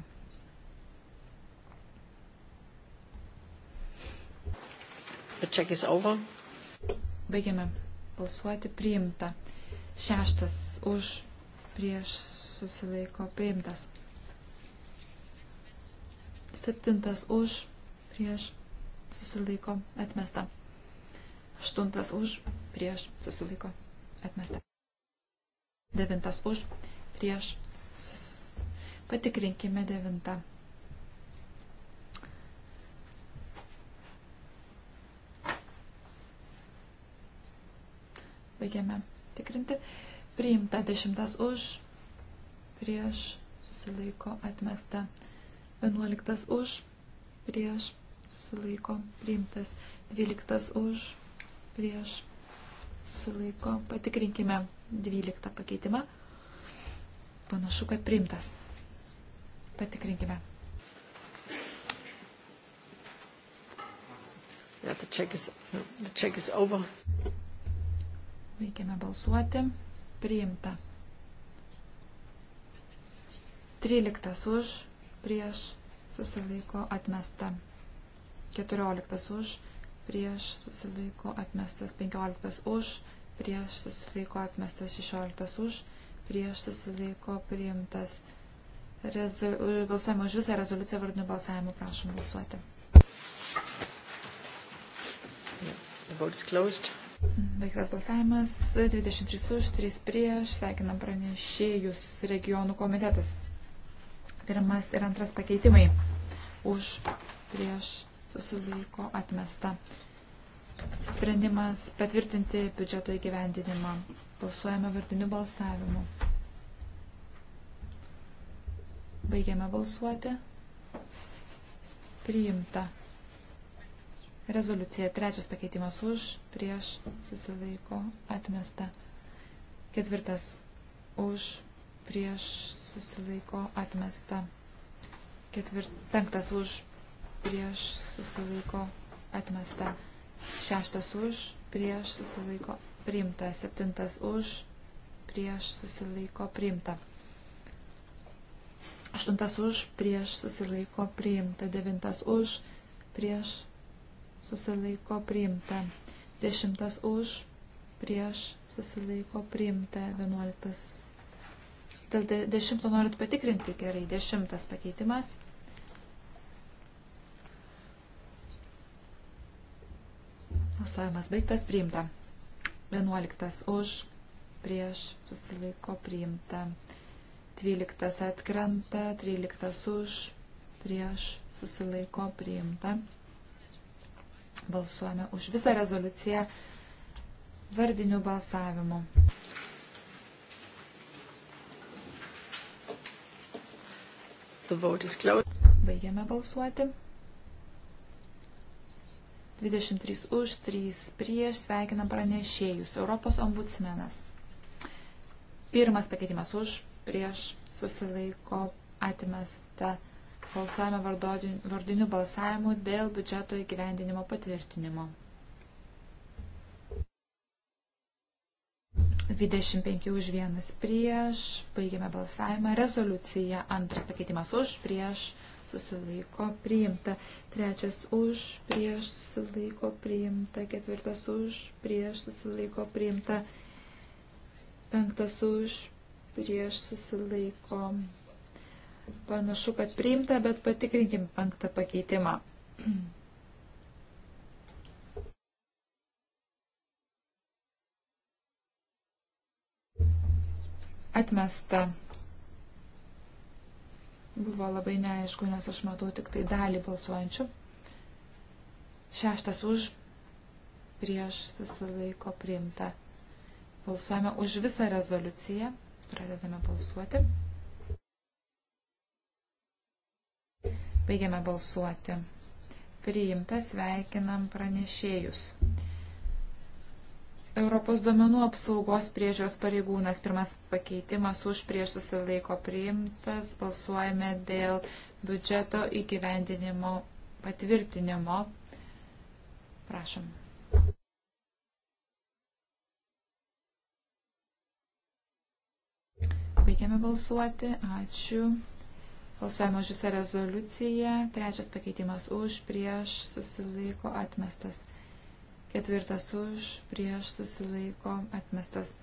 [SPEAKER 2] The check is over. Baigiame balsuoti priimta. Šeštas už prieš susilaiko priimtas. Septintas už prieš susilaiko atmesta. Aštuntas už, prieš susilaiko atmesta. Devintas už, prieš. Sus... Patikrinkime devintą. Baigiame tikrinti. Priimta dešimtas už, prieš susilaiko atmesta. Vienuoliktas už, prieš susilaiko priimtas, 12 už, prieš susilaiko, patikrinkime 12 pakeitimą, panašu, kad priimtas. Patikrinkime.
[SPEAKER 1] Yeah, the check is, the check is over.
[SPEAKER 2] Veikiame balsuoti. Priimta. 13 už, prieš, susilaiko atmesta. 14 už, prieš susilaiko atmestas 15 už, prieš susilaiko atmestas 16 už, prieš susilaiko priimtas. Rezu... Balsuojame už visą rezoliuciją vardinių balsavimų, prašom balsuoti. Vaikas balsavimas 23 už, 3 prieš, sveikinam pranešėjus regionų komitetas. Pirmas ir antras pakeitimai už, prieš susilaiko atmesta. Sprendimas patvirtinti biudžeto įgyvendinimą. Balsuojame vardiniu balsavimu. Baigiame balsuoti. Priimta. Rezoliucija. Trečias pakeitimas už, prieš, susilaiko, atmesta. Ketvirtas už, prieš, susilaiko, atmesta. Ketvir... Penktas už, prieš susilaiko atmesta. Šeštas už, prieš susilaiko priimta. Septintas už, prieš susilaiko priimta. Aštuntas už, prieš susilaiko priimta. Devintas už, prieš susilaiko priimta. Dešimtas už, prieš susilaiko priimta. Vienuoliktas. Dėl dešimto norit patikrinti gerai. Dešimtas pakeitimas. Balsavimas baigtas, priimta. 11 už, prieš, susilaiko, priimta. 12 atkrenta, 13 už, prieš, susilaiko, priimta. Balsuojame už visą rezoliuciją vardiniu balsavimu. Baigiame balsuoti. 23 už, 3 prieš, sveikinam pranešėjus. Europos ombudsmenas. Pirmas pakeitimas už, prieš, susilaiko, atmesta. Balsuojame vardiniu balsavimu dėl biudžeto įgyvendinimo patvirtinimo. 25 už 1 prieš, baigiame balsavimą. Rezoliucija antras pakeitimas už, prieš, susilaiko priimta, trečias už, prieš susilaiko priimta, ketvirtas už, prieš susilaiko priimta, penktas už, prieš susilaiko. Panašu, kad priimta, bet patikrinkim penktą pakeitimą. Atmesta. Buvo labai neaišku, nes aš matau tik tai dalį balsuojančių. Šeštas už, prieš susilaiko priimta. Balsuojame už visą rezoliuciją. Pradedame balsuoti. Baigiame balsuoti. Priimta sveikinam pranešėjus. Europos domenų apsaugos priežiūros pareigūnas. Pirmas pakeitimas už prieš susilaiko priimtas. Balsuojame dėl biudžeto įgyvendinimo patvirtinimo. Prašom. Baigiame balsuoti. Ačiū. Balsuojame už visą rezoliuciją. Trečias pakeitimas už prieš susilaiko atmestas. Ketvirtas už, prieš susilaiko atmestas.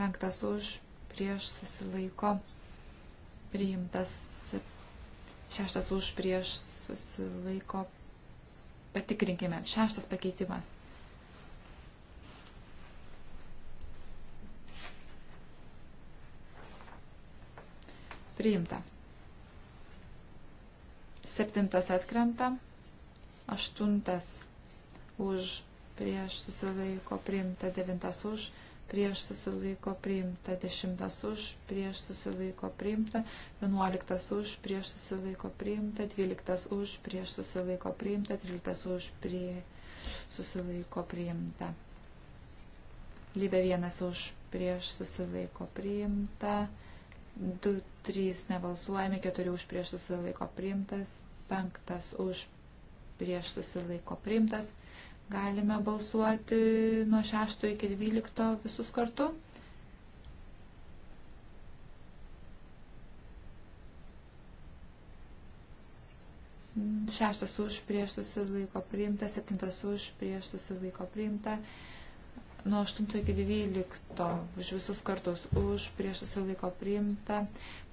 [SPEAKER 2] Penktas už, prieš susilaiko priimtas. Šeštas už, prieš susilaiko. Patikrinkime. Šeštas pakeitimas. Priimta. Septintas atkrenta. Aštuntas už prieš susilaiko priimta devintas už, prieš susilaiko priimta dešimtas už, prieš susilaiko priimta vienuoliktas už, prieš susilaiko priimta dvyliktas už, prieš susilaiko priimta tryliktas už, prieš susilaiko priimta. Lybė vienas už, prieš susilaiko priimta. 2, 3 nebalsuojami, 4 už prieš susilaiko priimtas, 5 už prieš susilaiko priimtas, Galime balsuoti nuo 6 iki 12 visus kartu. Šeštas už prieš susilaiko priimta, septintas už prieš susilaiko priimta, nuo 8 iki 12 už visus kartus už prieš susilaiko priimta.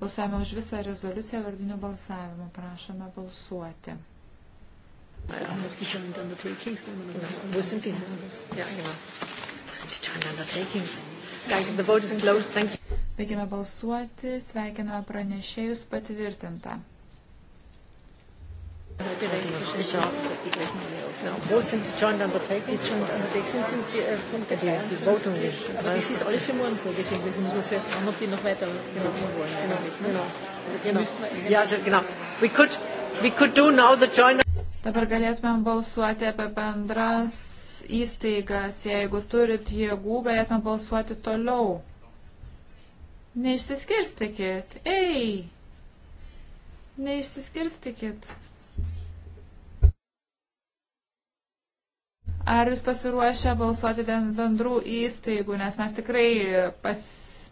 [SPEAKER 2] Balsuojame už visą rezoliuciją vardinių balsavimų. Prašome balsuoti. Wo sind die? Ja,
[SPEAKER 1] genau. Wo sind die joint undertakings? Guys, the vote is closed. Thank you.
[SPEAKER 2] Baigėme balsuoti, sveikiname pranešėjus patvirtintą.
[SPEAKER 1] Wo sind die Joint Undertakings? Die Joint Undertakings sind die äh, Punkte ja, die Votung nicht. Aber das ist alles für morgen vorgesehen. Wir sind nur zuerst dran, ob die noch weiter genau. wollen. Genau. Genau. Genau. Ja, also genau. We could,
[SPEAKER 2] we could do now the joint Dabar galėtumėm balsuoti apie bendras įstaigas. Jeigu turit jėgų, galėtumėm balsuoti toliau. Neišsiskirstikit. Ei! Neišsiskirstikit. Ar jūs pasiruošę balsuoti dėl bendrų įstaigų, nes mes tikrai pas,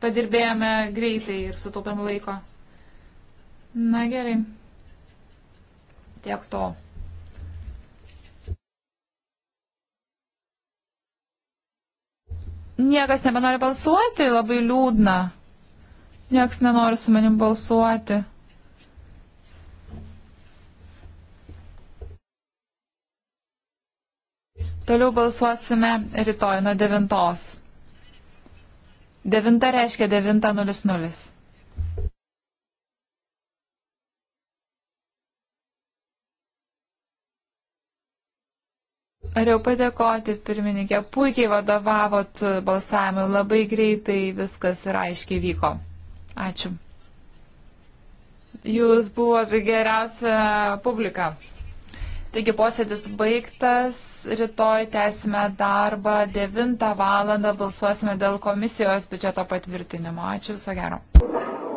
[SPEAKER 2] padirbėjome greitai ir sutaupėm laiko? Na gerai. Tiek to. Niekas nebenori balsuoti, labai liūdna. Niekas nenori su manim balsuoti. Toliau balsuosime rytoj nuo 9. 9 reiškia 9.00. Ar jau padėkoti, pirmininkė, puikiai vadovavot balsavimui, labai greitai viskas ir aiškiai vyko. Ačiū. Jūs buvot geriausia publika. Taigi posėdis baigtas, rytoj tęsime darbą, 9 val. balsuosime dėl komisijos biudžeto patvirtinimo. Ačiū, viso gero.